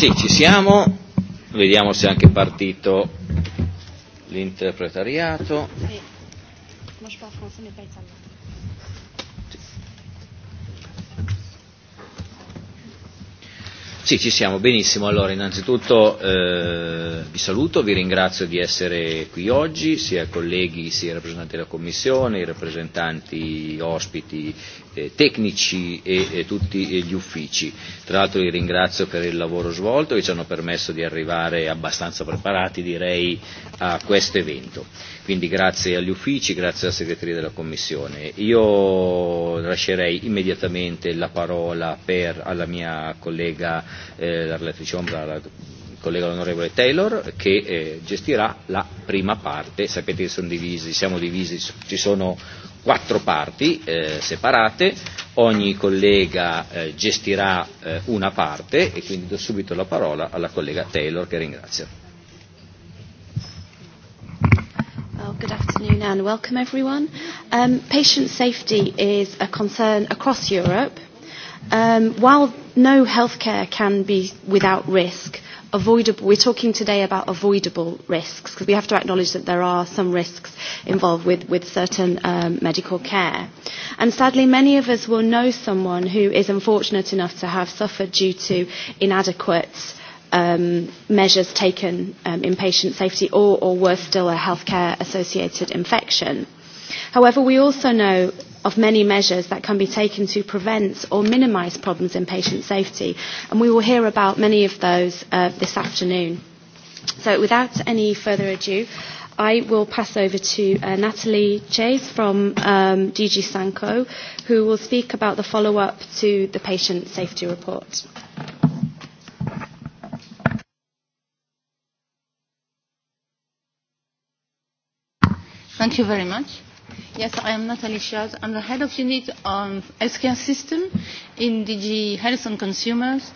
Sì, ci siamo. Vediamo se è anche partito l'interpretariato. Sì, ci siamo, benissimo. Allora, innanzitutto eh, vi saluto, vi ringrazio di essere qui oggi, sia colleghi, sia i rappresentanti della Commissione, i rappresentanti ospiti eh, tecnici e, e tutti gli uffici. Tra l'altro li ringrazio per il lavoro svolto che ci hanno permesso di arrivare abbastanza preparati direi a questo evento. Quindi grazie agli uffici, grazie alla segreteria della Commissione. Io lascerei immediatamente la parola per, alla mia collega, eh, la relatrice Ombra, la collega l'onorevole Taylor che eh, gestirà la prima parte. Sapete che sono divisi, siamo divisi, ci sono quattro parti eh, separate, ogni collega eh, gestirà eh, una parte e quindi do subito la parola alla collega Taylor che ringrazio. Well, good afternoon and welcome everyone. Um, patient safety is a concern across Europe. Um, while no healthcare can be without risk, avoidable, we're talking today about avoidable risks because we have to acknowledge that there are some risks involved with, with certain um, medical care. And sadly, many of us will know someone who is unfortunate enough to have suffered due to inadequate um, measures taken um, in patient safety or, or worse still, a healthcare associated infection. However, we also know of many measures that can be taken to prevent or minimise problems in patient safety. And we will hear about many of those uh, this afternoon. So without any further ado, I will pass over to uh, Natalie Chase from um, DG Sanko, who will speak about the follow-up to the patient safety report. Thank you very much. Yes, I am Natalie Schatz. I'm the head of unit on healthcare system in DG Health and Consumers.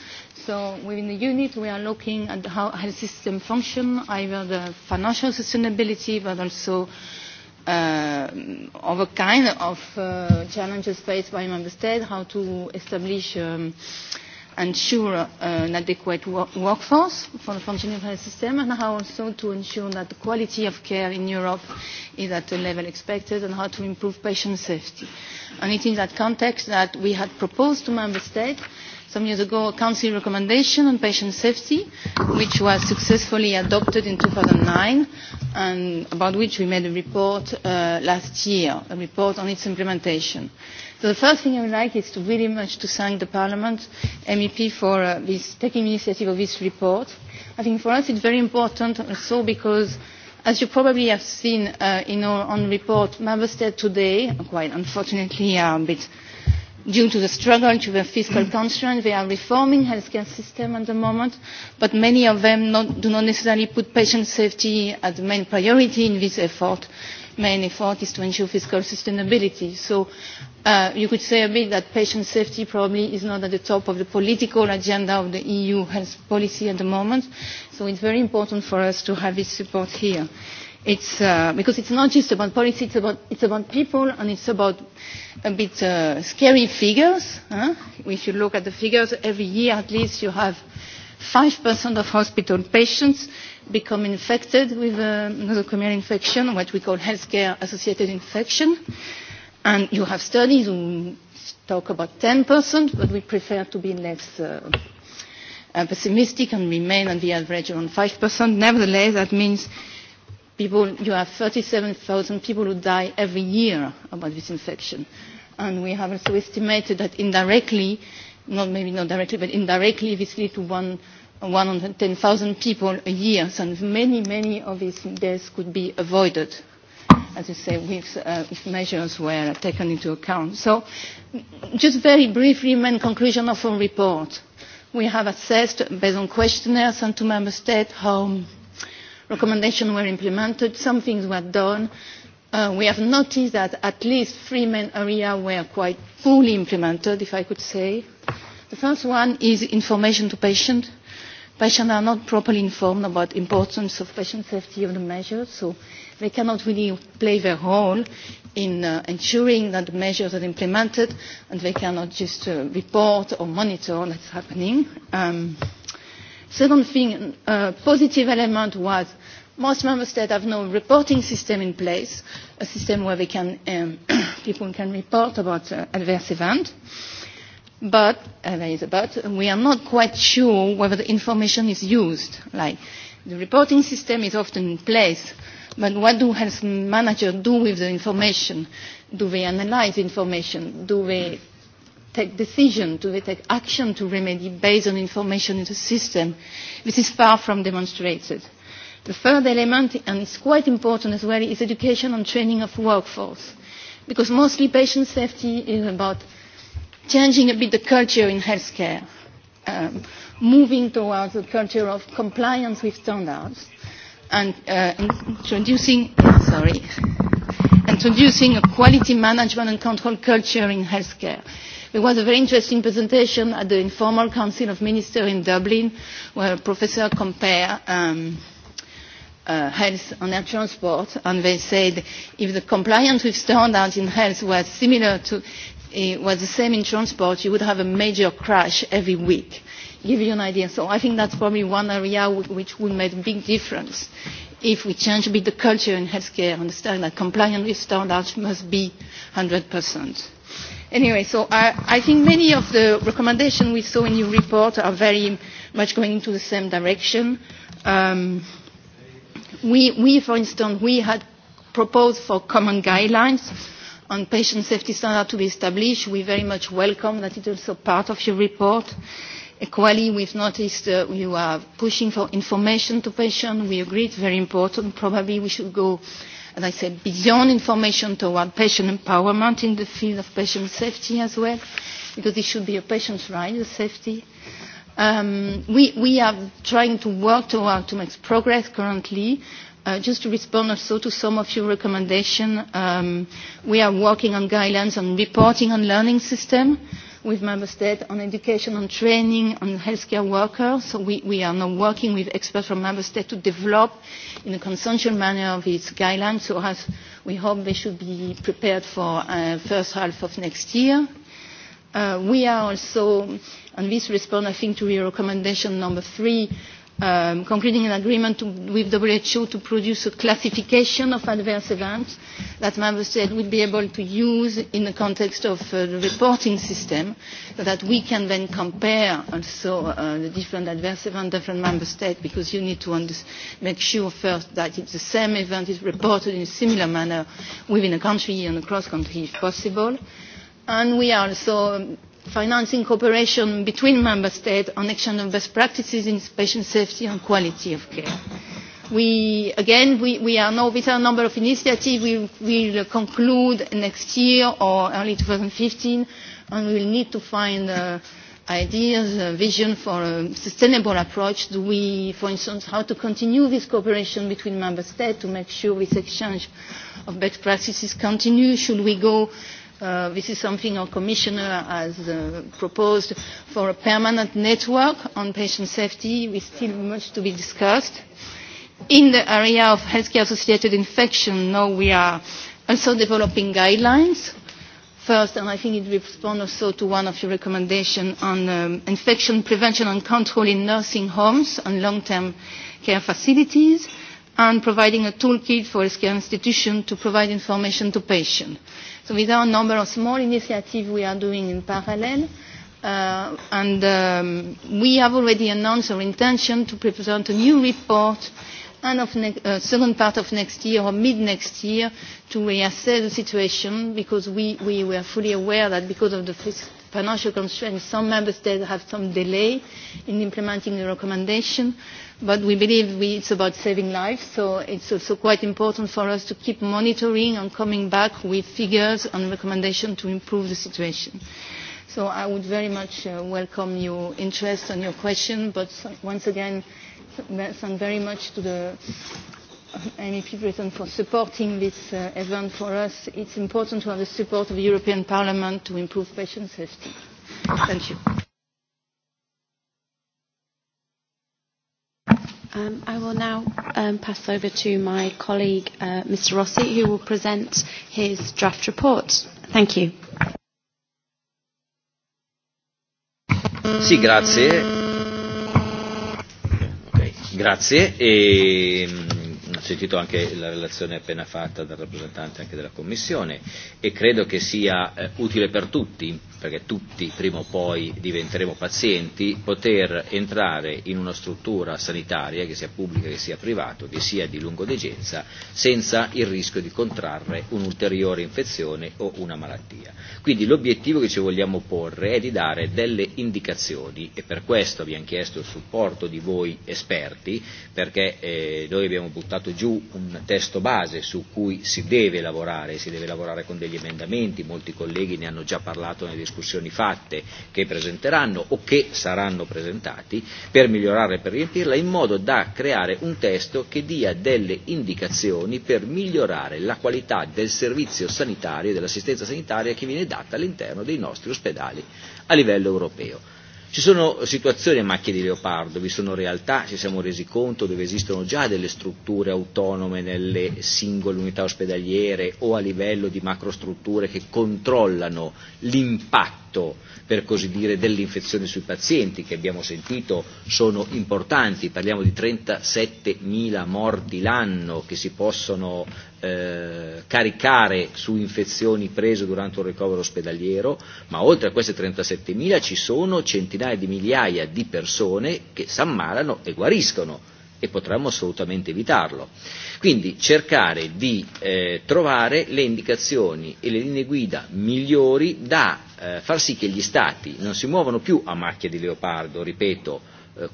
So within the unit, we are looking at how health system function, either the financial sustainability, but also uh, other kind of uh, challenges faced by member states, how to establish um, ensure an adequate workforce for the functioning of health system and how also to ensure that the quality of care in Europe is at the level expected and how to improve patient safety. And it is in that context that we had proposed to Member States some years ago a Council recommendation on patient safety, which was successfully adopted in 2009 and about which we made a report uh, last year, a report on its implementation The first thing I would like is to really much to thank the Parliament MEP for uh, this, taking initiative of this report. I think for us it's very important also because As you probably have seen uh, in our own report, member states today, quite unfortunately, are a bit due to the struggle, to the fiscal constraints, they are reforming healthcare system at the moment, but many of them not, do not necessarily put patient safety as the main priority in this effort. Main effort is to ensure fiscal sustainability. So uh, you could say a bit that patient safety probably is not at the top of the political agenda of the EU health policy at the moment. So it's very important for us to have this support here. It's, uh, because it's not just about policy, it's about, it's about people and it's about a bit uh, scary figures. Huh? If you look at the figures, every year at least you have 5% of hospital patients become infected with uh, nosocomial infection, what we call healthcare-associated infection. Uh, And you have studies who talk about 10%, but we prefer to be less uh, pessimistic and remain on the average around 5%. Nevertheless, that means people, you have 37,000 people who die every year about this infection. And we have also estimated that indirectly, not maybe not directly, but indirectly, this leads to one, 110,000 people a year. So many, many of these deaths could be avoided as you say, if, uh, if measures were taken into account. So just very briefly, main conclusion of our report. We have assessed, based on questionnaires and to Member States, how recommendations were implemented, some things were done. Uh, we have noticed that at least three main areas were quite fully implemented, if I could say. The first one is information to patients patients are not properly informed about the importance of patient safety of the measures, so they cannot really play their role in uh, ensuring that the measures are implemented, and they cannot just uh, report or monitor what's happening. Um, second thing, uh, positive element was most member states have no reporting system in place, a system where they can, um, people can report about uh, adverse events but uh, there is a but we are not quite sure whether the information is used. Like the reporting system is often in place, but what do health managers do with the information? Do they analyze information? Do they take decision? Do they take action to remedy based on information in the system? This is far from demonstrated. The third element, and it's quite important as well, is education and training of workforce. Because mostly patient safety is about changing a bit the culture in healthcare, um, moving towards a culture of compliance with standards, and uh, introducing, sorry, introducing a quality management and control culture in healthcare. There was a very interesting presentation at the informal council of ministers in Dublin, where a professor compared. Um, uh, health and air transport, and they said if the compliance with standards in health was similar to it was the same in transport, you would have a major crash every week. Give you an idea. So I think that's probably one area which would make a big difference if we change a bit the culture in healthcare, understand that compliance with standards must be 100%. Anyway, so I, I think many of the recommendations we saw in your report are very much going into the same direction. Um, we, we, for instance, we had proposed for common guidelines on patient safety standards to be established. We very much welcome that it is also part of your report. Equally, we've noticed uh, you are pushing for information to patients. We agree it's very important. Probably we should go, as I said, beyond information toward patient empowerment in the field of patient safety as well, because it should be a patient's right, the safety. Um, we, we are trying to work toward to make progress currently Uh, just to respond also to some of your recommendations, um, we are working on guidelines on reporting on learning system with member states on education, on training, on healthcare workers. So we, we are now working with experts from member states to develop in a consensual manner these guidelines. So as we hope they should be prepared for uh, first half of next year. Uh, we are also, and this responds, I think, to your recommendation number three, um, concluding an agreement to, with WHO to produce a classification of adverse events that member states would be able to use in the context of uh, the reporting system so that we can then compare also uh, the different adverse events different member states because you need to make sure first that it's the same event is reported in a similar manner within a country and across country if possible. And we are also financing cooperation between member states on action of best practices in patient safety and quality of care. We, again, we, we are now with a number of initiatives. We will conclude next year or early 2015, and we will need to find uh, ideas, a vision for a sustainable approach. Do we, for instance, how to continue this cooperation between member states to make sure this exchange of best practices continues? Should we go this is something our commissioner has uh, proposed for a permanent network on patient safety. with still much to be discussed. In the area of healthcare-associated infection, now we are also developing guidelines first, and I think it responds also to one of your recommendations on um, infection prevention and control in nursing homes and long-term care facilities, and providing a toolkit for healthcare institutions to provide information to patients. So these are a number of small initiatives we are doing in parallel. Uh, and um, we have already announced our intention to present a new report and of ne- uh, second part of next year or mid next year to reassess the situation because we, we were fully aware that because of the financial constraints some member states have some delay in implementing the recommendation. But we believe we, it's about saving lives, so it's also quite important for us to keep monitoring and coming back with figures and recommendations to improve the situation. So I would very much uh, welcome your interest and your question, but once again, thank very much to the MEP Britain for supporting this uh, event for us. It's important to have the support of the European Parliament to improve patient safety. Thank you. Um, I will now um, pass over to my colleague, uh, Mr. Rossi, who will present his draft report. Thank you. Sì, grazie. Okay. Grazie. E, sentito anche la relazione appena fatta dal rappresentante anche della Commissione e credo che sia eh, utile per tutti, perché tutti prima o poi diventeremo pazienti, poter entrare in una struttura sanitaria, che sia pubblica, che sia privata, che sia di lungodegenza, senza il rischio di contrarre un'ulteriore infezione o una malattia. Quindi l'obiettivo che ci vogliamo porre è di dare delle indicazioni e per questo abbiamo chiesto il supporto di voi esperti, perché eh, noi abbiamo buttato giù un testo base su cui si deve lavorare, si deve lavorare con degli emendamenti, molti colleghi ne hanno già parlato nelle discussioni fatte che presenteranno o che saranno presentati per migliorare e per riempirla in modo da creare un testo che dia delle indicazioni per migliorare la qualità del servizio sanitario e dell'assistenza sanitaria che viene data all'interno dei nostri ospedali a livello europeo Ci sono situazioni a macchie di leopardo, vi sono realtà, ci siamo resi conto, dove esistono già delle strutture autonome nelle singole unità ospedaliere o a livello di macrostrutture che controllano l'impatto, per così dire, dell'infezione sui pazienti, che abbiamo sentito sono importanti, parliamo di 37.000 morti l'anno che si possono eh, caricare su infezioni prese durante un ricovero ospedaliero, ma oltre a queste 37.000 ci sono centinaia di migliaia di persone che si ammalano e guariscono e potremmo assolutamente evitarlo. Quindi cercare di eh, trovare le indicazioni e le linee guida migliori da eh, far sì che gli Stati non si muovano più a macchia di leopardo, ripeto,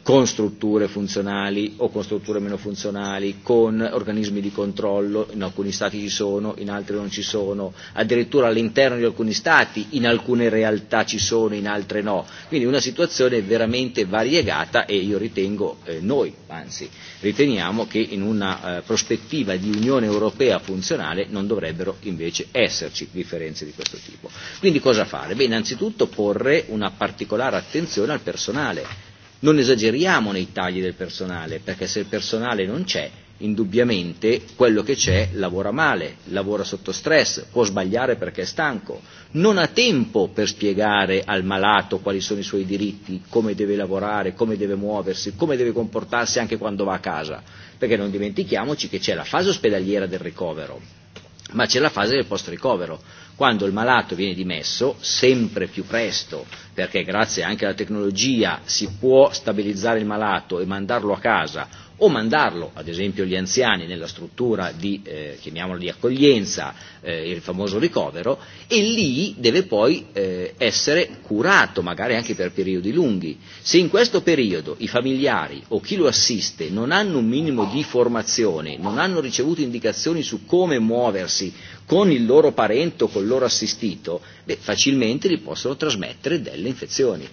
con strutture funzionali o con strutture meno funzionali, con organismi di controllo, in alcuni stati ci sono, in altri non ci sono, addirittura all'interno di alcuni stati in alcune realtà ci sono, in altre no. Quindi una situazione veramente variegata e io ritengo, eh, noi anzi, riteniamo che in una eh, prospettiva di Unione Europea funzionale non dovrebbero invece esserci differenze di questo tipo. Quindi cosa fare? Beh, innanzitutto porre una particolare attenzione al personale Non esageriamo nei tagli del personale, perché se il personale non c'è, indubbiamente quello che c'è lavora male, lavora sotto stress, può sbagliare perché è stanco, non ha tempo per spiegare al malato quali sono i suoi diritti, come deve lavorare, come deve muoversi, come deve comportarsi anche quando va a casa, perché non dimentichiamoci che c'è la fase ospedaliera del ricovero, ma c'è la fase del post ricovero quando il malato viene dimesso, sempre più presto, perché grazie anche alla tecnologia si può stabilizzare il malato e mandarlo a casa o mandarlo, ad esempio gli anziani, nella struttura di, eh, di accoglienza, eh, il famoso ricovero, e lì deve poi eh, essere curato, magari anche per periodi lunghi. Se in questo periodo i familiari o chi lo assiste non hanno un minimo di formazione, non hanno ricevuto indicazioni su come muoversi, con il loro parente o col loro assistito, beh, facilmente gli possono trasmettere delle infezioni.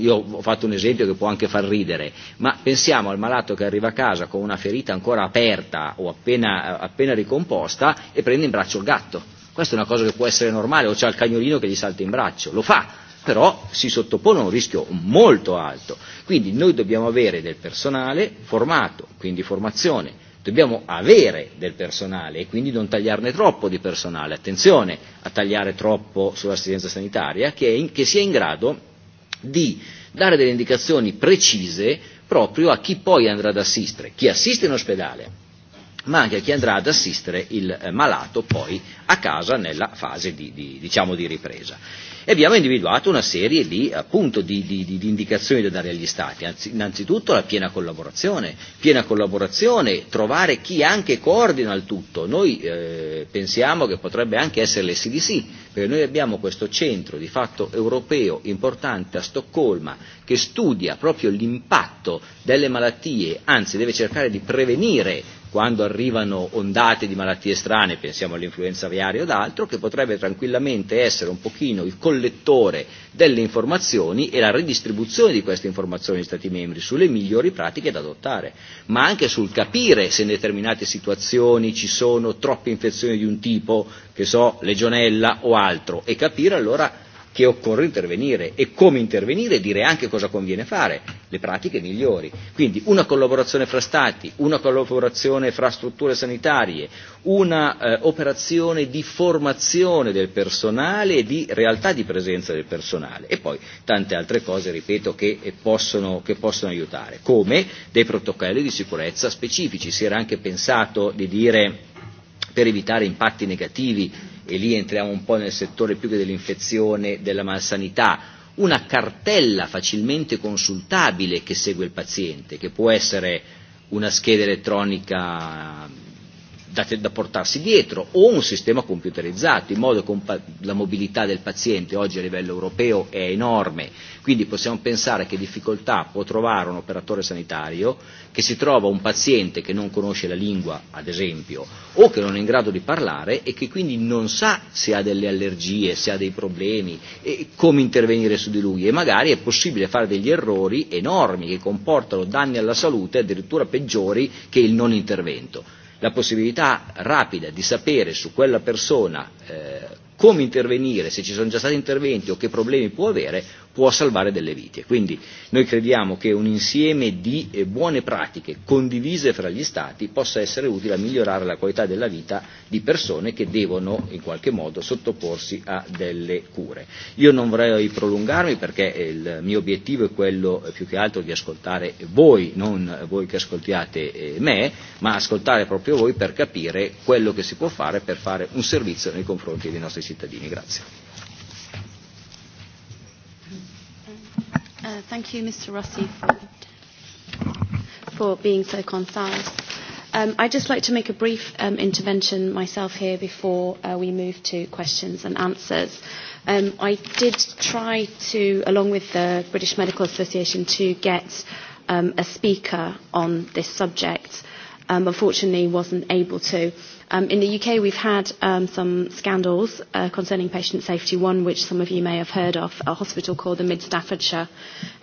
Io ho fatto un esempio che può anche far ridere, ma pensiamo al malato che arriva a casa con una ferita ancora aperta o appena, appena ricomposta e prende in braccio il gatto. Questa è una cosa che può essere normale, o c'è il cagnolino che gli salta in braccio, lo fa, però si sottopone a un rischio molto alto. Quindi noi dobbiamo avere del personale formato, quindi formazione dobbiamo avere del personale e quindi non tagliarne troppo di personale. Attenzione a tagliare troppo sull'assistenza sanitaria che, in, che sia in grado di dare delle indicazioni precise proprio a chi poi andrà ad assistere, chi assiste in ospedale ma anche a chi andrà ad assistere il malato poi a casa nella fase di, di, diciamo di ripresa. E abbiamo individuato una serie di, appunto, di, di, di, di indicazioni da dare agli Stati, Anzi, innanzitutto la piena collaborazione, piena collaborazione, trovare chi anche coordina il tutto. Noi eh, pensiamo che potrebbe anche essere l'SDC, perché noi abbiamo questo centro di fatto europeo importante a Stoccolma che studia proprio l'impatto delle malattie, anzi deve cercare di prevenire quando arrivano ondate di malattie strane, pensiamo all'influenza aviaria o ad altro, che potrebbe tranquillamente essere un pochino il collettore delle informazioni e la redistribuzione di queste informazioni agli Stati membri sulle migliori pratiche da adottare, ma anche sul capire se in determinate situazioni ci sono troppe infezioni di un tipo, che so, legionella o altro, e capire allora che occorre intervenire e come intervenire e dire anche cosa conviene fare, le pratiche migliori. Quindi una collaborazione fra Stati, una collaborazione fra strutture sanitarie, una eh, operazione di formazione del personale e di realtà di presenza del personale e poi tante altre cose, ripeto, che possono, che possono aiutare, come dei protocolli di sicurezza specifici. Si era anche pensato di dire per evitare impatti negativi e lì entriamo un po' nel settore più che dell'infezione, della malsanità, una cartella facilmente consultabile che segue il paziente, che può essere una scheda elettronica da, da portarsi dietro o un sistema computerizzato in modo che la mobilità del paziente oggi a livello europeo è enorme, quindi possiamo pensare che difficoltà può trovare un operatore sanitario che si trova un paziente che non conosce la lingua, ad esempio, o che non è in grado di parlare e che quindi non sa se ha delle allergie, se ha dei problemi, e come intervenire su di lui e magari è possibile fare degli errori enormi che comportano danni alla salute addirittura peggiori che il non intervento la possibilità rapida di sapere su quella persona eh, come intervenire, se ci sono già stati interventi o che problemi può avere, può salvare delle vite. Quindi noi crediamo che un insieme di buone pratiche condivise fra gli Stati possa essere utile a migliorare la qualità della vita di persone che devono in qualche modo sottoporsi a delle cure. Io non vorrei prolungarmi perché il mio obiettivo è quello più che altro di ascoltare voi, non voi che ascoltiate me, ma ascoltare proprio voi per capire quello che si può fare per fare un servizio nei confronti dei nostri cittadini. Grazie. Uh, thank you, Mr. Rossi, for, for being so concise. Um, I'd just like to make a brief um, intervention myself here before uh, we move to questions and answers. Um, I did try to, along with the British Medical Association, to get um, a speaker on this subject. Um, unfortunately, wasn't able to Um, in the UK, we've had um, some scandals uh, concerning patient safety. One, which some of you may have heard of, a hospital called the Mid Staffordshire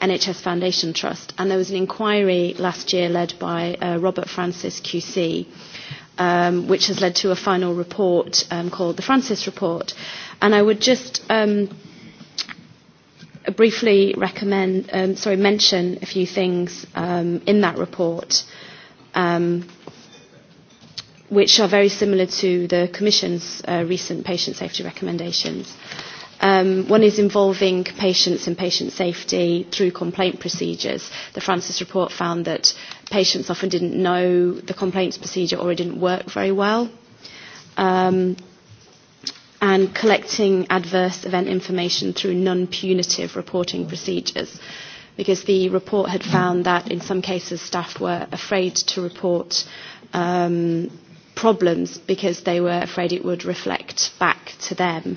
NHS Foundation Trust. And there was an inquiry last year led by uh, Robert Francis QC, um, which has led to a final report um, called the Francis Report. And I would just um, briefly recommend, um, sorry, mention a few things um, in that report. Um, which are very similar to the Commission's uh, recent patient safety recommendations. Um, one is involving patients and patient safety through complaint procedures. The Francis report found that patients often didn't know the complaints procedure or it didn't work very well. Um, and collecting adverse event information through non-punitive reporting procedures because the report had found that in some cases staff were afraid to report um, problems because they were afraid it would reflect back to them.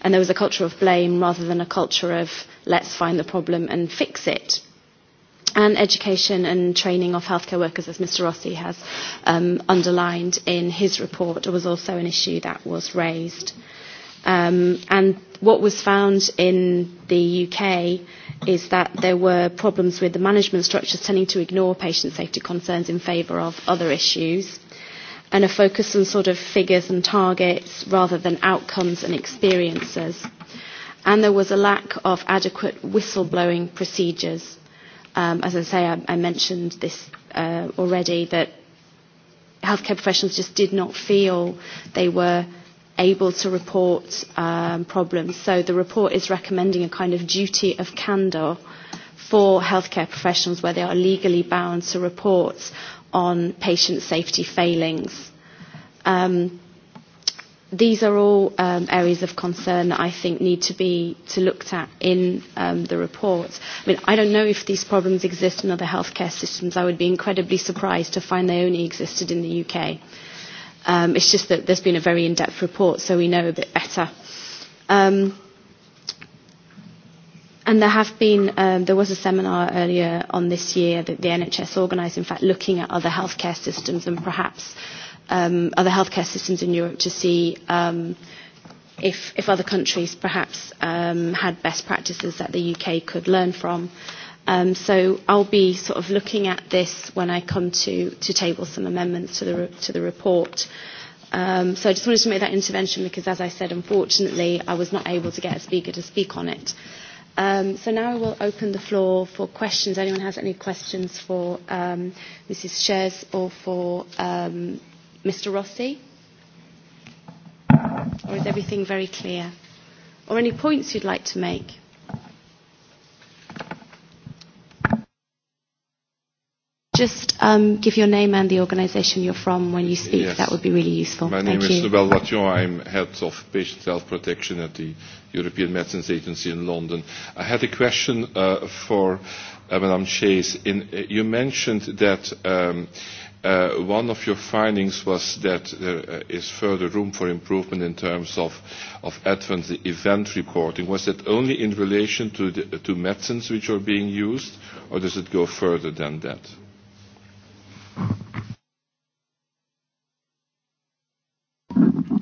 And there was a culture of blame rather than a culture of let's find the problem and fix it. And education and training of healthcare workers, as Mr. Rossi has um, underlined in his report, was also an issue that was raised. Um, and what was found in the UK is that there were problems with the management structures tending to ignore patient safety concerns in favour of other issues and a focus on sort of figures and targets rather than outcomes and experiences. And there was a lack of adequate whistleblowing procedures. Um, as I say, I, I mentioned this uh, already that healthcare professionals just did not feel they were able to report um, problems. So the report is recommending a kind of duty of candor for healthcare professionals where they are legally bound to report on patient safety failings. Um, these are all um, areas of concern that I think need to be to looked at in um, the report. I mean, I don't know if these problems exist in other healthcare systems. I would be incredibly surprised to find they only existed in the UK. Um, it's just that there's been a very in-depth report, so we know a bit better. Um, And there have been, um, there was a seminar earlier on this year that the NHS organised, in fact, looking at other healthcare systems and perhaps um, other healthcare systems in Europe to see um, if, if other countries perhaps um, had best practices that the UK could learn from. Um, so I'll be sort of looking at this when I come to, to table some amendments to the, re- to the report. Um, so I just wanted to make that intervention because, as I said, unfortunately, I was not able to get a speaker to speak on it. Um, so now I will open the floor for questions. Anyone has any questions for um, Mrs. Shares or for um, Mr. Rossi? Or is everything very clear? Or any points you'd like to make? just um, give your name and the organisation you're from when you speak? Yes. That would be really useful. My Thank name you. is Nobel Vatjon. I'm head of patient health protection at the European Medicines Agency in London. I had a question uh, for uh, Madame Chase. In, uh, you mentioned that um, uh, one of your findings was that there uh, is further room for improvement in terms of, of advanced event reporting. Was that only in relation to, the, to medicines which are being used, or does it go further than that?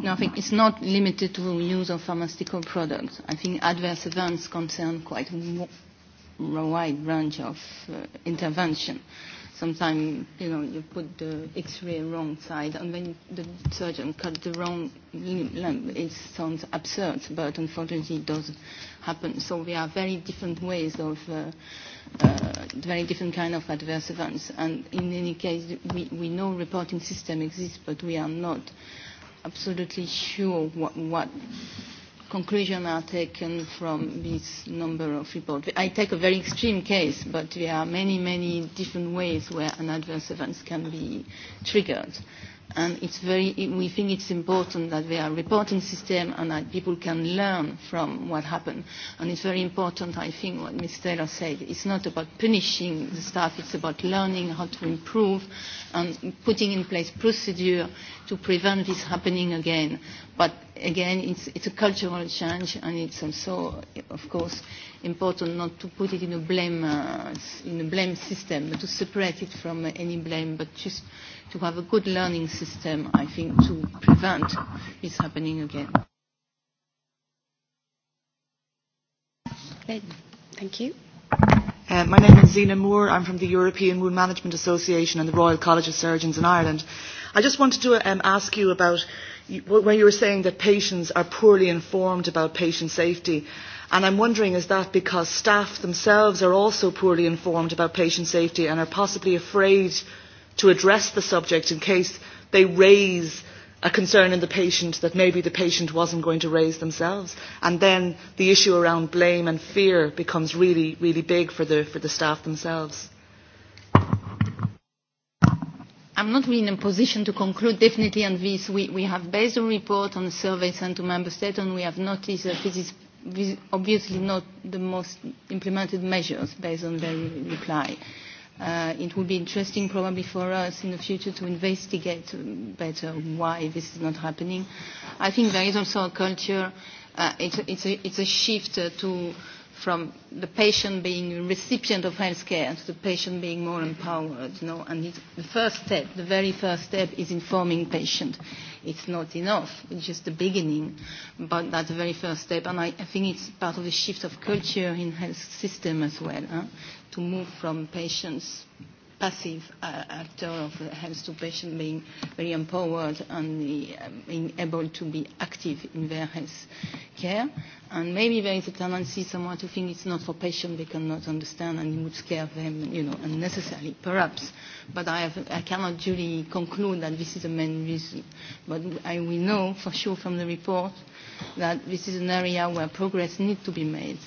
No, I think it's not limited to use of pharmaceutical products. I think adverse events concern quite a wide range of uh, intervention. Sometimes, you know, you put the X-ray wrong side, and then the surgeon cut the wrong limb, it sounds absurd, but unfortunately it does happen. So we have very different ways of, uh, uh, very different kind of adverse events. And in any case, we, we know reporting system exists, but we are not uh, absolutely sure what, what conclusion are taken from this number of reports. I take a very extreme case, but there are many, many different ways where an adverse event can be triggered and it's very, we think it's important that there are reporting systems and that people can learn from what happened. And it's very important, I think, what Ms. Taylor said. It's not about punishing the staff, it's about learning how to improve and putting in place procedure to prevent this happening again. But again, it's, it's a cultural change, and it's also, of course, important not to put it in a blame, uh, in a blame system, but to separate it from any blame, but just to have a good learning system, I think, to prevent this happening again. Thank you. Uh, my name is Zena Moore. I'm from the European Wound Management Association and the Royal College of Surgeons in Ireland. I just wanted to um, ask you about when you were saying that patients are poorly informed about patient safety. And I'm wondering, is that because staff themselves are also poorly informed about patient safety and are possibly afraid to address the subject in case they raise a concern in the patient that maybe the patient wasn't going to raise themselves. And then the issue around blame and fear becomes really, really big for the, for the staff themselves. I'm not really in a position to conclude definitely on this. We, we have based a report on survey sent to member states and we have noticed that this is obviously not the most implemented measures based on their reply uh, it would be interesting probably for us in the future to investigate better why this is not happening. I think there is also a culture, uh, it's, a, it's, a, it's a shift uh, to, from the patient being a recipient of health care to the patient being more empowered. You know? And it's the first step, the very first step is informing patient. It's not enough, it's just the beginning, but that's the very first step. And I, I think it's part of the shift of culture in health system as well. Huh? to move from patients passive uh, actor of health to patient being very empowered and the, um, being able to be active in their health care. And maybe there is a tendency somewhat to think it's not for patients, they cannot understand and it would scare them, you know, unnecessarily, perhaps. But I, have, I cannot duly conclude that this is the main reason. But I, we know for sure from the report that this is an area where progress needs to be made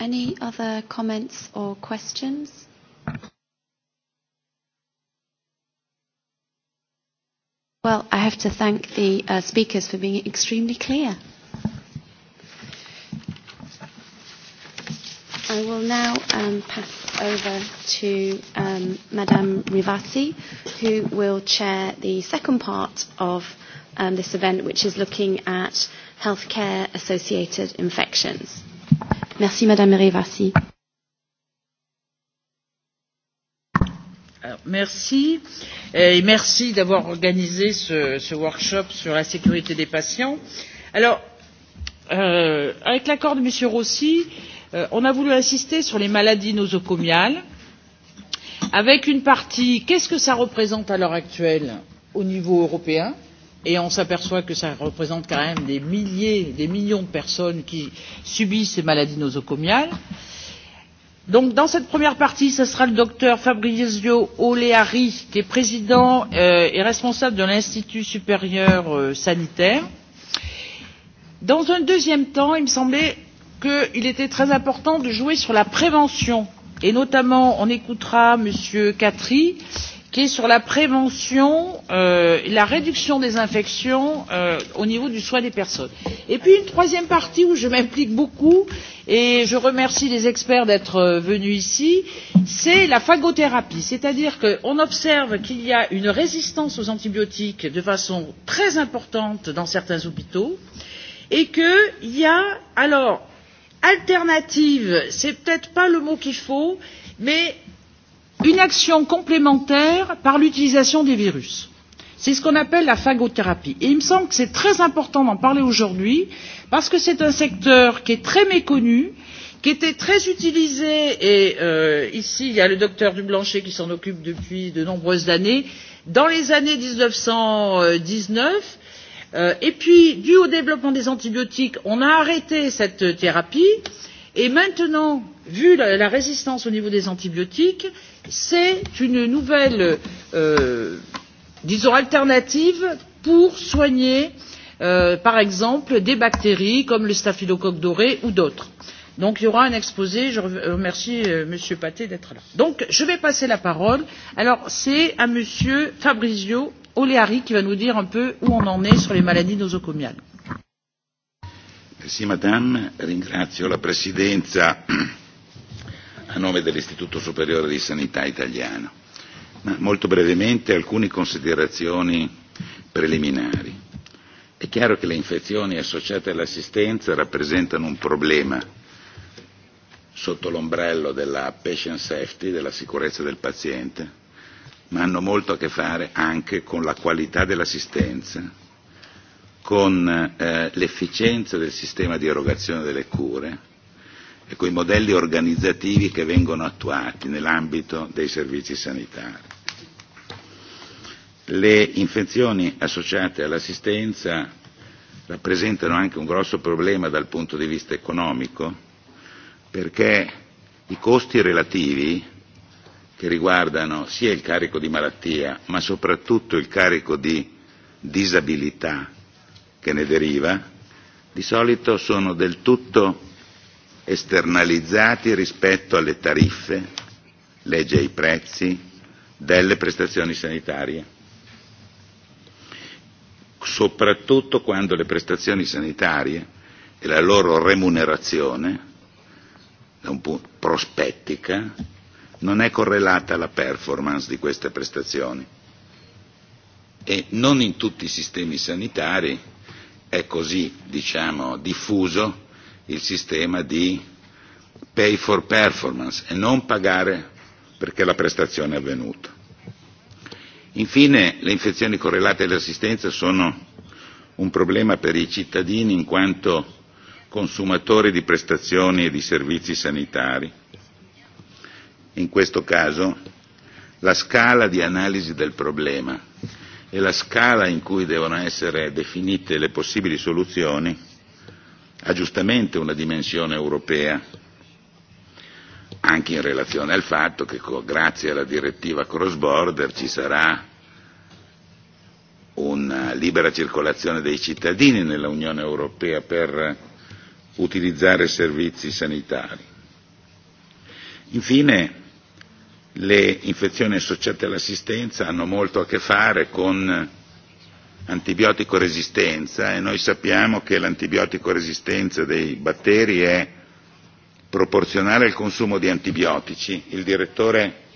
Any other comments or questions? Well, I have to thank the uh, speakers for being extremely clear. I will now um, pass over to um, Madame Rivasi, who will chair the second part of um, this event, which is looking at healthcare-associated infections. Merci Madame Rivasi. Merci et merci d'avoir organisé ce, ce workshop sur la sécurité des patients. Alors, euh, avec l'accord de M. Rossi, euh, on a voulu insister sur les maladies nosocomiales, avec une partie qu'est-ce que ça représente à l'heure actuelle au niveau européen, et on s'aperçoit que ça représente quand même des milliers, des millions de personnes qui subissent ces maladies nosocomiales. Donc, dans cette première partie, ce sera le docteur Fabrizio Oleari, qui est président euh, et responsable de l'Institut supérieur euh, sanitaire. Dans un deuxième temps, il me semblait qu'il était très important de jouer sur la prévention. Et notamment, on écoutera M. Catry, qui est sur la prévention et la réduction des infections au niveau du soin des personnes. et puis une troisième partie où je m'implique beaucoup et je remercie les experts d'être venus ici c'est la phagothérapie c'est à dire qu'on observe qu'il y a une résistance aux antibiotiques de façon très importante dans certains hôpitaux et qu'il y a alors alternative c'est peut être pas le mot qu'il faut mais une action complémentaire par l'utilisation des virus. C'est ce qu'on appelle la phagothérapie. Et il me semble que c'est très important d'en parler aujourd'hui parce que c'est un secteur qui est très méconnu, qui était très utilisé, et euh, ici il y a le docteur Dublanchet qui s'en occupe depuis de nombreuses années, dans les années 1919. Euh, et puis, dû au développement des antibiotiques, on a arrêté cette thérapie. Et maintenant, vu la, la résistance au niveau des antibiotiques, euh, c'est une nouvelle, disons, alternative pour soigner, par exemple, des bactéries comme le staphylocoque doré ou d'autres. Donc il y aura un exposé. Je remercie M. Monsieur Paté d'être là. Donc je vais passer la parole. Alors c'est à M. Fabrizio Oleari qui va nous dire un peu où on en est sur les maladies nosocomiales. Merci Madame. Ringrazio la Presidenza a nome dell'Istituto Superiore di Sanità Italiano. Ma molto brevemente alcune considerazioni preliminari. È chiaro che le infezioni associate all'assistenza rappresentano un problema sotto l'ombrello della patient safety, della sicurezza del paziente, ma hanno molto a che fare anche con la qualità dell'assistenza, con eh, l'efficienza del sistema di erogazione delle cure e con i modelli organizzativi che vengono attuati nell'ambito dei servizi sanitari. Le infezioni associate all'assistenza rappresentano anche un grosso problema dal punto di vista economico perché i costi relativi che riguardano sia il carico di malattia ma soprattutto il carico di disabilità che ne deriva, di solito sono del tutto esternalizzati rispetto alle tariffe, legge ai prezzi, delle prestazioni sanitarie, soprattutto quando le prestazioni sanitarie e la loro remunerazione da un punto, prospettica non è correlata alla performance di queste prestazioni e non in tutti i sistemi sanitari è così diciamo, diffuso il sistema di pay for performance e non pagare perché la prestazione è avvenuta. Infine, le infezioni correlate all'assistenza sono un problema per i cittadini in quanto consumatori di prestazioni e di servizi sanitari. In questo caso la scala di analisi del problema e la scala in cui devono essere definite le possibili soluzioni ha giustamente una dimensione europea, anche in relazione al fatto che grazie alla direttiva cross border ci sarà una libera circolazione dei cittadini nell'Unione Europea per utilizzare servizi sanitari. Infine, le infezioni associate all'assistenza hanno molto a che fare con antibiotico resistenza e noi sappiamo che l'antibiotico resistenza dei batteri è proporzionale al consumo di antibiotici. Il direttore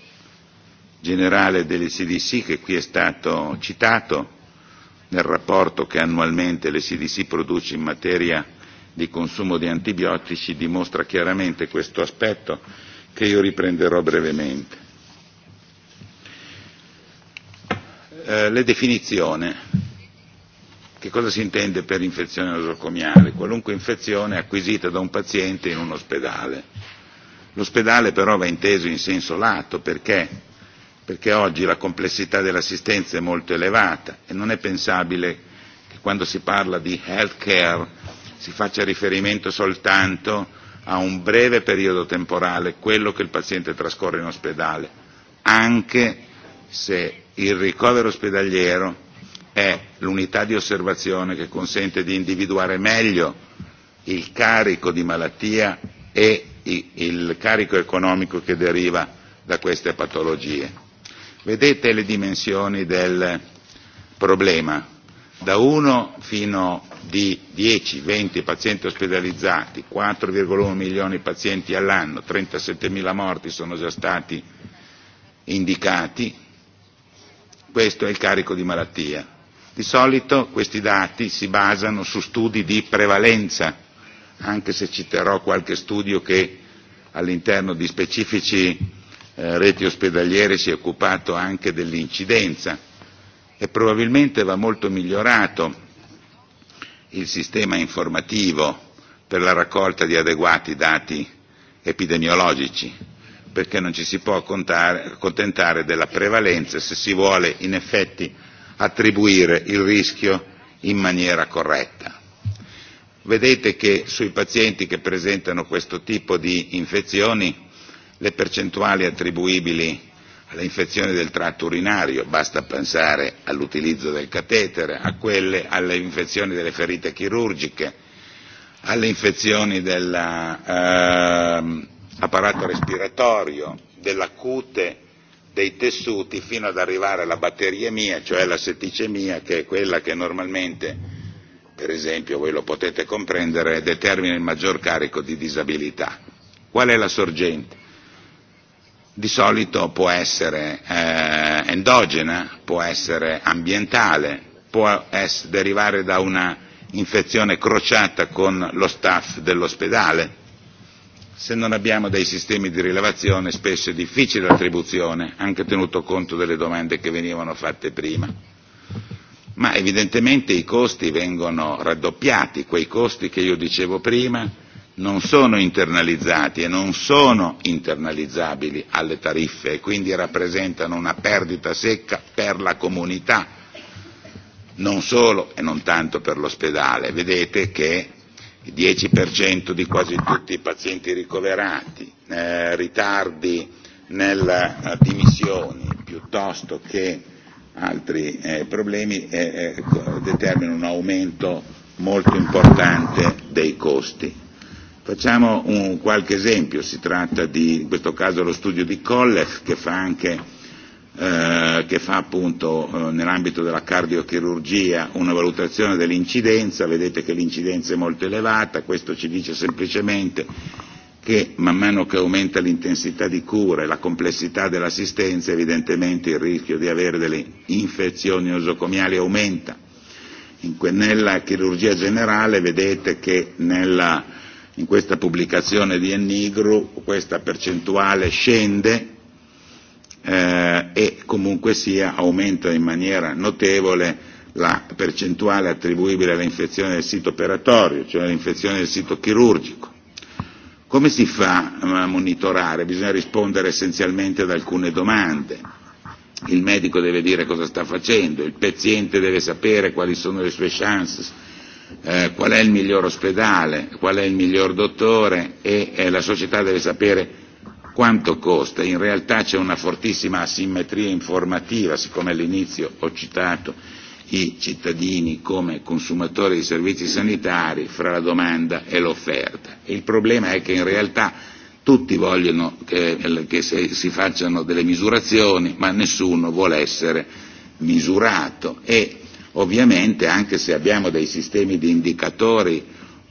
generale delle CDC, che qui è stato citato, nel rapporto che annualmente le CDC produce in materia di consumo di antibiotici dimostra chiaramente questo aspetto che io riprenderò brevemente. Eh, le definizioni Che cosa si intende per infezione nosocomiale? Qualunque infezione acquisita da un paziente in un ospedale. L'ospedale però va inteso in senso lato perché? Perché oggi la complessità dell'assistenza è molto elevata e non è pensabile che quando si parla di health care si faccia riferimento soltanto a un breve periodo temporale, quello che il paziente trascorre in ospedale, anche se il ricovero ospedaliero è l'unità di osservazione che consente di individuare meglio il carico di malattia e il carico economico che deriva da queste patologie. Vedete le dimensioni del problema. Da 1 fino di 10-20 pazienti ospedalizzati, 4,1 milioni di pazienti all'anno, 37 mila morti sono già stati indicati, questo è il carico di malattia Di solito questi dati si basano su studi di prevalenza, anche se citerò qualche studio che all'interno di specifici eh, reti ospedaliere si è occupato anche dell'incidenza e probabilmente va molto migliorato il sistema informativo per la raccolta di adeguati dati epidemiologici, perché non ci si può accontentare della prevalenza se si vuole in effetti attribuire il rischio in maniera corretta. Vedete che sui pazienti che presentano questo tipo di infezioni le percentuali attribuibili alle infezioni del tratto urinario, basta pensare all'utilizzo del catetere, a quelle, alle infezioni delle ferite chirurgiche, alle infezioni dell'apparato respiratorio, dell'acute dei tessuti fino ad arrivare alla batteriemia, cioè alla setticemia, che è quella che normalmente, per esempio, voi lo potete comprendere, determina il maggior carico di disabilità. Qual è la sorgente? Di solito può essere eh, endogena, può essere ambientale, può essere, derivare da una infezione crociata con lo staff dell'ospedale, Se non abbiamo dei sistemi di rilevazione spesso è difficile l'attribuzione, anche tenuto conto delle domande che venivano fatte prima. Ma evidentemente i costi vengono raddoppiati, quei costi che io dicevo prima non sono internalizzati e non sono internalizzabili alle tariffe e quindi rappresentano una perdita secca per la comunità, non solo e non tanto per l'ospedale. Vedete che il 10% di quasi tutti i pazienti ricoverati, eh, ritardi nelle dimissioni piuttosto che altri eh, problemi eh, eh, determinano un aumento molto importante dei costi. Facciamo un, qualche esempio, si tratta di, in questo caso lo studio di Collef che fa anche che fa appunto eh, nell'ambito della cardiochirurgia una valutazione dell'incidenza, vedete che l'incidenza è molto elevata, questo ci dice semplicemente che man mano che aumenta l'intensità di cura e la complessità dell'assistenza evidentemente il rischio di avere delle infezioni osocomiali aumenta. In que- nella chirurgia generale vedete che nella, in questa pubblicazione di Ennigru questa percentuale scende eh, e comunque sia aumenta in maniera notevole la percentuale attribuibile all'infezione del sito operatorio, cioè all'infezione del sito chirurgico. Come si fa a monitorare? Bisogna rispondere essenzialmente ad alcune domande. Il medico deve dire cosa sta facendo, il paziente deve sapere quali sono le sue chances, eh, qual è il miglior ospedale, qual è il miglior dottore e eh, la società deve sapere quanto costa. In realtà c'è una fortissima asimmetria informativa, siccome all'inizio ho citato i cittadini come consumatori di servizi sanitari fra la domanda e l'offerta. Il problema è che in realtà tutti vogliono che, che si facciano delle misurazioni, ma nessuno vuole essere misurato e ovviamente anche se abbiamo dei sistemi di indicatori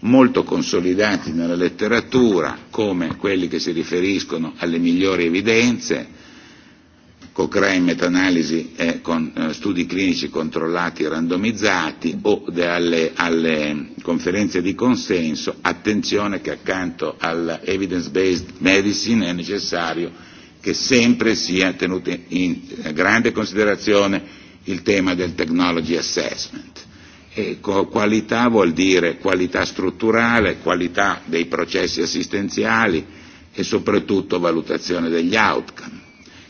molto consolidati nella letteratura, come quelli che si riferiscono alle migliori evidenze, Cochrane metanalisi e con studi clinici controllati e randomizzati o alle, alle conferenze di consenso, attenzione che accanto all'evidence based medicine è necessario che sempre sia tenuto in grande considerazione il tema del technology assessment E qualità vuol dire qualità strutturale, qualità dei processi assistenziali e soprattutto valutazione degli outcome,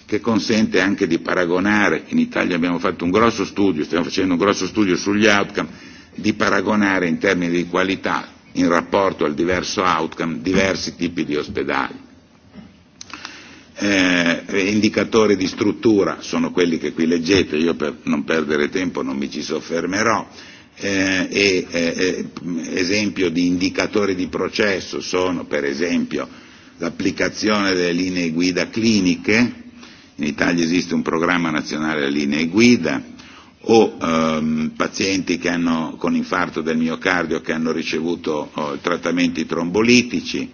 che consente anche di paragonare, in Italia abbiamo fatto un grosso studio, stiamo facendo un grosso studio sugli outcome, di paragonare in termini di qualità, in rapporto al diverso outcome, diversi tipi di ospedali. Eh, indicatori di struttura sono quelli che qui leggete, io per non perdere tempo non mi ci soffermerò eh, e eh, esempio di indicatori di processo sono per esempio l'applicazione delle linee guida cliniche, in Italia esiste un programma nazionale delle linee guida, o ehm, pazienti che hanno, con infarto del miocardio che hanno ricevuto oh, trattamenti trombolitici,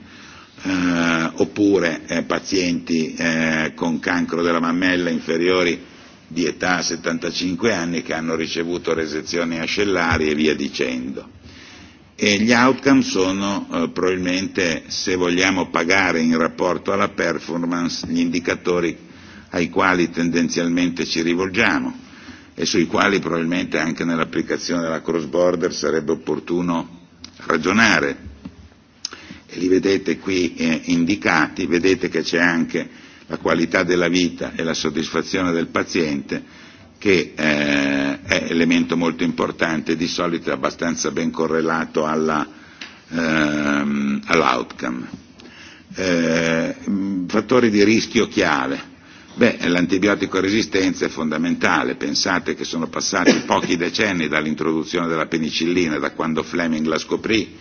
eh, oppure eh, pazienti eh, con cancro della mammella inferiori di età 75 anni che hanno ricevuto resezioni ascellari e via dicendo. E gli outcome sono eh, probabilmente, se vogliamo pagare in rapporto alla performance, gli indicatori ai quali tendenzialmente ci rivolgiamo e sui quali probabilmente anche nell'applicazione della cross border sarebbe opportuno ragionare. E li vedete qui eh, indicati, vedete che c'è anche la qualità della vita e la soddisfazione del paziente, che eh, è elemento molto importante, di solito abbastanza ben correlato alla, ehm, all'outcome. Eh, fattori di rischio chiave. Beh, l'antibiotico resistenza è fondamentale, pensate che sono passati pochi decenni dall'introduzione della penicillina, da quando Fleming la scoprì,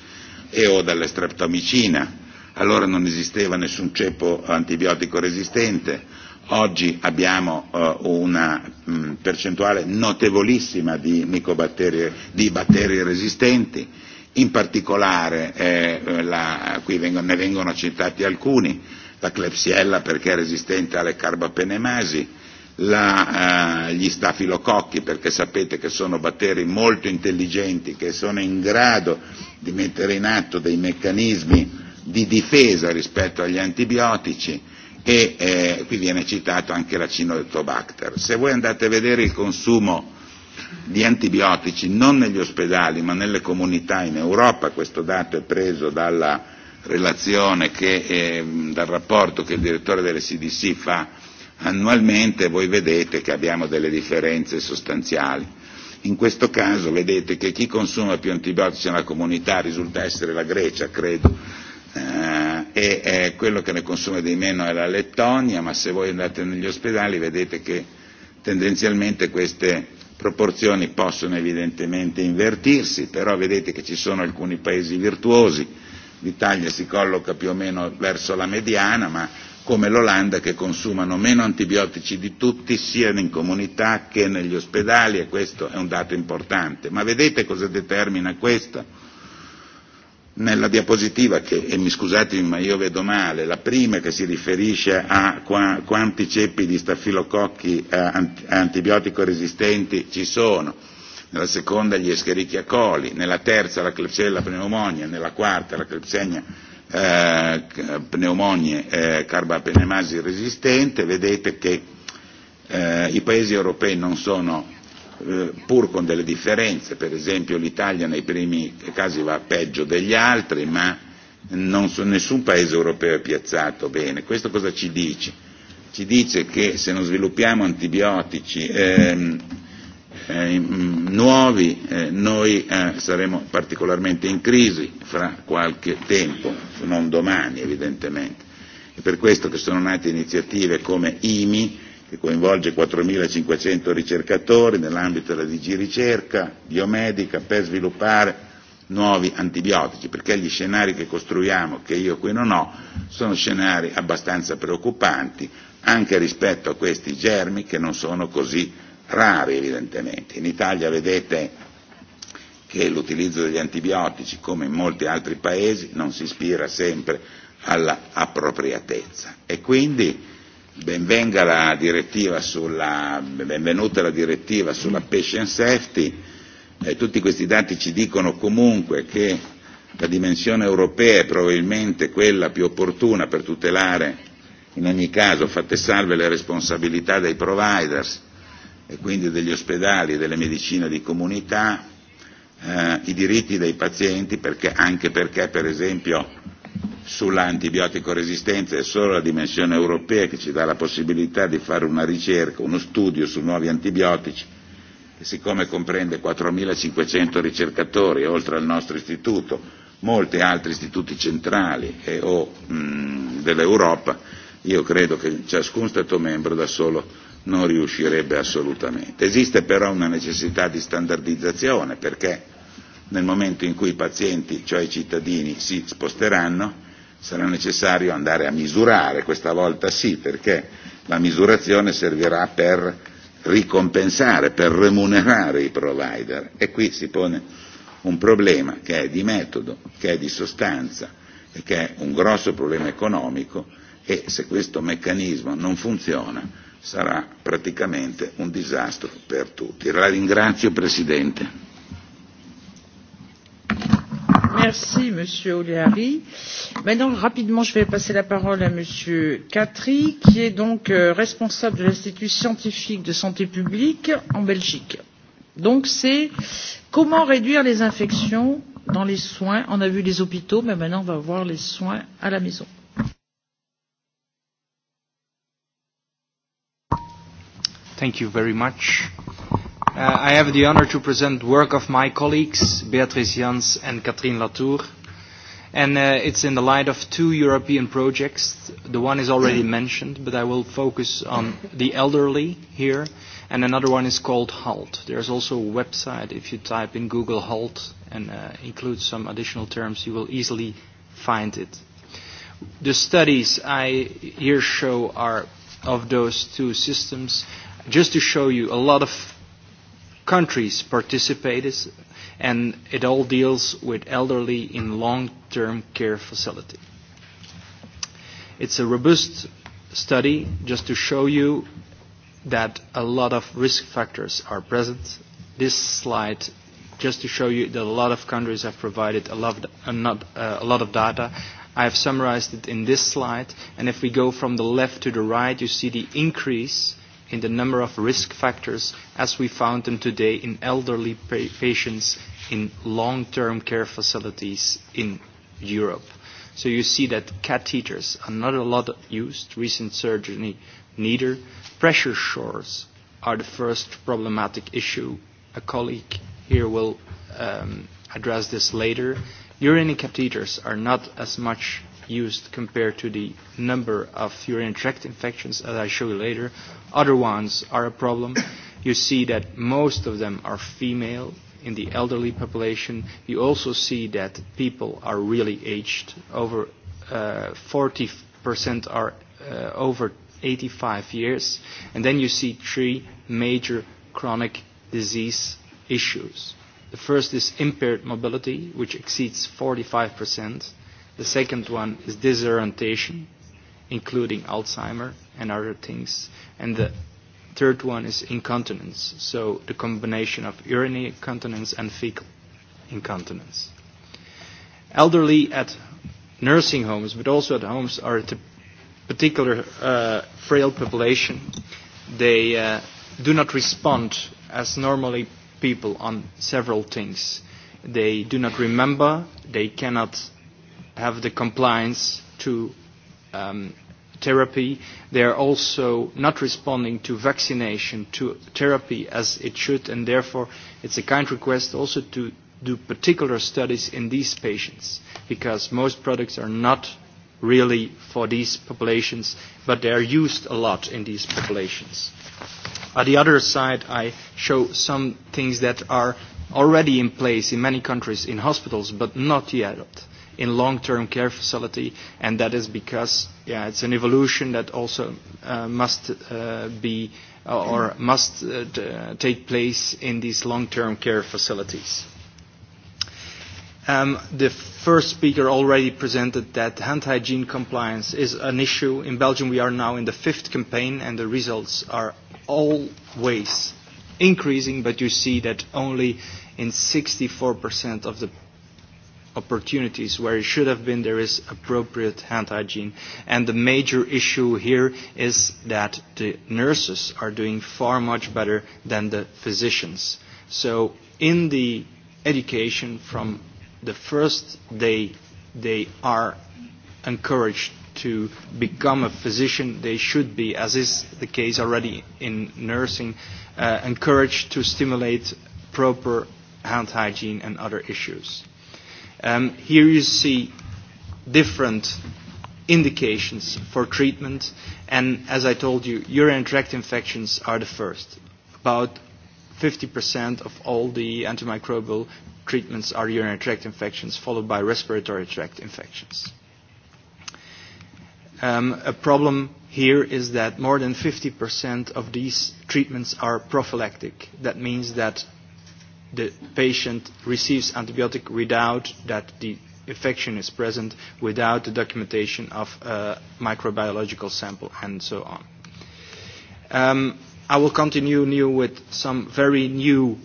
e o dall'estreptomicina, allora non esisteva nessun ceppo antibiotico resistente, oggi abbiamo eh, una mh, percentuale notevolissima di, di batteri resistenti, in particolare eh, la, qui vengono, ne vengono citati alcuni, la Klebsiella perché è resistente alle carbapenemasi, la, eh, gli stafilococchi perché sapete che sono batteri molto intelligenti che sono in grado di mettere in atto dei meccanismi di difesa rispetto agli antibiotici e eh, qui viene citato anche l'acinodetobacter. Se voi andate a vedere il consumo di antibiotici non negli ospedali ma nelle comunità in Europa, questo dato è preso dalla relazione che, eh, dal rapporto che il direttore delle CDC fa annualmente, voi vedete che abbiamo delle differenze sostanziali. In questo caso vedete che chi consuma più antibiotici nella comunità risulta essere la Grecia, credo, eh, e eh, quello che ne consuma di meno è la Lettonia, ma se voi andate negli ospedali vedete che tendenzialmente queste proporzioni possono evidentemente invertirsi, però vedete che ci sono alcuni paesi virtuosi, l'Italia si colloca più o meno verso la mediana, ma come l'Olanda che consumano meno antibiotici di tutti sia in comunità che negli ospedali e questo è un dato importante. Ma vedete cosa determina questo? nella diapositiva che, e mi scusatemi ma io vedo male, la prima che si riferisce a qua, quanti ceppi di stafilococchi eh, antibiotico resistenti ci sono, nella seconda gli escherichia coli, nella terza la clepsella pneumonia, nella quarta la clepsenia eh, pneumonia eh, carbapenemasi resistente, vedete che eh, i paesi europei non sono eh, pur con delle differenze, per esempio l'Italia nei primi casi va peggio degli altri, ma non so, nessun paese europeo è piazzato bene. Questo cosa ci dice? Ci dice che se non sviluppiamo antibiotici ehm, eh, nuovi eh, noi eh, saremo particolarmente in crisi fra qualche tempo, non domani evidentemente. È per questo che sono nate iniziative come IMI, che coinvolge 4.500 ricercatori nell'ambito della DG Ricerca, biomedica, per sviluppare nuovi antibiotici, perché gli scenari che costruiamo, che io qui non ho, sono scenari abbastanza preoccupanti, anche rispetto a questi germi che non sono così rari evidentemente. In Italia vedete che l'utilizzo degli antibiotici, come in molti altri paesi, non si ispira sempre alla appropriatezza e quindi benvenga la direttiva sulla, benvenuta la direttiva sulla patient safety, eh, tutti questi dati ci dicono comunque che la dimensione europea è probabilmente quella più opportuna per tutelare in ogni caso fatte salve le responsabilità dei providers e quindi degli ospedali e delle medicine di comunità, eh, i diritti dei pazienti, perché, anche perché per esempio sull'antibiotico resistenza, è solo la dimensione europea che ci dà la possibilità di fare una ricerca, uno studio su nuovi antibiotici, e siccome comprende 4.500 ricercatori oltre al nostro istituto, molti altri istituti centrali e, o mh, dell'Europa, io credo che ciascun Stato membro da solo non riuscirebbe assolutamente. Esiste però una necessità di standardizzazione perché nel momento in cui i pazienti, cioè i cittadini, si sposteranno, sarà necessario andare a misurare, questa volta sì, perché la misurazione servirà per ricompensare, per remunerare i provider e qui si pone un problema che è di metodo, che è di sostanza e che è un grosso problema economico e se questo meccanismo non funziona sarà praticamente un disastro per tutti. La ringrazio Presidente. Merci, Monsieur Oleari. Maintenant, rapidement, je vais passer la parole à Monsieur Catry, qui est donc responsable de l'Institut scientifique de santé publique en Belgique. Donc, c'est comment réduire les infections dans les soins. On a vu les hôpitaux, mais maintenant, on va voir les soins à la maison. Thank you very much. Uh, I have the honor to present work of my colleagues, Beatrice Jans and Catherine Latour. And uh, it's in the light of two European projects. The one is already mentioned, but I will focus on the elderly here. And another one is called HALT. There's also a website. If you type in Google HALT and uh, include some additional terms, you will easily find it. The studies I here show are of those two systems, just to show you a lot of countries participate and it all deals with elderly in long-term care facility. It's a robust study just to show you that a lot of risk factors are present. This slide just to show you that a lot of countries have provided a lot, a, not, uh, a lot of data. I have summarized it in this slide, and if we go from the left to the right, you see the increase in the number of risk factors as we found them today in elderly pa patients in long-term care facilities in Europe. So you see that catheters are not a lot used, recent surgery neither. Pressure shores are the first problematic issue. A colleague here will um, address this later. Urinary catheters are not as much used compared to the number of urinary tract infections, as I show you later. Other ones are a problem. You see that most of them are female in the elderly population. You also see that people are really aged. Over uh, are uh, over 85 years. And then you see three major chronic disease issues. The first is impaired mobility, which exceeds The second one is disorientation, including Alzheimer and other things. And the third one is incontinence, so the combination of urinary incontinence and fecal incontinence. Elderly at nursing homes, but also at homes, are a particular uh, frail population. They uh, do not respond as normally people on several things. They do not remember, they cannot have the compliance to um, therapy. They are also not responding to vaccination, to therapy as it should, and therefore it's a kind request also to do particular studies in these patients because most products are not really for these populations, but they are used a lot in these populations. On the other side, I show some things that are already in place in many countries in hospitals, but not yet in long-term care facility, and that is because yeah, it's an evolution that also uh, must uh, be or must uh, take place in these long-term care facilities. Um, the first speaker already presented that hand hygiene compliance is an issue. In Belgium, we are now in the fifth campaign, and the results are always increasing, but you see that only in 64% of the opportunities where it should have been there is appropriate hand hygiene and the major issue here is that the nurses are doing far much better than the physicians so in the education from the first day they are encouraged to become a physician, they should be, as is the case already in nursing, uh, encouraged to stimulate proper hand hygiene and other issues. Um, here you see different indications for treatment, and as I told you, urinary tract infections are the first. About 50% of all the antimicrobial treatments are urinary tract infections, followed by respiratory tract infections. Um, a problem here is that more than 50% of these treatments are prophylactic. That means that the patient receives antibiotic without that the infection is present, without the documentation of a microbiological sample, and so on. Um, I will continue new with some very new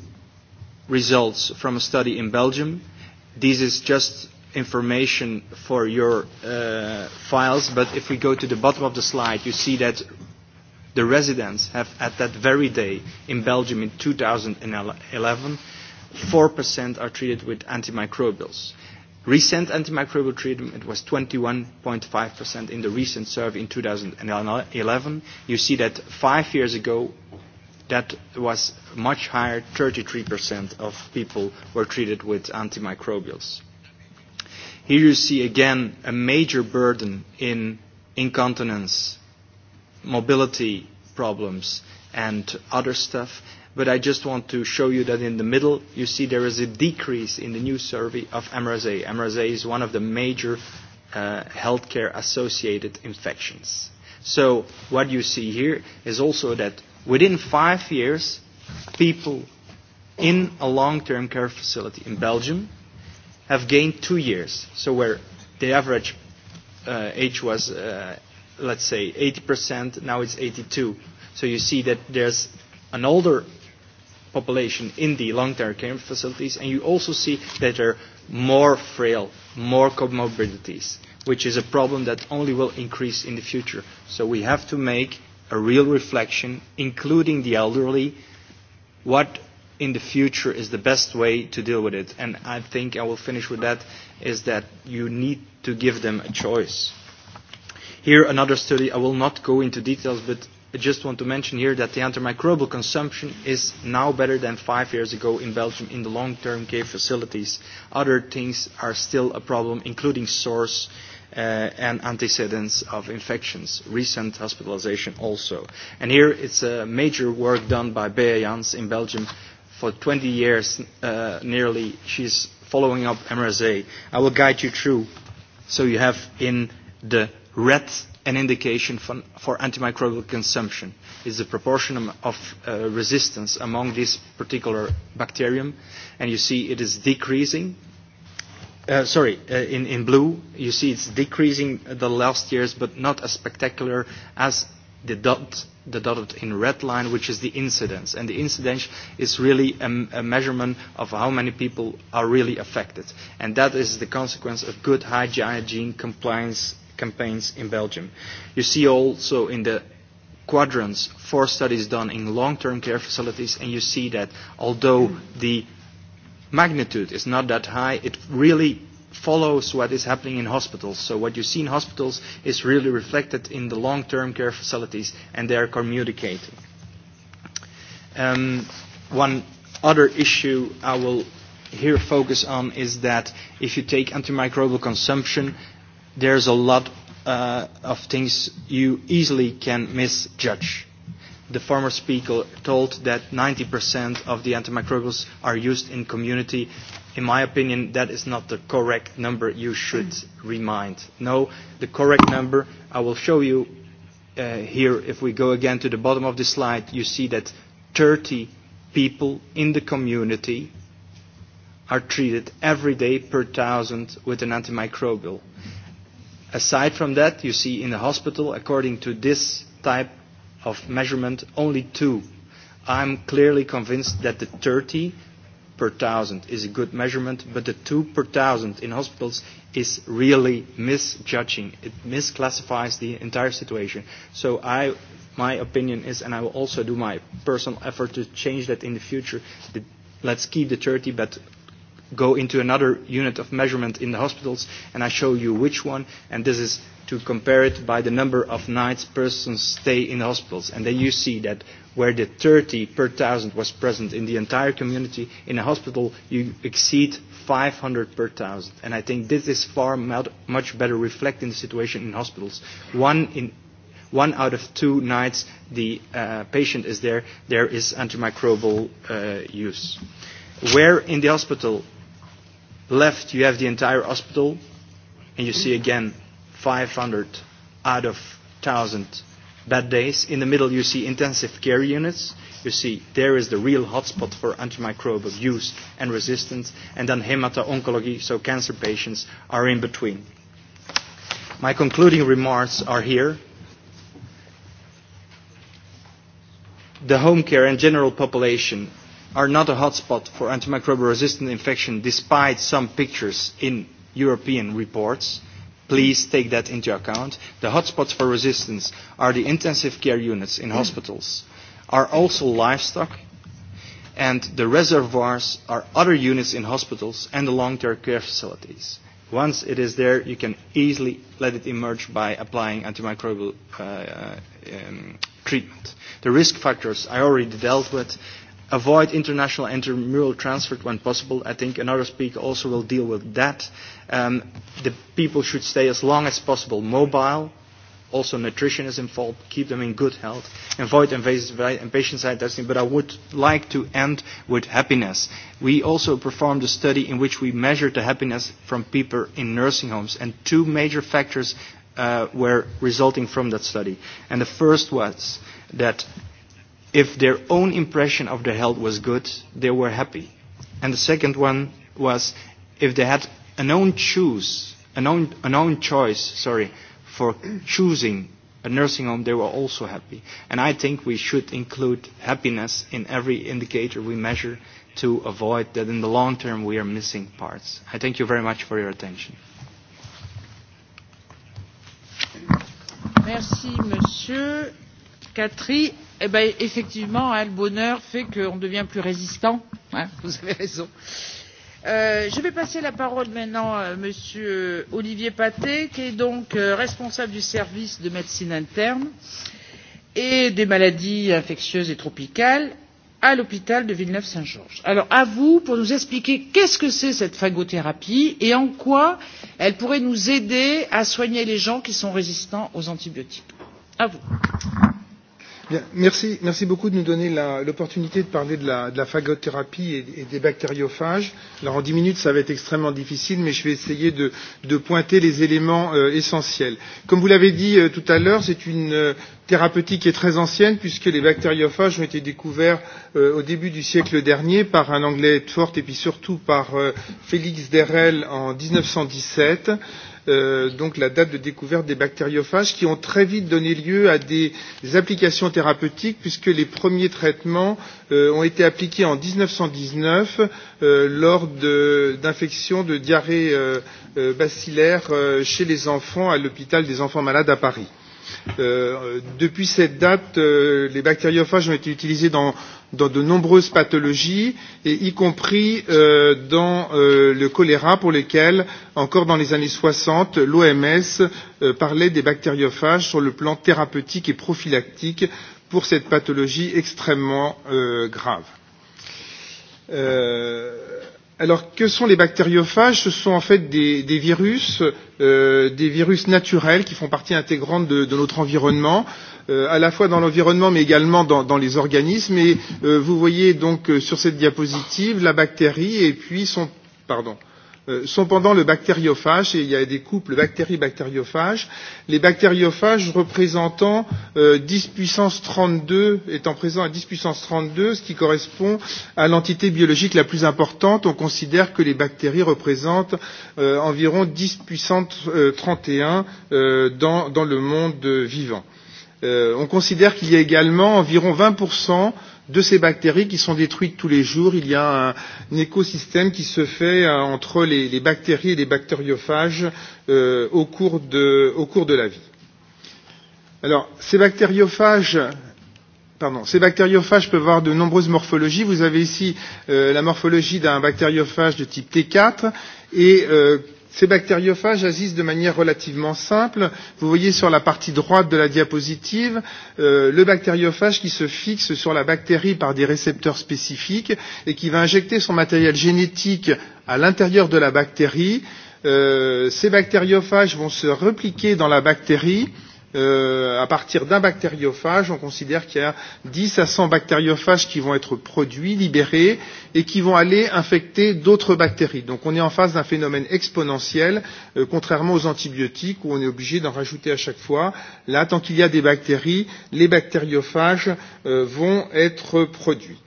results from a study in Belgium. This is just information for your uh, files, but if we go to the bottom of the slide, you see that the residents have at that very day in Belgium in 2011, 4% are treated with antimicrobials. Recent antimicrobial treatment was 21.5% in the recent survey in 2011. You see that five years ago, that was much higher, 33% of people were treated with antimicrobials. Here you see again a major burden in incontinence mobility problems and other stuff. But I just want to show you that in the middle, you see there is a decrease in the new survey of MRSA. MRSA is one of the major uh, healthcare-associated infections. So what you see here is also that within five years, people in a long-term care facility in Belgium have gained two years. So where the average uh, age was uh, let's say 80%, now it's 82. So you see that there's an older population in the long-term care facilities, and you also see that there are more frail, more comorbidities, which is a problem that only will increase in the future. So we have to make a real reflection, including the elderly, what in the future is the best way to deal with it. And I think I will finish with that, is that you need to give them a choice Here, another study, I will not go into details, but I just want to mention here that the antimicrobial consumption is now better than five years ago in Belgium in the long-term care facilities. Other things are still a problem, including source uh, and antecedents of infections, recent hospitalization also. And here it's a major work done by Bea Jans in Belgium. For 20 years uh, nearly, she's following up MRSA. I will guide you through so you have in the red an indication for for antimicrobial consumption is the proportion of uh, resistance among this particular bacterium and you see it is decreasing uh, sorry uh, in, in blue you see it's decreasing the last years but not as spectacular as the dot the dotted in red line, which is the incidence. And the incidence is really a, a measurement of how many people are really affected. And that is the consequence of good hygiene compliance campaigns in Belgium. You see also in the quadrants four studies done in long-term care facilities, and you see that although the magnitude is not that high, it really follows what is happening in hospitals. So what you see in hospitals is really reflected in the long-term care facilities, and they are communicating. Um, one other issue I will here focus on is that if you take antimicrobial consumption there's a lot uh, of things you easily can misjudge. The former speaker told that 90% of the antimicrobials are used in community. In my opinion, that is not the correct number you should remind. No, the correct number, I will show you uh, here, if we go again to the bottom of the slide, you see that 30 people in the community are treated every day per thousand with an antimicrobial. Aside from that, you see in the hospital, according to this type of measurement, only two. I'm clearly convinced that the 30 per thousand is a good measurement, but the two per thousand in hospitals is really misjudging. It misclassifies the entire situation. So I, my opinion is, and I will also do my personal effort to change that in the future, that let's keep the 30, but go into another unit of measurement in the hospitals, and I show you which one, and this is to compare it by the number of nights persons stay in the hospitals. And then you see that where the 30 per thousand was present in the entire community, in a hospital you exceed 500 per thousand. And I think this is far much better reflecting the situation in hospitals. One in one out of two nights the uh, patient is there, there is antimicrobial uh, use. Where in the hospital left you have the entire hospital, and you see again 500 out of 1,000 bad days. In the middle, you see intensive care units. You see there is the real hotspot for antimicrobial use and resistance, and then hemato-oncology, so cancer patients are in between. My concluding remarks are here. The home care and general population are not a hotspot for antimicrobial resistant infection despite some pictures in European reports. Please take that into account. The hotspots for resistance are the intensive care units in hospitals, are also livestock, and the reservoirs are other units in hospitals and the long-term care facilities. Once it is there, you can easily let it emerge by applying antimicrobial uh, um, treatment. The risk factors I already dealt with avoid international intramural transfer when possible. I think another speaker also will deal with that. Um, the people should stay as long as possible mobile. Also, nutrition is involved. Keep them in good health. Avoid invasive and patient-side testing. But I would like to end with happiness. We also performed a study in which we measured the happiness from people in nursing homes, and two major factors uh, were resulting from that study. And the first was that if their own impression of their health was good, they were happy. And the second one was if they had an own choose, an own, an own choice, sorry, for choosing a nursing home, they were also happy. And I think we should include happiness in every indicator we measure to avoid that in the long term we are missing parts. I thank you very much for your attention. Merci, Monsieur Catherine. Eh bien, effectivement, hein, le bonheur fait qu'on devient plus résistant. Hein, vous avez raison. Euh, je vais passer la parole maintenant à Monsieur Olivier Paté, qui est donc euh, responsable du service de médecine interne et des maladies infectieuses et tropicales à l'hôpital de Villeneuve Saint Georges. Alors à vous pour nous expliquer qu'est-ce que c'est cette phagothérapie et en quoi elle pourrait nous aider à soigner les gens qui sont résistants aux antibiotiques. À vous. Bien, merci, merci beaucoup de nous donner l'opportunité de parler de la, de la phagothérapie et, et des bactériophages. Alors en dix minutes, ça va être extrêmement difficile, mais je vais essayer de, de pointer les éléments euh, essentiels. Comme vous l'avez dit euh, tout à l'heure, c'est une euh, thérapeutique est très ancienne puisque les bactériophages ont été découverts euh, au début du siècle dernier par un Anglais fort et puis surtout par euh, Félix Derrel en 1917 donc la date de découverte des bactériophages qui ont très vite donné lieu à des applications thérapeutiques puisque les premiers traitements euh, ont été appliqués en 1919 euh, lors d'infections de, de diarrhée euh, euh, bacillaire euh, chez les enfants à l'hôpital des enfants malades à Paris depuis cette date, les bactériophages ont été utilisés dans, dans de nombreuses pathologies, et y compris euh, dans euh, le choléra, pour lequel, encore dans les années 60, l'OMS euh, parlait des bactériophages sur le plan thérapeutique et prophylactique pour cette pathologie extrêmement euh, grave. Euh, Alors, que sont les bactériophages Ce sont en fait des, des virus, euh, des virus naturels qui font partie intégrante de, de notre environnement, euh, à la fois dans l'environnement mais également dans, dans les organismes. Et euh, vous voyez donc euh, sur cette diapositive la bactérie et puis son pardon. Euh, sont pendant le bactériophage et il y a des couples bactéries bactériophages les bactériophages représentant euh, 10 puissance 32 étant présents à 10 puissance 32 ce qui correspond à l'entité biologique la plus importante on considère que les bactéries représentent euh, environ 10 puissance euh, 31 euh, dans, dans le monde vivant euh, on considère qu'il y a également environ 20 de ces bactéries qui sont détruites tous les jours. Il y a un, un écosystème qui se fait euh, entre les, les bactéries et les bactériophages euh, au, cours de, au cours de la vie. Alors, ces bactériophages Pardon. Ces bactériophages peuvent avoir de nombreuses morphologies. Vous avez ici euh, la morphologie d'un bactériophage de type T4 et euh, Ces bactériophages agissent de manière relativement simple. Vous voyez sur la partie droite de la diapositive euh, le bactériophage qui se fixe sur la bactérie par des récepteurs spécifiques et qui va injecter son matériel génétique à l'intérieur de la bactérie. Euh, ces bactériophages vont se repliquer dans la bactérie euh, euh, à partir d'un bactériophage, on considère qu'il y a 10 à 100 bactériophages qui vont être produits, libérés, et qui vont aller infecter d'autres bactéries. Donc on est en face d'un phénomène exponentiel, euh, contrairement aux antibiotiques où on est obligé d'en rajouter à chaque fois. Là, tant qu'il y a des bactéries, les bactériophages euh, vont être produits.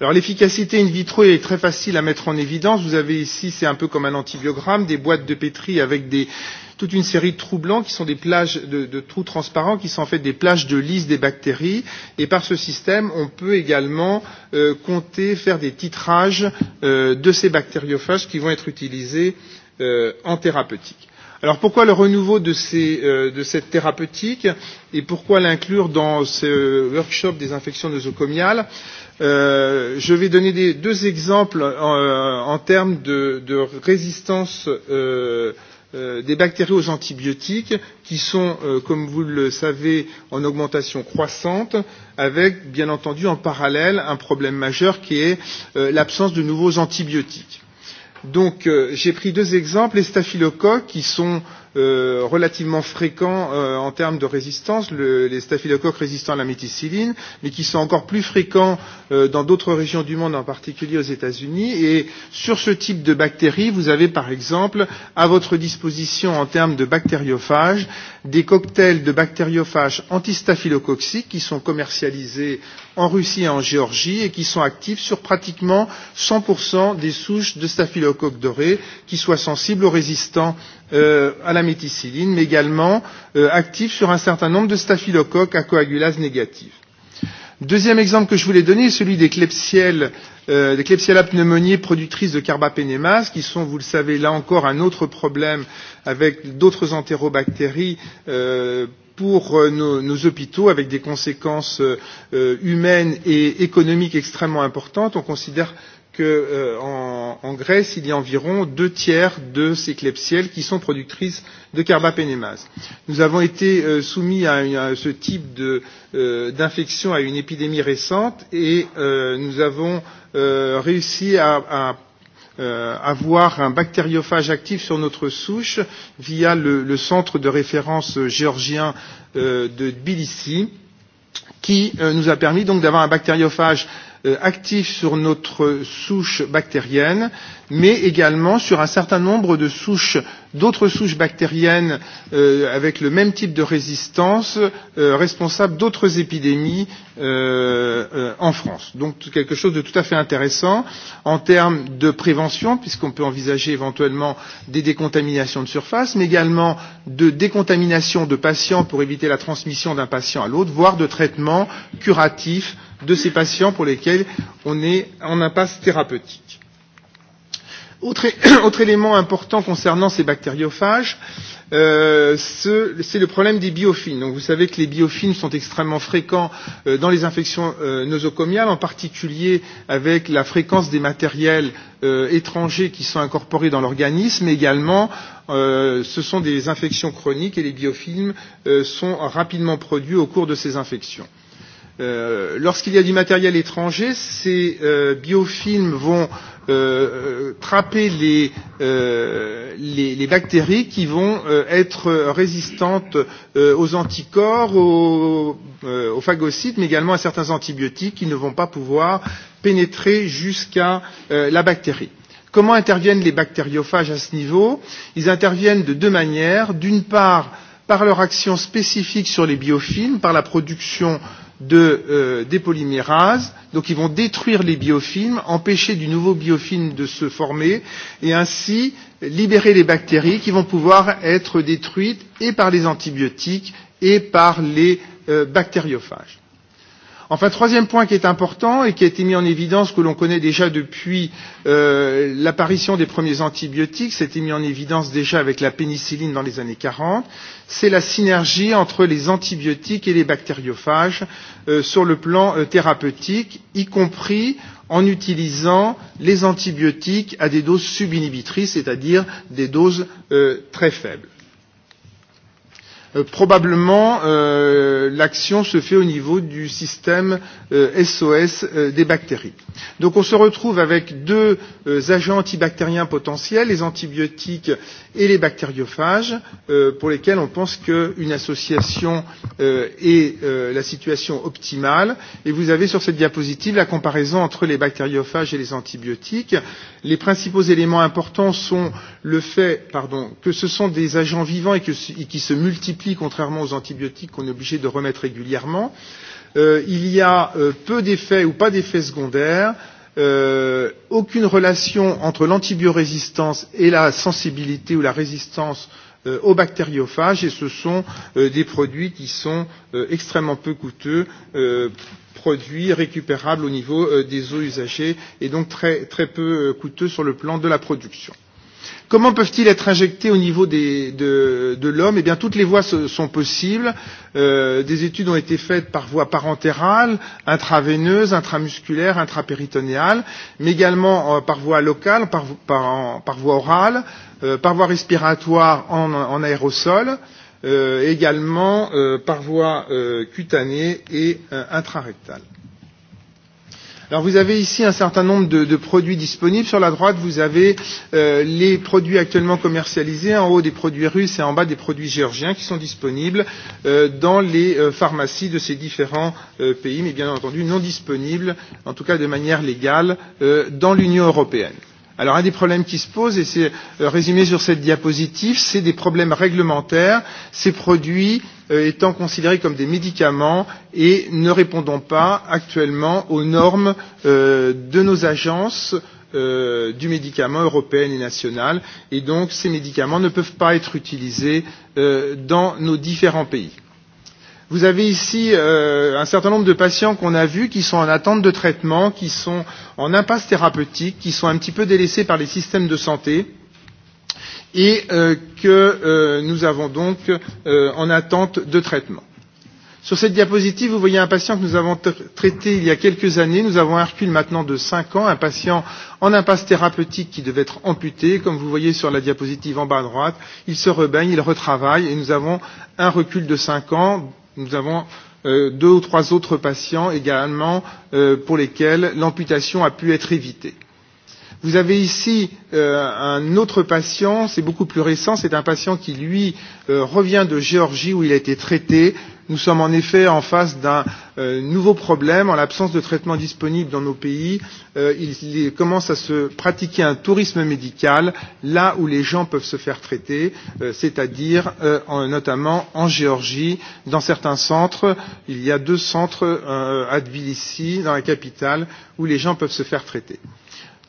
Alors l'efficacité in vitro est très facile à mettre en évidence. Vous avez ici, c'est un peu comme un antibiogramme, des boîtes de pétri avec des, euh, toute une série de trous blancs qui sont des plages de, de trous transparents, qui sont en fait des plages de lisse des bactéries. Et par ce système, on peut également euh, compter, faire des titrages euh, de ces bactériophages qui vont être utilisés euh, en thérapeutique. Alors pourquoi le renouveau de, ces, euh, de cette thérapeutique et pourquoi l'inclure dans ce workshop des infections nosocomiales euh, Je vais donner des, deux exemples en, en termes de, de résistance euh, des bactéries aux antibiotiques qui sont, euh, comme vous le savez, en augmentation croissante, avec bien entendu en parallèle un problème majeur qui est euh, l'absence de nouveaux antibiotiques. Donc euh, j'ai pris deux exemples, les staphylocoques qui sont euh, euh, relativement fréquents euh, en termes de résistance, le, les staphylocoques résistants à la méticilline, mais qui sont encore plus fréquents euh, dans d'autres régions du monde, en particulier aux États-Unis. Et sur ce type de bactéries, vous avez par exemple à votre disposition en termes de bactériophages des cocktails de bactériophages antistaphylococciques qui sont commercialisés en Russie et en Géorgie et qui sont actifs sur pratiquement 100% des souches de staphylocoque doré qui soient sensibles aux résistants euh, à la méticilline, mais également euh, actifs sur un certain nombre de staphylocoques à coagulase négative. Deuxième exemple que je voulais donner est celui des clepsiels euh, les Klebsiella pneumoniae productrices de carbapénémas, qui sont, vous le savez, là encore un autre problème avec d'autres entérobactéries euh, pour nos, nos hôpitaux avec des conséquences euh, humaines et économiques extrêmement importantes. On considère qu'en euh, en, en Grèce, il y a environ deux tiers de ces clepsiels qui sont productrices de carbapénémase. Nous avons été euh, soumis à, une, à ce type d'infection euh, à une épidémie récente et euh, nous avons euh, réussi à, à euh, avoir un bactériophage actif sur notre souche via le, le centre de référence géorgien euh, de Tbilissi qui euh, nous a permis donc d'avoir un bactériophage actif sur notre souche bactérienne, mais également sur un certain nombre de souches d'autres souches bactériennes euh, avec le même type de résistance euh, responsables d'autres épidémies euh, euh, en France. Donc quelque chose de tout à fait intéressant en termes de prévention, puisqu'on peut envisager éventuellement des décontaminations de surface, mais également de décontamination de patients pour éviter la transmission d'un patient à l'autre, voire de traitements curatifs de ces patients pour lesquels on est en impasse thérapeutique. Autre, autre élément important concernant ces bactériophages, euh, c'est le problème des biofilms. Donc vous savez que les biofilms sont extrêmement fréquents euh, dans les infections euh, nosocomiales, en particulier avec la fréquence des matériels euh, étrangers qui sont incorporés dans l'organisme. Également, euh, ce sont des infections chroniques et les biofilms euh, sont rapidement produits au cours de ces infections. Lorsqu'il y a du matériel étranger, ces euh, biofilms vont euh, trapper les, euh, les, les bactéries qui vont euh, être résistantes euh, aux anticorps, aux, euh, aux phagocytes, mais également à certains antibiotiques qui ne vont pas pouvoir pénétrer jusqu'à euh, la bactérie. Comment interviennent les bactériophages à ce niveau Ils interviennent de deux manières. D'une part, par leur action spécifique sur les biofilms, par la production euh, de, euh, des polymérases, donc ils vont détruire les biofilms, empêcher du nouveau biofilm de se former et ainsi libérer les bactéries qui vont pouvoir être détruites et par les antibiotiques et par les euh, bactériophages. Enfin, troisième point qui est important et qui a été mis en évidence, que l'on connaît déjà depuis euh, l'apparition des premiers antibiotiques, c'était mis en évidence déjà avec la pénicilline dans les années 40, c'est la synergie entre les antibiotiques et les bactériophages euh, sur le plan euh, thérapeutique, y compris en utilisant les antibiotiques à des doses subinhibitrices, c'est-à-dire des doses euh, très faibles probablement euh, l'action se fait au niveau du système euh, SOS euh, des bactéries. Donc on se retrouve avec deux euh, agents antibactériens potentiels, les antibiotiques et les bactériophages, euh, pour lesquels on pense qu'une association euh, est euh, la situation optimale. Et vous avez sur cette diapositive la comparaison entre les bactériophages et les antibiotiques. Les principaux éléments importants sont le fait pardon, que ce sont des agents vivants et, que, et qui se multiplient petits, contrairement aux antibiotiques qu'on est obligé de remettre régulièrement. Euh, il y a euh, peu d'effets ou pas d'effets secondaires. Euh, aucune relation entre l'antibiorésistance et la sensibilité ou la résistance euh, aux bactériophages et ce sont euh, des produits qui sont euh, extrêmement peu coûteux euh, produits récupérables au niveau euh, des eaux usagées et donc très, très peu euh, coûteux sur le plan de la production. Comment peuvent-ils être injectés au niveau des, de, de l'homme Eh bien, toutes les voies sont possibles. Euh, des études ont été faites par voie parentérale, intraveineuse, intramusculaire, intrapéritonéale, mais également euh, par voie locale, par, par, en, par voie orale, euh, par voie respiratoire en, en aérosol, euh, également euh, par voie euh, cutanée et euh, intrarectale. Alors vous avez ici un certain nombre de, de produits disponibles. Sur la droite, vous avez euh, les produits actuellement commercialisés, en haut des produits russes et en bas des produits géorgiens qui sont disponibles euh, dans les euh, pharmacies de ces différents euh, pays, mais bien entendu non disponibles, en tout cas de manière légale, euh, dans l'Union européenne. Alors un des problèmes qui se posent et c'est résumé sur cette diapositive, c'est des problèmes réglementaires. Ces produits euh, étant considérés comme des médicaments et ne répondant pas actuellement aux normes euh, de nos agences euh, du médicament européenne et nationale. Et donc ces médicaments ne peuvent pas être utilisés euh, dans nos différents pays. Vous avez ici euh, un certain nombre de patients qu'on a vus qui sont en attente de traitement, qui sont en impasse thérapeutique, qui sont un petit peu délaissés par les systèmes de santé et euh, que euh, nous avons donc euh, en attente de traitement. Sur cette diapositive, vous voyez un patient que nous avons traité il y a quelques années. Nous avons un recul maintenant de 5 ans, un patient en impasse thérapeutique qui devait être amputé. Comme vous voyez sur la diapositive en bas à droite, il se rebaigne, il retravaille et nous avons un recul de 5 ans. Nous avons euh, deux ou trois autres patients également euh, pour lesquels l'amputation a pu être évitée. Vous avez ici euh, un autre patient, c'est beaucoup plus récent, c'est un patient qui, lui, euh, revient de Géorgie où il a été traité. Nous sommes en effet en face d'un euh, nouveau problème. En l'absence de traitement disponible dans nos pays, euh, il, il commence à se pratiquer un tourisme médical là où les gens peuvent se faire traiter, euh, c'est-à-dire euh, notamment en Géorgie, dans certains centres. Il y a deux centres euh, à Tbilissi, dans la capitale, où les gens peuvent se faire traiter.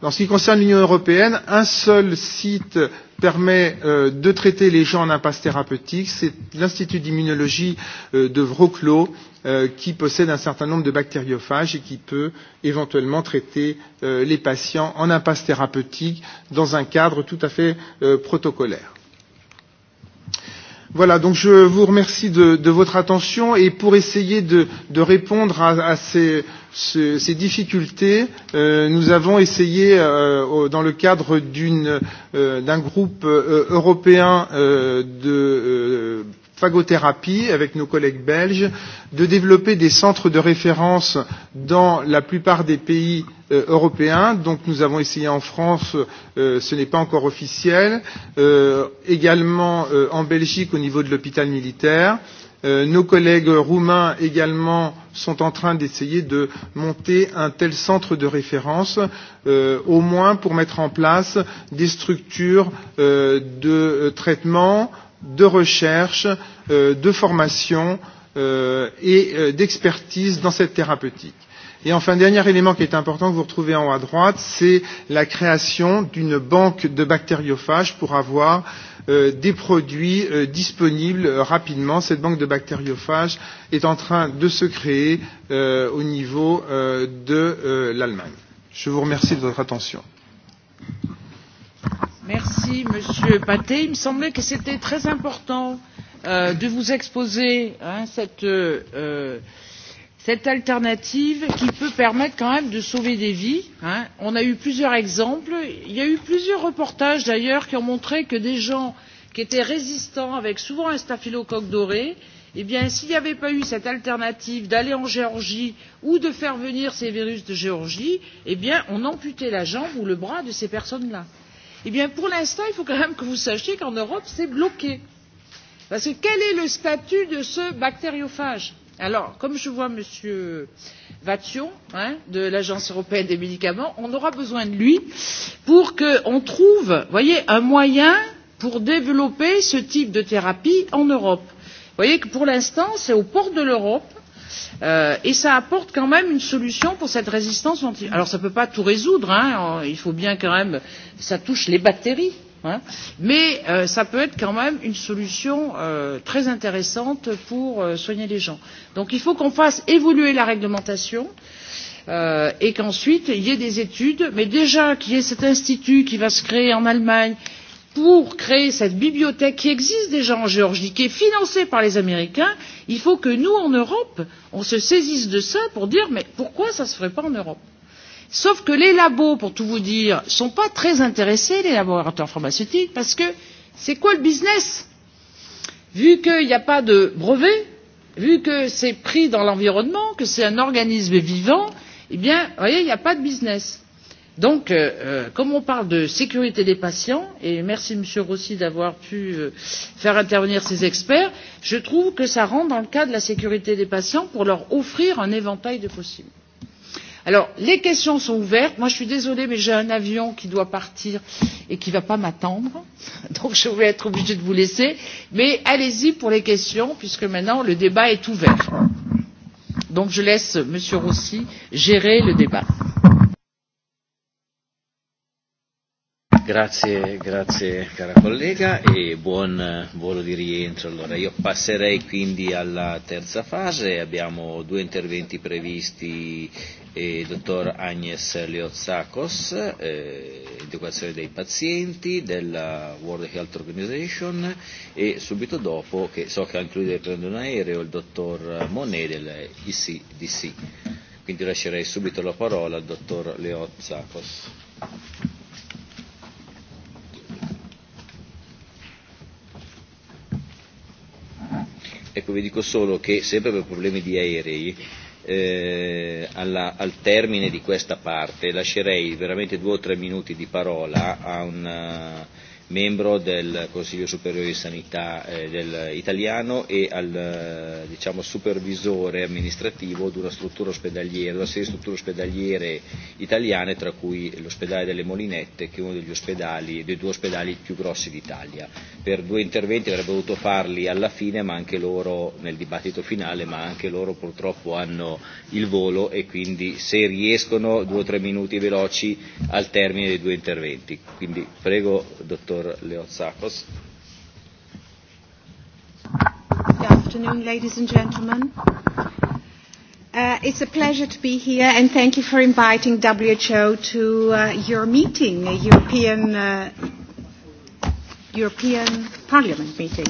En ce qui concerne l'Union européenne, un seul site permet euh, de traiter les gens en impasse thérapeutique. C'est l'Institut d'immunologie euh, de Wroclaw euh, qui possède un certain nombre de bactériophages et qui peut éventuellement traiter euh, les patients en impasse thérapeutique dans un cadre tout à fait euh, protocolaire. Voilà, donc je vous remercie de, de votre attention et pour essayer de, de répondre à, à ces ce, ces difficultés, euh, nous avons essayé, euh, dans le cadre d'un euh, groupe euh, européen euh, de euh, phagothérapie avec nos collègues belges, de développer des centres de référence dans la plupart des pays euh, européens. Donc nous avons essayé en France, euh, ce n'est pas encore officiel, euh, également euh, en Belgique au niveau de l'hôpital militaire. Euh, nos collègues roumains également sont en train d'essayer de monter un tel centre de référence, euh, au moins pour mettre en place des structures euh, de traitement, de recherche, euh, de formation euh, et euh, d'expertise dans cette thérapeutique. Et enfin, dernier élément qui est important que vous retrouvez en haut à droite, c'est la création d'une banque de bactériophages pour avoir euh, des produits disponibles rapidement. Cette banque de bactériophages est en train de se créer au niveau de l'Allemagne. Je vous remercie de votre attention. Merci Monsieur Paté. Il me semblait que c'était très important de vous exposer cette cette alternative qui peut permettre quand même de sauver des vies. On a eu plusieurs exemples. Il y a eu plusieurs reportages d'ailleurs qui ont montré que des gens qui étaient résistants, avec souvent un staphylocoque doré, eh bien, s'il n'y avait pas eu cette alternative d'aller en Géorgie ou de faire venir ces virus de Géorgie, eh bien, on amputait la jambe ou le bras de ces personnes-là. Eh bien, pour l'instant, il faut quand même que vous sachiez qu'en Europe, c'est bloqué. Parce que quel est le statut de ce bactériophage Alors, comme je vois M. Vation de l'Agence européenne des médicaments, on aura besoin de lui pour qu'on trouve, un moyen pour développer ce type de thérapie en Europe. Vous voyez que pour l'instant, c'est aux portes de l'Europe et ça apporte quand même une solution pour cette résistance anti. Alors ça ne peut pas tout résoudre, hein, il faut bien quand même ça touche les bactéries Hein Mais euh, ça peut être quand même une solution euh, très intéressante pour euh, soigner les gens. Donc il faut qu'on fasse évoluer la réglementation euh, et qu'ensuite il y ait des études. Mais déjà qu'il y ait cet institut qui va se créer en Allemagne pour créer cette bibliothèque qui existe déjà en Géorgie, qui est financée par les Américains, il faut que nous, en Europe, on se saisisse de ça pour dire mais pourquoi ça ne se ferait pas en Europe Sauf que les labos, pour tout vous dire, ne sont pas très intéressés, les laboratoires pharmaceutiques, parce que c'est quoi le business Vu qu'il n'y a pas de brevet, vu que c'est pris dans l'environnement, que c'est un organisme vivant, eh bien, vous voyez, il n'y a pas de business. Donc, euh, comme on parle de sécurité des patients, et merci Monsieur Rossi d'avoir pu euh, faire intervenir ces experts, je trouve que ça rentre dans le cadre de la sécurité des patients pour leur offrir un éventail de possibles. Alors, les questions sont ouvertes. Moi, je suis désolée, mais j'ai un avion qui doit partir et qui ne va pas m'attendre. Donc, je vais être obligée de vous laisser. Mais allez-y pour les questions, puisque maintenant, le débat est ouvert. Donc, je laisse M. Rossi gérer le débat. Grazie, grazie cara collega e buon volo di rientro. Allora, io passerei quindi alla terza fase, abbiamo due interventi previsti, eh, dottor Agnes Leozakos, eh, educazione dei pazienti della World Health Organization e subito dopo, che so che anche lui deve prendere un aereo, il dottor Monet dell'ICDC. Quindi lascerei subito la parola al dottor Leotzakos. Ecco, vi dico solo che sempre per problemi di aerei, eh, alla, al termine di questa parte lascerei veramente due o tre minuti di parola a un membro del Consiglio Superiore di Sanità eh, del, italiano e al eh, diciamo, supervisore amministrativo di una struttura ospedaliera, una serie di strutture ospedaliere italiane, tra cui l'ospedale delle Molinette, che è uno degli ospedali, dei due ospedali più grossi d'Italia. Per due interventi avrebbe dovuto farli alla fine, ma anche loro nel dibattito finale, ma anche loro purtroppo hanno il volo e quindi se riescono due o tre minuti veloci al termine dei due interventi. Quindi prego, dottor Professor Leotsakos. Good afternoon, ladies and gentlemen. Uh, it's a pleasure to be here, and thank you for inviting WHO to uh, your meeting, a European uh, European Parliament meeting.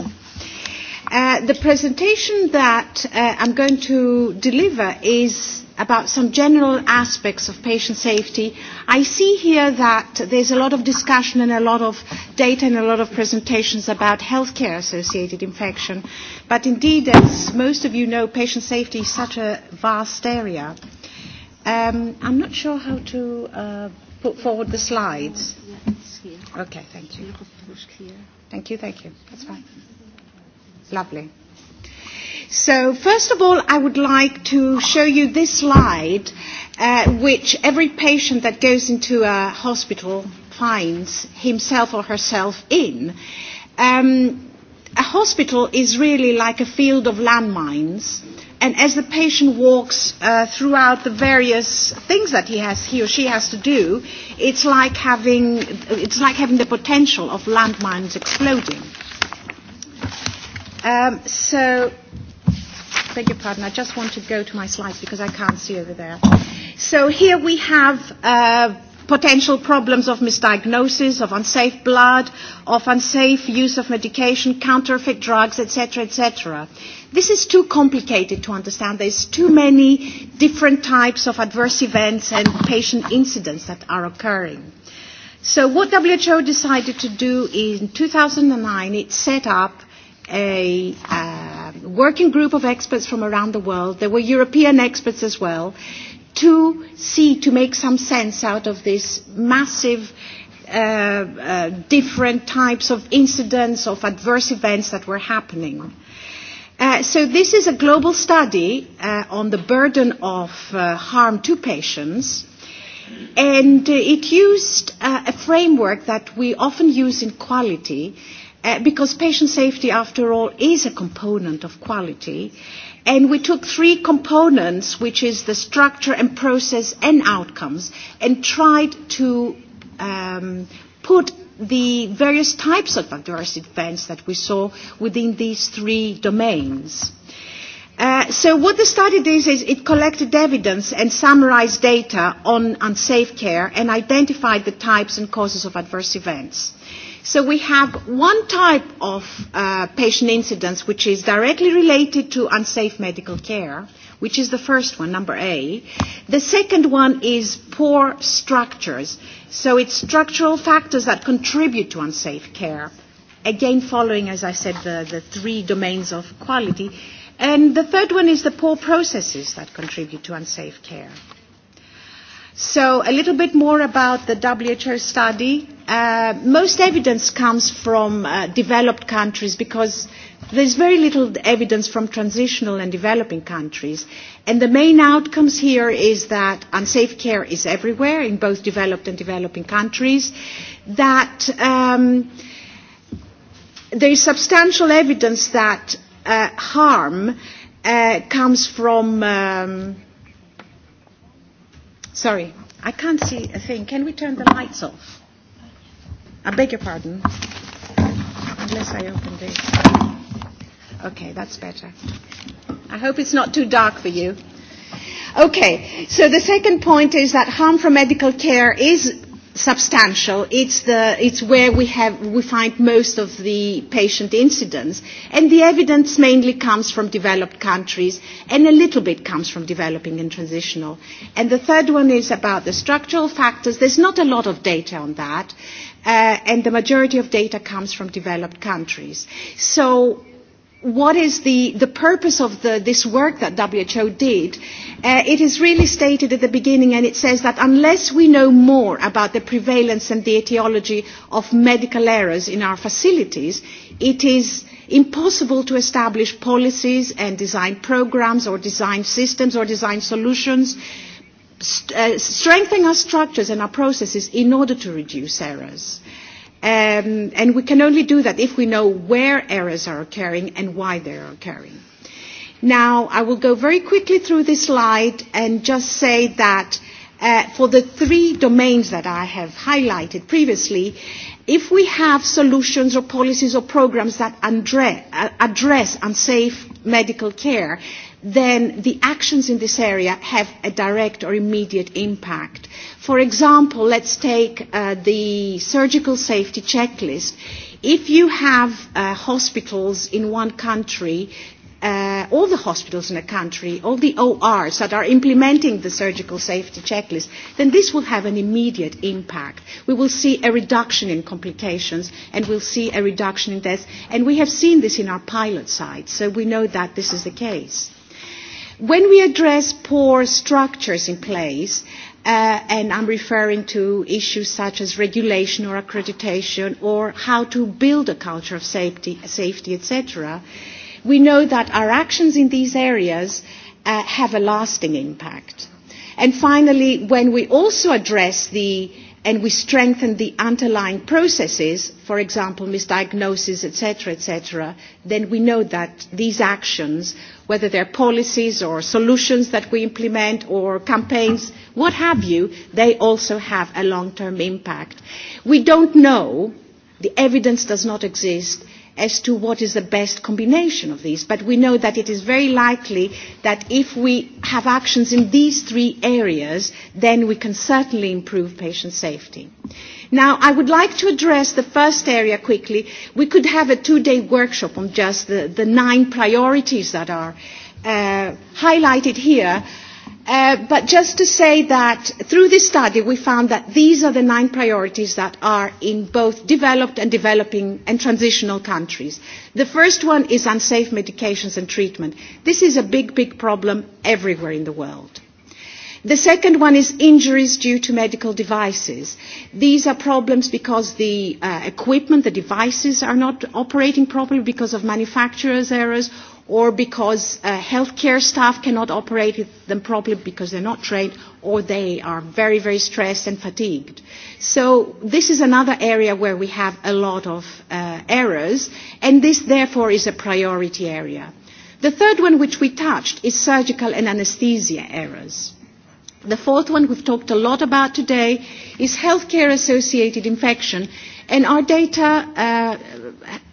Uh, the presentation that uh, I'm going to deliver is about some general aspects of patient safety. I see here that there's a lot of discussion and a lot of data and a lot of presentations about healthcare associated infection. But indeed, as most of you know, patient safety is such a vast area. Um, I'm not sure how to uh, put forward the slides. Okay, thank you. Thank you, thank you. That's fine. Lovely. So first of all, I would like to show you this slide, uh, which every patient that goes into a hospital finds himself or herself in. Um, a hospital is really like a field of landmines. And as the patient walks uh, throughout the various things that he has, he or she has to do, it's like having, it's like having the potential of landmines exploding. Um, so beg your pardon. I just want to go to my slides because I can't see over there. So here we have uh, potential problems of misdiagnosis, of unsafe blood, of unsafe use of medication, counterfeit drugs, etc., etc. This is too complicated to understand. There's too many different types of adverse events and patient incidents that are occurring. So what WHO decided to do in 2009, it set up a uh, working group of experts from around the world, there were European experts as well, to see, to make some sense out of this massive uh, uh, different types of incidents, of adverse events that were happening. Uh, so this is a global study uh, on the burden of uh, harm to patients and uh, it used uh, a framework that we often use in quality, uh, because patient safety, after all, is a component of quality. And we took three components, which is the structure and process and outcomes, and tried to um, put the various types of adverse events that we saw within these three domains. Uh, so what the study did is it collected evidence and summarized data on unsafe care and identified the types and causes of adverse events. Uh, So we have one type of uh, patient incidence which is directly related to unsafe medical care, which is the first one, number A. The second one is poor structures. So it's structural factors that contribute to unsafe care. Again, following, as I said, the, the three domains of quality. And the third one is the poor processes that contribute to unsafe care. So a little bit more about the WHO study uh, most evidence comes from uh, developed countries because there's very little evidence from transitional and developing countries. And the main outcomes here is that unsafe care is everywhere in both developed and developing countries, that um, there is substantial evidence that uh, harm uh, comes from. Um, sorry, I can't see a thing. Can we turn the lights off? I beg your pardon. Unless I open this. Okay, that's better. I hope it's not too dark for you. Okay, so the second point is that harm from medical care is substantial. It's, the, it's where we, have, we find most of the patient incidents. And the evidence mainly comes from developed countries and a little bit comes from developing and transitional. And the third one is about the structural factors. There's not a lot of data on that, and the majority of data comes from developed countries. So what is the, the purpose of the, this work that WHO did? Uh, it is really stated at the beginning, and it says that unless we know more about the prevalence and the etiology of medical errors in our facilities, it is impossible to establish policies and design programs or design systems or design solutions uh, st- uh, strengthening our structures and our processes in order to reduce errors. Um, and we can only do that if we know where errors are occurring and why they are occurring. Now, I will go very quickly through this slide and just say that uh, for the three domains that I have highlighted previously, if we have solutions or policies or programs that andre- address unsafe medical care, then the actions in this area have a direct or immediate impact. For example, let's take uh, the surgical safety checklist. If you have uh, hospitals in one country uh, all the hospitals in a country, all the ORs that are implementing the surgical safety checklist, then this will have an immediate impact. We will see a reduction in complications and we'll see a reduction in deaths. And we have seen this in our pilot sites, so we know that this is the case. When we address poor structures in place, uh, and I'm referring to issues such as regulation or accreditation or how to build a culture of safety, safety etc., we know that our actions in these areas uh, have a lasting impact. And finally, when we also address the and we strengthen the underlying processes, for example, misdiagnosis, etc., etc., then we know that these actions whether they're policies or solutions that we implement or campaigns, what have you, they also have a long-term impact. We don't know, the evidence does not exist, as to what is the best combination of these. But we know that it is very likely that if we have actions in these three areas, then we can certainly improve patient safety. Uh, Now, I would like to address the first area quickly. We could have a two-day workshop on just the, the nine priorities that are uh, highlighted here. Uh, but just to say that through this study we found that these are the nine priorities that are in both developed and developing and transitional countries. The first one is unsafe medications and treatment. This is a big, big problem everywhere in the world The second one is injuries due to medical devices. These are problems because the uh, equipment, the devices are not operating properly because of manufacturers' errors or because uh, healthcare staff cannot operate them properly because they're not trained or they are very, very stressed and fatigued. So this is another area where we have a lot of uh, errors and this therefore is a priority area. The third one which we touched is surgical and anesthesia errors. The fourth one we've talked a lot about today is healthcare associated infection. And our data, uh,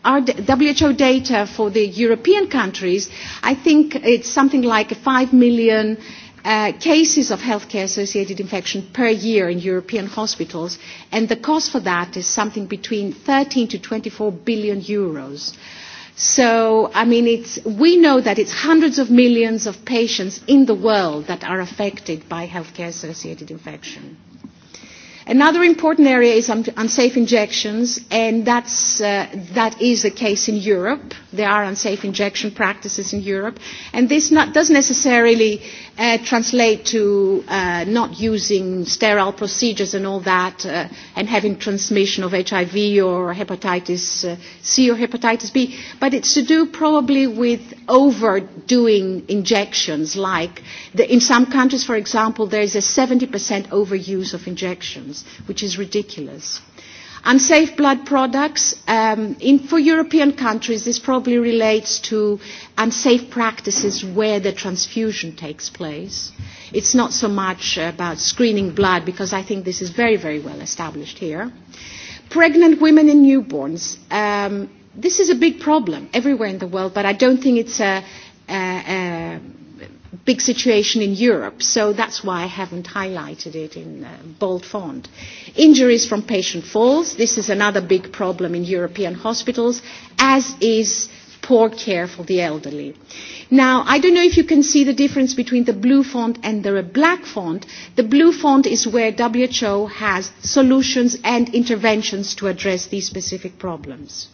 our WHO data for the European countries, I think it's something like 5 million uh, cases of healthcare associated infection per year in European hospitals. And the cost for that is something between 13 to 24 billion euros. Uh, So, I mean, it's, we know that it's hundreds of millions of patients in the world that are affected by healthcare-associated infection. Another important area is unsafe injections, and that's, uh, that is the case in Europe. There are unsafe injection practices in Europe, and this not, doesn't necessarily uh, uh, translate to uh, not using sterile procedures and all that uh, and having transmission of HIV or hepatitis C or hepatitis B, but it's to do probably with overdoing injections like the, in some countries, for example, there is a 70% overuse of injections, which is ridiculous. Unsafe blood products, um, in, for European countries, this probably relates to unsafe practices where the transfusion takes place. It's not so much about screening blood, because I think this is very, very well established here. Pregnant women and newborns. Um, this is a big problem everywhere in the world, but I don't think it's a, a, a big situation in Europe, so that's why I haven't highlighted it in uh, bold font. Injuries from patient falls, this is another big problem in European hospitals, as is poor care for the elderly. Now, I don't know if you can see the difference between the blue font and the black font. The blue font is where WHO has solutions and interventions to address these specific problems.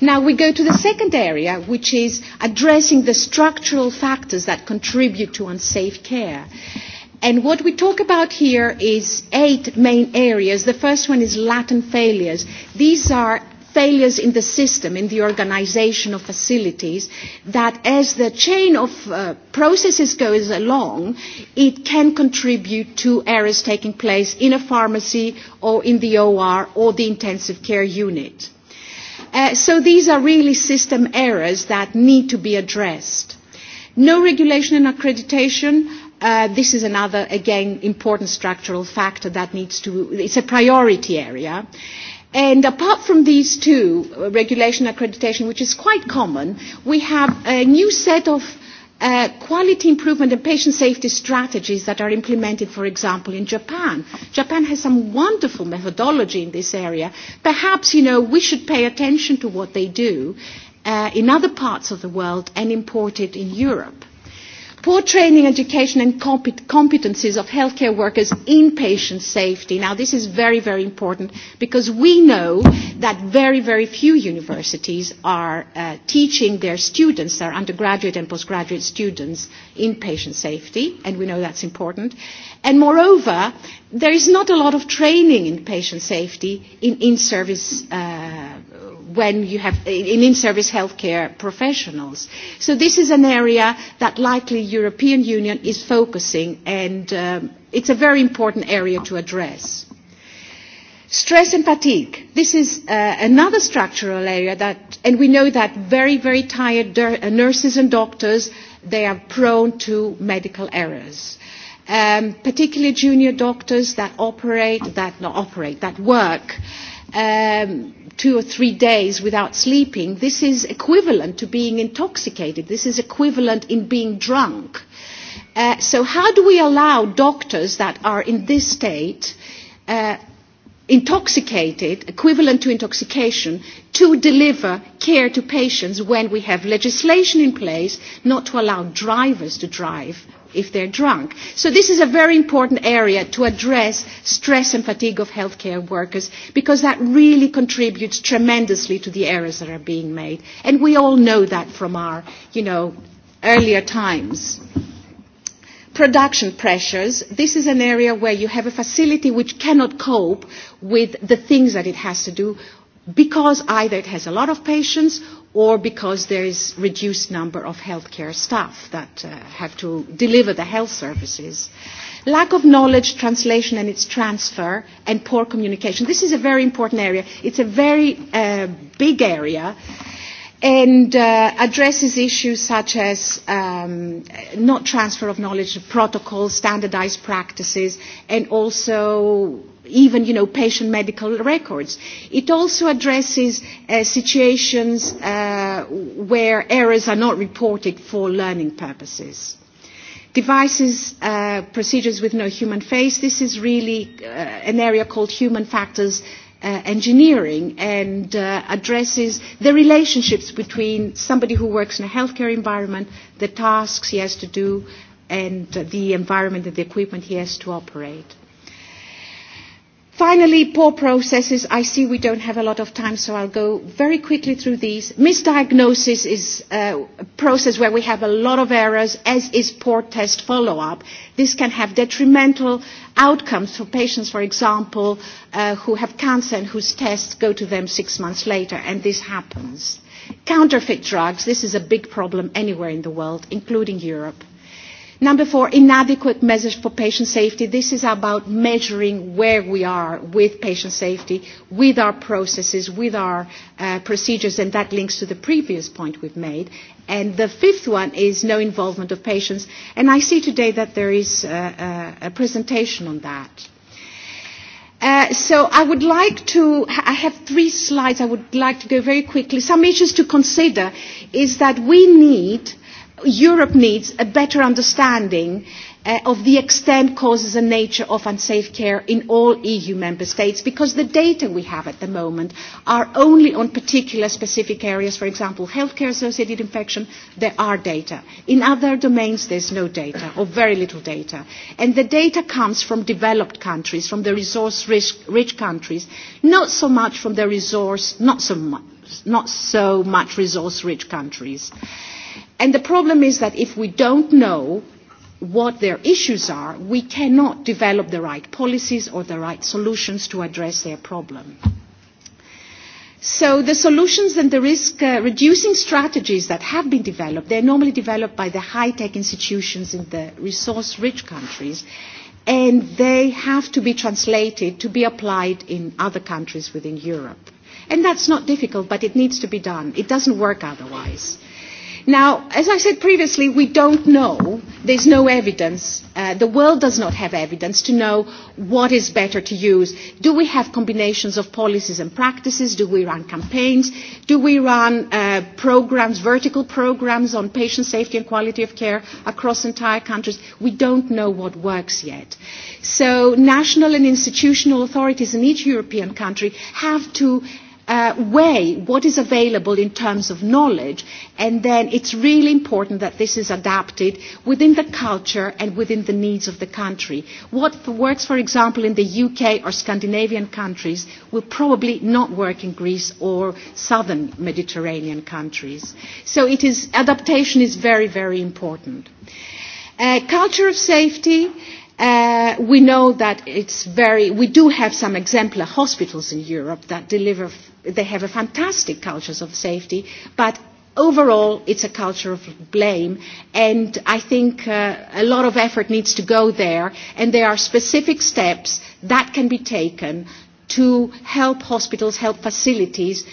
Now we go to the second area, which is addressing the structural factors that contribute to unsafe care. And what we talk about here is eight main areas. The first one is latent failures. These are failures in the system, in the organization of facilities, that as the chain of uh, processes goes along, it can contribute to errors taking place in a pharmacy or in the OR or the intensive care unit so these are really system errors that need to be addressed. No regulation and accreditation. Uh, this is another, again, important structural factor that needs to, it's a priority area. And apart from these two, regulation accreditation, which is quite common, we have a new set of quality improvement and patient safety strategies that are implemented, for example, in Japan. Japan has some wonderful methodology in this area. Perhaps, you know, we should pay attention to what they do uh, in other parts of the world and import it in Europe poor training, education and compet- competencies of healthcare workers in patient safety. Now this is very, very important because we know that very, very few universities are uh, teaching their students, their undergraduate and postgraduate students in patient safety and we know that's important. And moreover, there is not a lot of training in patient safety in in-service uh, when you have in in-service healthcare professionals. So this is an area that likely European Union is focusing and um, it's a very important area to address. Stress and fatigue. This is uh, another structural area that, and we know that very, very tired nurses and doctors, they are prone to medical errors um, particularly junior doctors that operate, that not operate, that work um, two or three days without sleeping, this is equivalent to being intoxicated. This is equivalent in being drunk. Uh, so how do we allow doctors that are in this state, uh, intoxicated, equivalent to intoxication, to deliver care to patients when we have legislation in place not to allow drivers to drive if they're drunk. So this is a very important area to address stress and fatigue of healthcare workers because that really contributes tremendously to the errors that are being made. And we all know that from our, you know, earlier times production pressures, this is an area where you have a facility which cannot cope with the things that it has to do because either it has a lot of patients or because there is reduced number of healthcare staff that uh, have to deliver the health services. Lack of knowledge, translation and its transfer, and poor communication. This is a very important area. It's a very uh, big area and uh, addresses issues such as um, not transfer of knowledge, protocols, standardized practices, and also even, you know, patient medical records. It also addresses uh, situations uh, where errors are not reported for learning purposes devices, uh, procedures with no human face, this is really uh, an area called human factors uh, engineering and uh, addresses the relationships between somebody who works in a healthcare environment, the tasks he has to do, and the environment and the equipment he has to operate. Finally, poor processes. I see we don't have a lot of time, so I'll go very quickly through these. Misdiagnosis is a process where we have a lot of errors, as is poor test follow-up. This can have detrimental outcomes for patients, for example, uh, who have cancer and whose tests go to them six months later, and this happens. Counterfeit drugs. This is a big problem anywhere in the world, including Europe Number four, inadequate measures for patient safety. This is about measuring where we are with patient safety, with our processes, with our uh, procedures, and that links to the previous point we've made. And the fifth one is no involvement of patients. And I see today that there is a, a, a presentation on that so I would like to, I have three slides I would like to go very quickly. Some issues to consider is that we need Europe needs a better understanding uh, of the extent, causes and nature of unsafe care in all EU member states because the data we have at the moment are only on particular specific areas, for example, healthcare associated infection, there are data. In other domains there's no data or very little data. And the data comes from developed countries, from the resource rich, rich countries, not so much from the resource, not so much, not so much resource rich countries. Uh, And the problem is that if we don't know what their issues are, we cannot develop the right policies or the right solutions to address their problem. So the solutions and the risk uh, reducing strategies that have been developed, they're normally developed by the high-tech institutions in the resource-rich countries, and they have to be translated to be applied in other countries within Europe. And that's not difficult, but it needs to be done. It doesn't work otherwise. Now, as I said previously, we don't know. There's no evidence. Uh, the world does not have evidence to know what is better to use. Do we have combinations of policies and practices? Do we run campaigns? Do we run uh, programs, vertical programs on patient safety and quality of care across entire countries? We don't know what works yet. So national and institutional authorities in each European country have to uh, weigh what is available in terms of knowledge, and then it's really important that this is adapted within the culture and within the needs of the country. What works, for example, in the UK or Scandinavian countries will probably not work in Greece or southern Mediterranean countries. So it is, adaptation is very, very important. Uh, culture of safety we know that it's very, we do have some exemplar hospitals in Europe that deliver, they have a fantastic culture of safety, but overall it's a culture of blame and I think uh, a lot of effort needs to go there and there are specific steps that can be taken to help hospitals, help facilities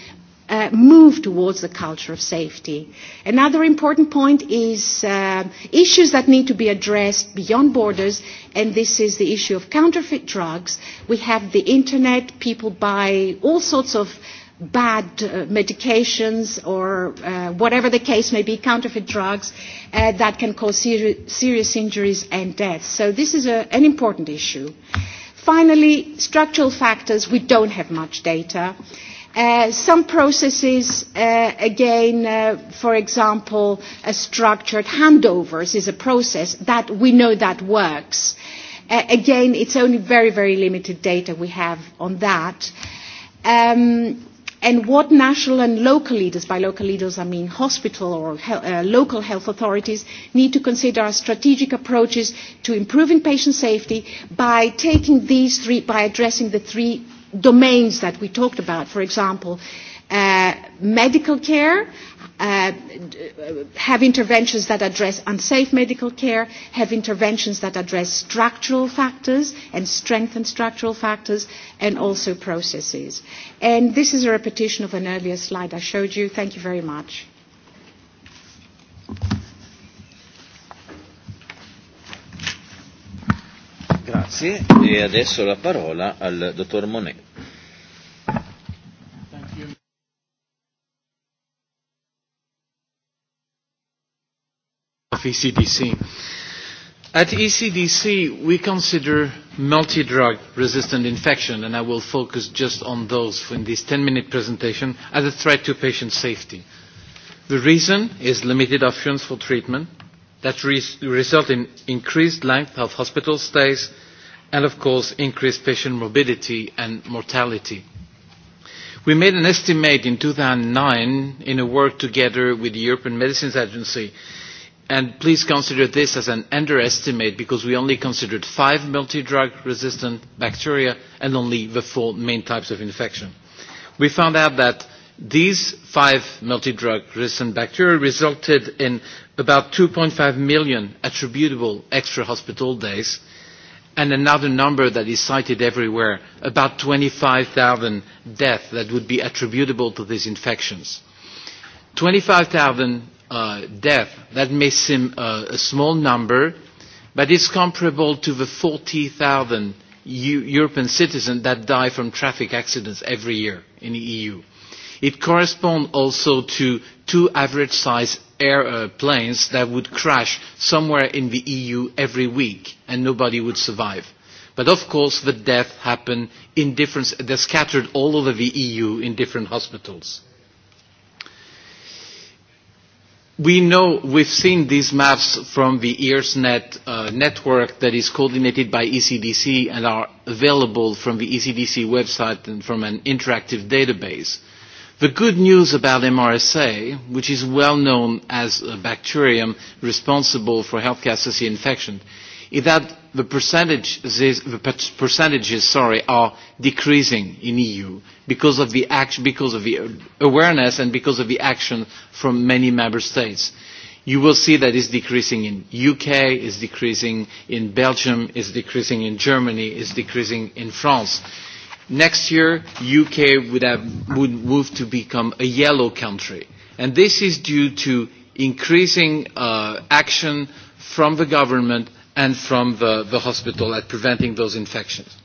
uh, move towards the culture of safety. Another important point is uh, issues that need to be addressed beyond borders, and this is the issue of counterfeit drugs. We have the internet, people buy all sorts of bad uh, medications or uh, whatever the case may be, counterfeit drugs uh, that can cause ser- serious injuries and deaths. So this is a, an important issue. Finally, structural factors. We don't have much data. Uh, some processes, again, for example, structured handovers is a process that we know that works. again, it's only very, very limited data we have on that. and what national and local leaders, by local leaders I mean hospital or local health authorities, need to consider are strategic approaches to improving patient safety by taking these three, by addressing the three domains that we talked about, for example, uh, medical care, uh, have interventions that address unsafe medical care, have interventions that address structural factors and strengthen structural factors, and also processes. And this is a repetition of an earlier slide I showed you. Thank you very much. Thank you. Grazie e adesso la parola al dottor Monet. of ECDC. At ECDC, we consider multi-drug resistant infection, and I will focus just on those in this 10-minute presentation, as a threat to patient safety. The reason is limited options for treatment, that result in increased length of hospital stays and, of course, increased patient morbidity and mortality. We made an estimate in 2009 in a work together with the European Medicines Agency, and please consider this as an underestimate because we only considered five multi-drug resistant bacteria and only the four main types of infection. We found out that these five multi-drug resistant bacteria resulted in about 2.5 million attributable extra hospital days, and another number that is cited everywhere, about 25,000 deaths that would be attributable to these infections. 25,000 uh, deaths, that may seem uh, a small number, but it's comparable to the 40,000 European citizens that die from traffic accidents every year in the EU. It corresponds also to two average-sized airplanes that would crash somewhere in the EU every week and nobody would survive. But of course the deaths happen in different, they're scattered all over the EU in different hospitals. We know, we've seen these maps from the EARSnet uh, network that is coordinated by ECDC and are available from the ECDC website and from an interactive database The good news about MRSA, which is well known as a bacterium responsible for healthcare-associated infection, is that the percentages, the percentages sorry, are decreasing in EU because of, the act, because of the awareness and because of the action from many member states. You will see that it's decreasing in UK, it's decreasing in Belgium, it's decreasing in Germany, it's decreasing in France next year UK would, have, would move to become a yellow country. And this is due to increasing uh, action from the government and from the, the hospital at preventing those infections.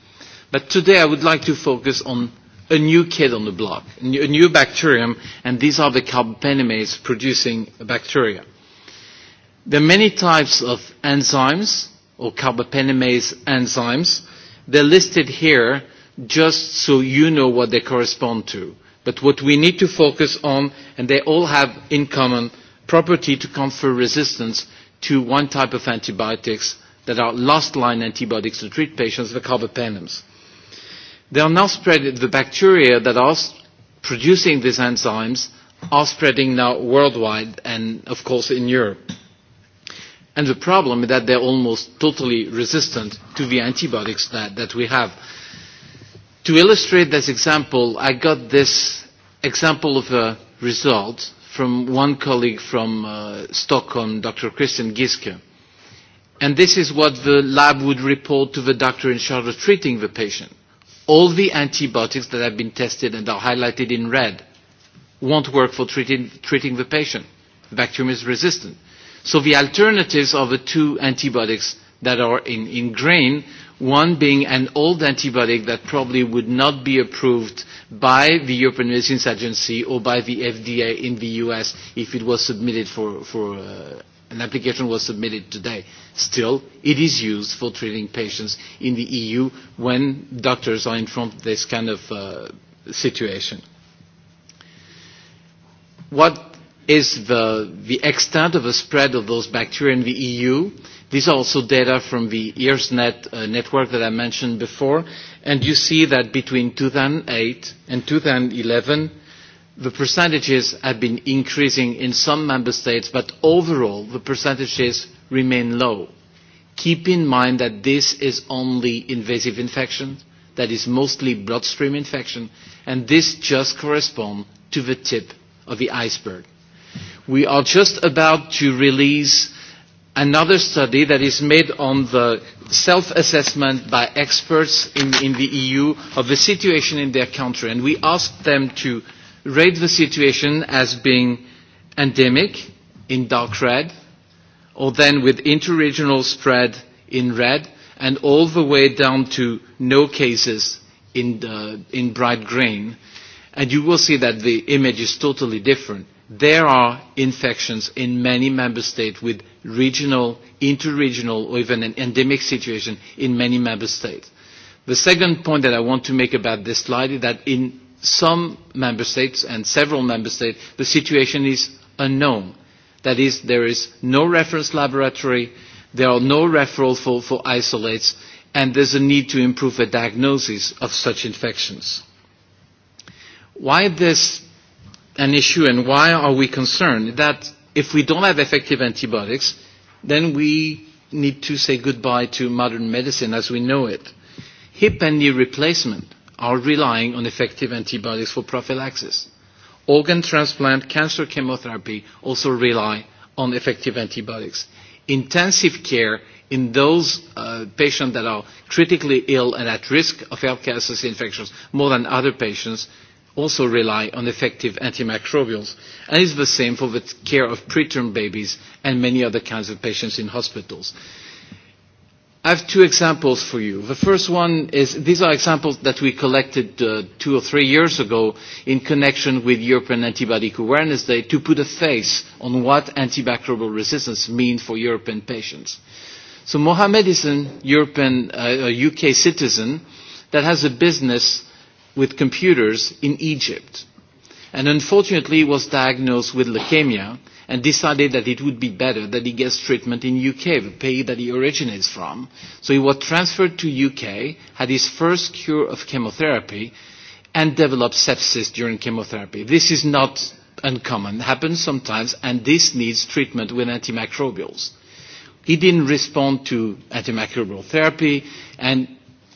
But today I would like to focus on a new kid on the block, a new bacterium, and these are the carbapenemates producing bacteria. There are many types of enzymes, or carbapenemase enzymes. They're listed here just so you know what they correspond to. But what we need to focus on, and they all have in common, property to confer resistance to one type of antibiotics that are last-line antibiotics to treat patients, the carbapenems. They are now spread, the bacteria that are producing these enzymes are spreading now worldwide and, of course, in Europe. And the problem is that they're almost totally resistant to the antibiotics that, that we have. To illustrate this example, I got this example of a result from one colleague from uh, Stockholm, Dr. Christian Giske. And this is what the lab would report to the doctor in charge of treating the patient. All the antibiotics that have been tested and are highlighted in red won't work for treating, treating the patient. The bacterium is resistant. So the alternatives are the two antibiotics that are in, in grain one being an old antibiotic that probably would not be approved by the European Medicines Agency or by the FDA in the US if it was submitted for, for uh, an application was submitted today. Still, it is used for treating patients in the EU when doctors are in front of this kind of uh, situation. What is the, the extent of the spread of those bacteria in the EU? These are also data from the EARSnet uh, network that I mentioned before, and you see that between 2008 and 2011, the percentages have been increasing in some member states, but overall the percentages remain low. Keep in mind that this is only invasive infection, that is mostly bloodstream infection, and this just corresponds to the tip of the iceberg. We are just about to release another study that is made on the self-assessment by experts in, in the EU of the situation in their country. And we asked them to rate the situation as being endemic in dark red, or then with interregional spread in red, and all the way down to no cases in, the, in bright green. And you will see that the image is totally different. There are infections in many member states with regional, interregional, or even an endemic situation in many member states. The second point that I want to make about this slide is that in some member states and several member states, the situation is unknown. That is, there is no reference laboratory, there are no referrals for, for isolates, and there's a need to improve the diagnosis of such infections. Why is this an issue and why are we concerned? That If we don't have effective antibiotics, then we need to say goodbye to modern medicine as we know it. Hip and knee replacement are relying on effective antibiotics for prophylaxis. Organ transplant, cancer chemotherapy also rely on effective antibiotics. Intensive care in those uh, patients that are critically ill and at risk of healthcare-associated infections more than other patients also rely on effective antimicrobials and is the same for the care of preterm babies and many other kinds of patients in hospitals. I have two examples for you. The first one is these are examples that we collected uh, two or three years ago in connection with European Antibiotic Awareness Day to put a face on what antimicrobial resistance means for European patients. So Mohamed is a European, uh, UK citizen that has a business with computers in Egypt and unfortunately was diagnosed with leukemia and decided that it would be better that he gets treatment in UK, the pay that he originates from. So he was transferred to UK, had his first cure of chemotherapy, and developed sepsis during chemotherapy. This is not uncommon, happens sometimes, and this needs treatment with antimicrobials. He didn't respond to antimicrobial therapy, and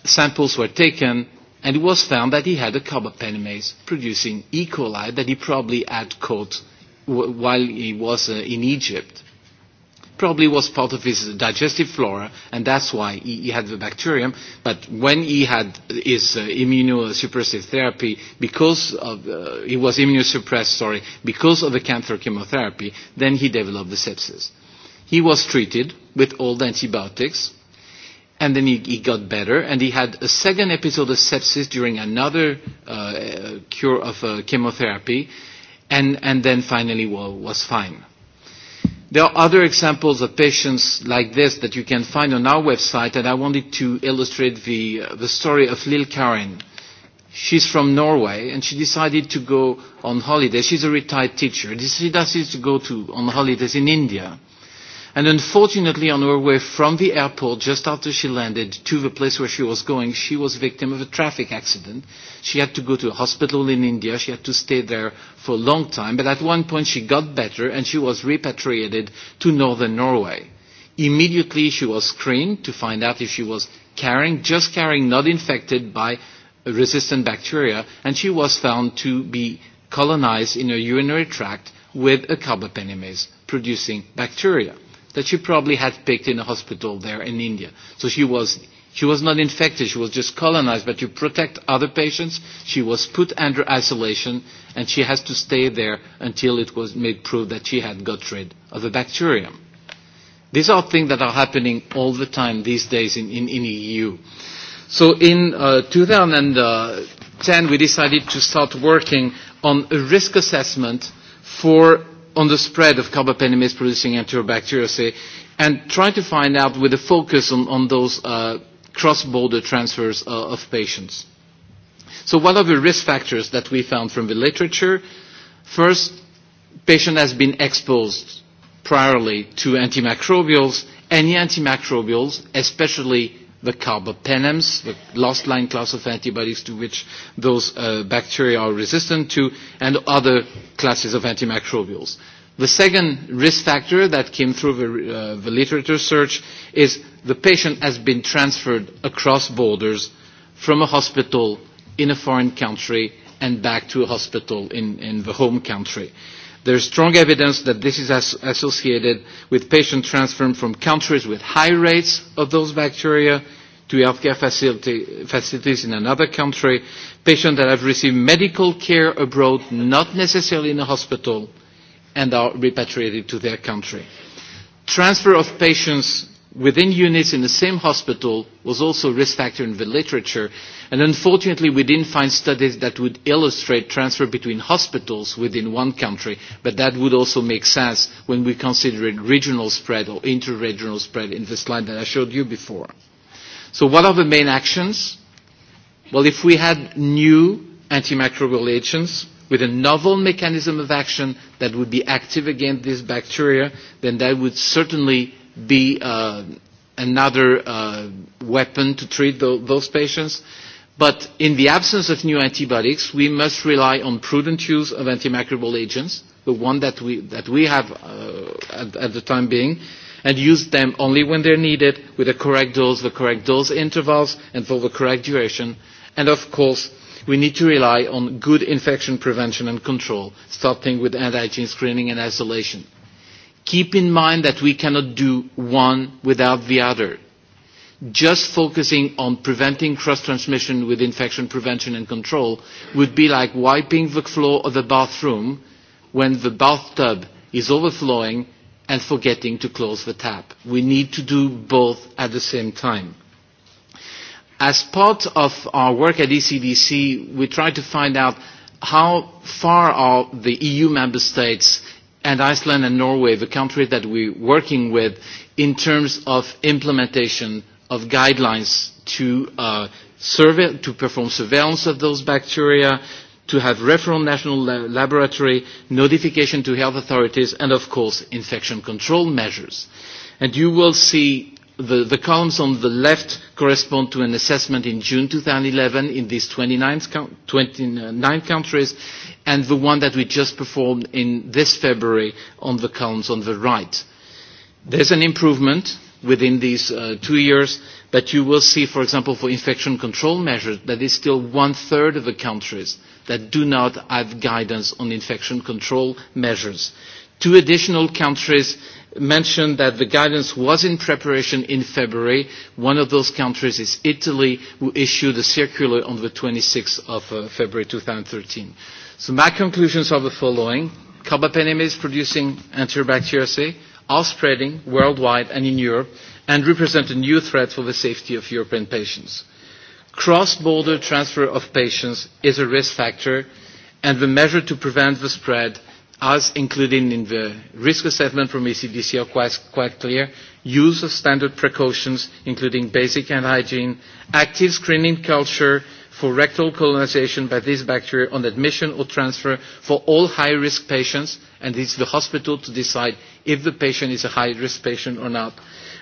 samples were taken, and it was found that he had a carbapenemase producing E. coli that he probably had caught w- while he was uh, in Egypt. Probably was part of his digestive flora, and that's why he, he had the bacterium. But when he had his uh, immunosuppressive therapy, because of uh, he was immunosuppressed, sorry, because of the cancer chemotherapy, then he developed the sepsis. He was treated with all the antibiotics and then he, he got better, and he had a second episode of sepsis during another uh, cure of uh, chemotherapy, and, and then finally well, was fine. There are other examples of patients like this that you can find on our website, and I wanted to illustrate the, uh, the story of Lil Karen. She's from Norway, and she decided to go on holiday. She's a retired teacher. She decided to go to, on holidays in India And unfortunately, on her way from the airport, just after she landed, to the place where she was going, she was victim of a traffic accident. She had to go to a hospital in India. She had to stay there for a long time. But at one point, she got better, and she was repatriated to northern Norway. Immediately, she was screened to find out if she was carrying, just carrying, not infected by resistant bacteria, and she was found to be colonized in her urinary tract with a carbapenemase producing bacteria that she probably had picked in a hospital there in India. So she was, she was not infected, she was just colonized, but to protect other patients, she was put under isolation and she has to stay there until it was made proof that she had got rid of the bacterium. These are things that are happening all the time these days in, in, in the EU. So in uh, 2010, we decided to start working on a risk assessment for on the spread of carbapenemase producing enterobacteriaceae and try to find out with a focus on, on those uh, cross-border transfers uh, of patients. So what are the risk factors that we found from the literature? First, patient has been exposed priorly to antimicrobials. Any antimicrobials, especially the carbapenems, the last line class of antibodies to which those uh, bacteria are resistant to, and other classes of antimicrobials. The second risk factor that came through the, uh, the literature search is the patient has been transferred across borders from a hospital in a foreign country and back to a hospital in, in the home country. Uh, There is strong evidence that this is as associated with patient transfer from countries with high rates of those bacteria to healthcare facility, facilities in another country, patients that have received medical care abroad, not necessarily in a hospital, and are repatriated to their country. Transfer of patients within units in the same hospital was also a risk factor in the literature. And unfortunately, we didn't find studies that would illustrate transfer between hospitals within one country, but that would also make sense when we consider regional spread or interregional spread in the slide that I showed you before. So what are the main actions? Well, if we had new antimicrobial agents with a novel mechanism of action that would be active against these bacteria, then that would certainly be uh, another uh, weapon to treat th- those patients. But in the absence of new antibiotics, we must rely on prudent use of antimicrobial agents, the one that we, that we have uh, at, at the time being, and use them only when they're needed, with the correct dose, the correct dose intervals, and for the correct duration. And of course, we need to rely on good infection prevention and control, starting with anti gene screening and isolation Keep in mind that we cannot do one without the other. Just focusing on preventing cross-transmission with infection prevention and control would be like wiping the floor of the bathroom when the bathtub is overflowing and forgetting to close the tap. We need to do both at the same time. As part of our work at ECDC, we try to find out how far are the EU member states and Iceland and Norway, the country that we're working with, in terms of implementation of guidelines to, uh, survey, to perform surveillance of those bacteria, to have referral national laboratory, notification to health authorities, and of course, infection control measures. And you will see the, the columns on the left correspond to an assessment in June 2011 in these 29, 29 countries, and the one that we just performed in this February on the columns on the right. There's an improvement within these uh, two years, but you will see, for example, for infection control measures, that is still one-third of the countries that do not have guidance on infection control measures. Two additional countries mentioned that the guidance was in preparation in February. One of those countries is Italy, who issued a circular on the 26th of uh, February 2013. So my conclusions are the following. Carbapenem is producing Enterobacteriaceae, are spreading worldwide and in Europe, and represent a new threat for the safety of European patients. Cross-border transfer of patients is a risk factor, and the measure to prevent the spread – as included in the risk assessment from ECDC are quite, quite clear. Use of standard precautions, including basic hand hygiene, active screening culture for rectal colonization by this bacteria on admission or transfer for all high-risk patients, and it's the hospital to decide if the patient is a high-risk patient or not.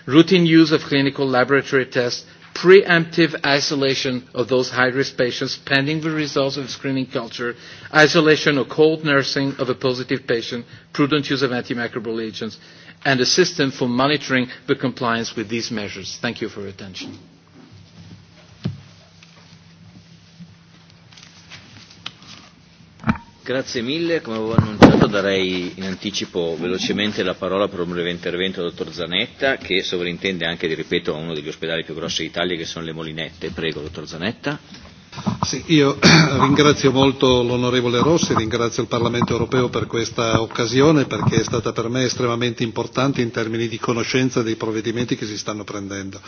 Routine use of clinical laboratory tests preemptive isolation of those high-risk patients pending the results of screening culture, isolation or cold nursing of a positive patient, prudent use of antimicrobial agents, and a system for monitoring the compliance with these measures. Thank you for your attention. Grazie mille, come avevo annunciato darei in anticipo velocemente la parola per un breve intervento al dottor Zanetta che sovrintende anche, ripeto, a uno degli ospedali più grossi d'Italia che sono le Molinette. Prego, dottor Zanetta. Sì, io ringrazio molto l'onorevole Rossi, ringrazio il Parlamento europeo per questa occasione perché è stata per me estremamente importante in termini di conoscenza dei provvedimenti che si stanno prendendo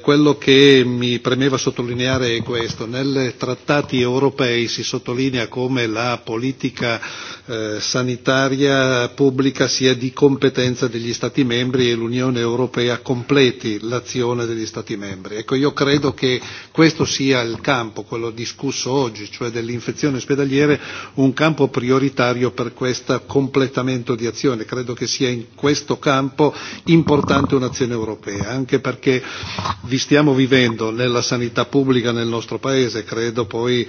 quello che mi premeva sottolineare è questo. Nei trattati europei si sottolinea come la politica eh, sanitaria pubblica sia di competenza degli Stati membri e l'Unione Europea completi l'azione degli Stati membri. Ecco, io credo che questo sia il campo, quello discusso oggi, cioè dell'infezione ospedaliere, un campo prioritario per questo completamento di azione. Credo che sia in questo campo importante un'azione europea, anche perché vi stiamo vivendo nella sanità pubblica nel nostro Paese, credo poi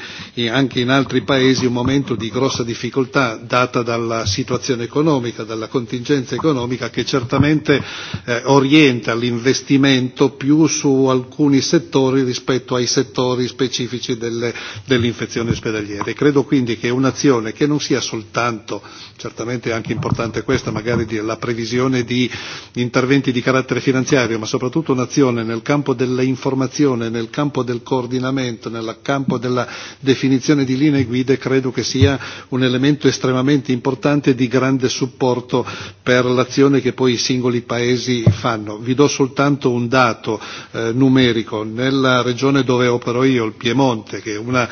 anche in altri Paesi, un momento di grossa difficoltà data dalla situazione economica, dalla contingenza economica che certamente eh, orienta l'investimento più su alcuni settori rispetto ai settori specifici delle, delle ospedaliera. ospedaliere. Credo quindi che un'azione che non sia soltanto, certamente è anche importante questa, magari la previsione di interventi di carattere finanziario, ma soprattutto un'azione nel campo dell'informazione, nel campo del coordinamento, nel campo della definizione di linee guida credo che sia un elemento estremamente importante di grande supporto per l'azione che poi i singoli paesi fanno. Vi do soltanto un dato eh, numerico. Nella regione dove opero io, il Piemonte, che è una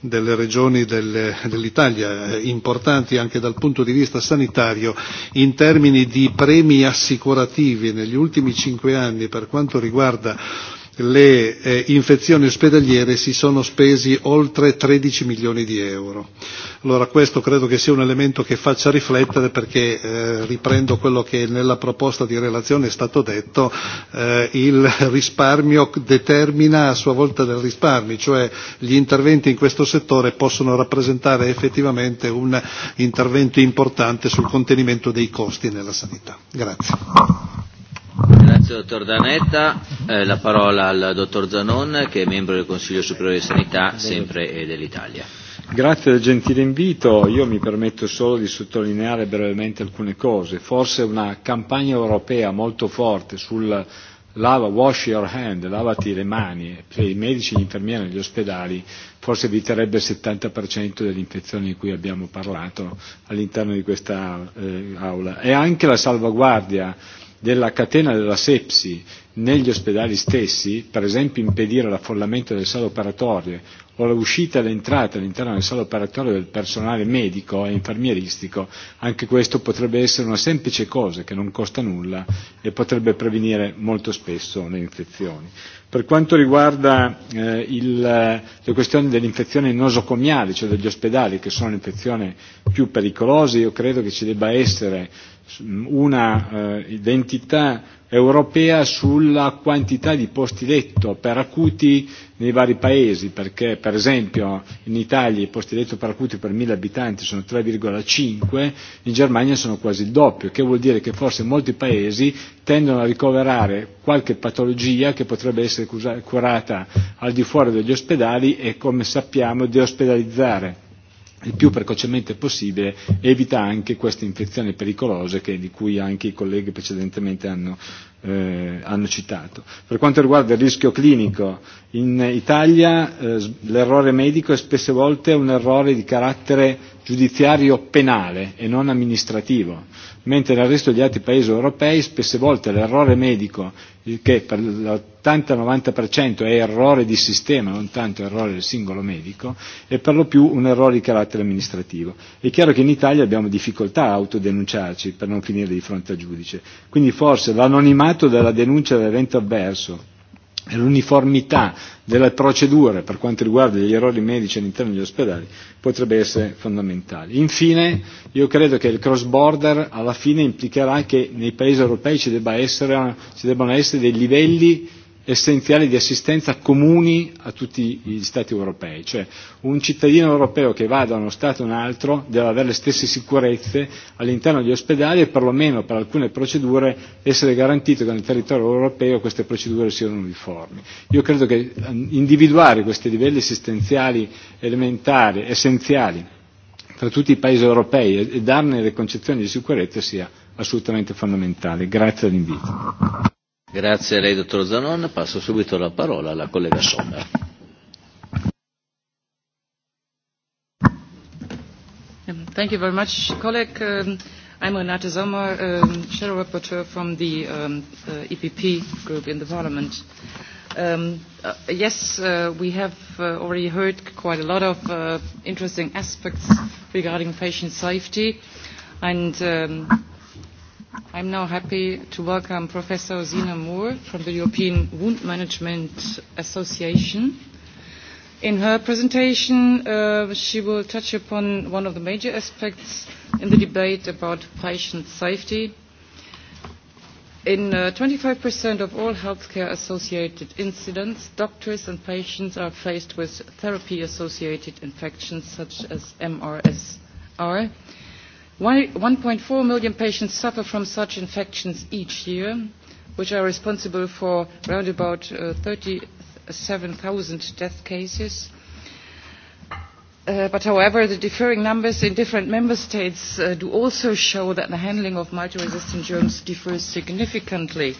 delle regioni del, dell'Italia, importanti anche dal punto di vista sanitario, in termini di premi assicurativi negli ultimi cinque anni per quanto riguarda le eh, infezioni ospedaliere si sono spesi oltre 13 milioni di euro. Allora questo credo che sia un elemento che faccia riflettere perché eh, riprendo quello che nella proposta di relazione è stato detto, eh, il risparmio determina a sua volta del risparmio, cioè gli interventi in questo settore possono rappresentare effettivamente un intervento importante sul contenimento dei costi nella sanità. Grazie. Grazie dottor Danetta. Eh, la parola al dottor Zanon che è membro del Consiglio Superiore di Sanità sempre dell'Italia. Grazie del gentile invito. Io mi permetto solo di sottolineare brevemente alcune cose. Forse una campagna europea molto forte sul lava, wash your hand, lavati le mani, per i medici, gli infermieri negli ospedali, forse eviterebbe il 70% delle infezioni di cui abbiamo parlato all'interno di questa eh, aula. E anche la salvaguardia della catena della sepsi negli ospedali stessi, per esempio impedire l'affollamento delle sale operatorie o l'uscita e l'entrata all'interno delle sale operatorie del personale medico e infermieristico, anche questo potrebbe essere una semplice cosa che non costa nulla e potrebbe prevenire molto spesso le infezioni. Per quanto riguarda eh, il, le questioni delle infezioni nosocomiali, cioè degli ospedali, che sono le infezioni più pericolose, io credo che ci debba essere una eh, identità europea sulla quantità di posti letto per acuti nei vari paesi, perché per esempio in Italia i posti letto per acuti per mille abitanti sono 3,5, in Germania sono quasi il doppio, che vuol dire che forse molti paesi tendono a ricoverare qualche patologia che potrebbe essere curata al di fuori degli ospedali e come sappiamo deospedalizzare il più precocemente possibile evita anche queste infezioni pericolose che, di cui anche i colleghi precedentemente hanno, eh, hanno citato. Per quanto riguarda il rischio clinico, in Italia eh, l'errore medico è spesse volte un errore di carattere giudiziario penale e non amministrativo mentre nel resto degli altri paesi europei spesse volte l'errore medico, che per l'80-90% è errore di sistema, non tanto errore del singolo medico, è per lo più un errore di carattere amministrativo. È chiaro che in Italia abbiamo difficoltà a autodenunciarci per non finire di fronte al giudice, quindi forse l'anonimato della denuncia dell'evento avverso l'uniformità delle procedure per quanto riguarda gli errori medici all'interno degli ospedali potrebbe essere fondamentale. Infine, io credo che il cross border alla fine implicherà che nei paesi europei ci, debba essere, ci debbano essere dei livelli essenziali di assistenza comuni a tutti gli Stati europei, cioè un cittadino europeo che va da uno Stato a un altro deve avere le stesse sicurezze all'interno degli ospedali e perlomeno per alcune procedure essere garantito che nel territorio europeo queste procedure siano uniformi. Io credo che individuare questi livelli assistenziali elementari, essenziali, tra tutti i paesi europei e darne le concezioni di sicurezza sia assolutamente fondamentale. Grazie all'invito. Grazie a lei, dottor Zanon. Passo subito la parola alla collega Sommer. Thank you very much, colleague. Um, I'm Renate Sommer, um, Shadow Rapporteur from the um, uh, EPP group in the Parliament. Um, uh, yes, uh, we have uh, already heard quite a lot of uh, interesting aspects regarding patient safety. And um, I'm now happy to welcome Professor Zina Moore from the European Wound Management Association. In her presentation, uh, she will touch upon one of the major aspects in the debate about patient safety. In uh, 25% of all healthcare associated incidents, doctors and patients are faced with therapy associated infections such as MRSR 1.4 million patients suffer from such infections each year, which are responsible for around about uh, 37,000 death cases. Uh, but however, the differing numbers in different member states uh, do also show that the handling of multi-resistant germs differs significantly.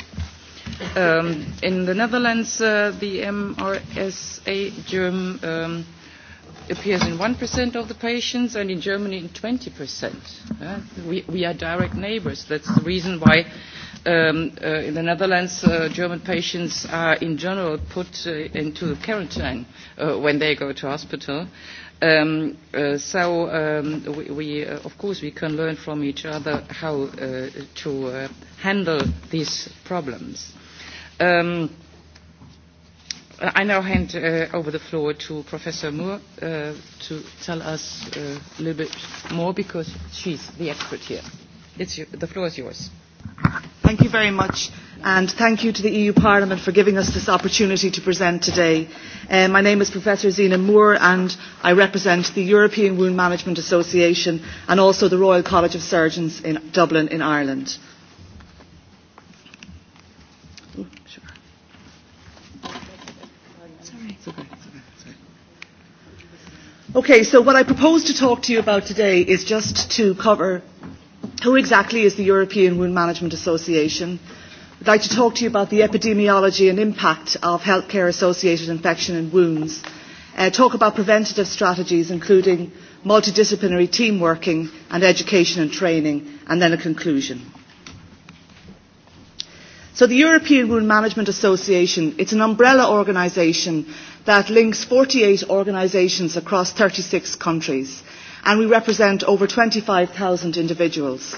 Um, in the Netherlands, uh, the MRSA germ um, appears in 1% of the patients and in Germany in 20%. Uh, we, we are direct neighbors. That's the reason why um, uh, in the Netherlands uh, German patients are in general put uh, into quarantine uh, when they go to hospital. Um, uh, so, um, we, we, uh, of course, we can learn from each other how uh, to uh, handle these problems. Um, I now hand uh, over the floor to Professor Moore uh, to tell us uh, a little bit more because she's the expert here. It's your, the floor is yours. Thank you very much and thank you to the EU Parliament for giving us this opportunity to present today. Uh, my name is Professor Zina Moore and I represent the European Wound Management Association and also the Royal College of Surgeons in Dublin in Ireland. Okay, so what I propose to talk to you about today is just to cover who exactly is the European Wound Management Association. I'd like to talk to you about the epidemiology and impact of healthcare associated infection and wounds, uh, talk about preventative strategies including multidisciplinary team working and education and training, and then a conclusion. So the European Wound Management Association, it's an umbrella organisation that links 48 organisations across 36 countries, and we represent over 25,000 individuals.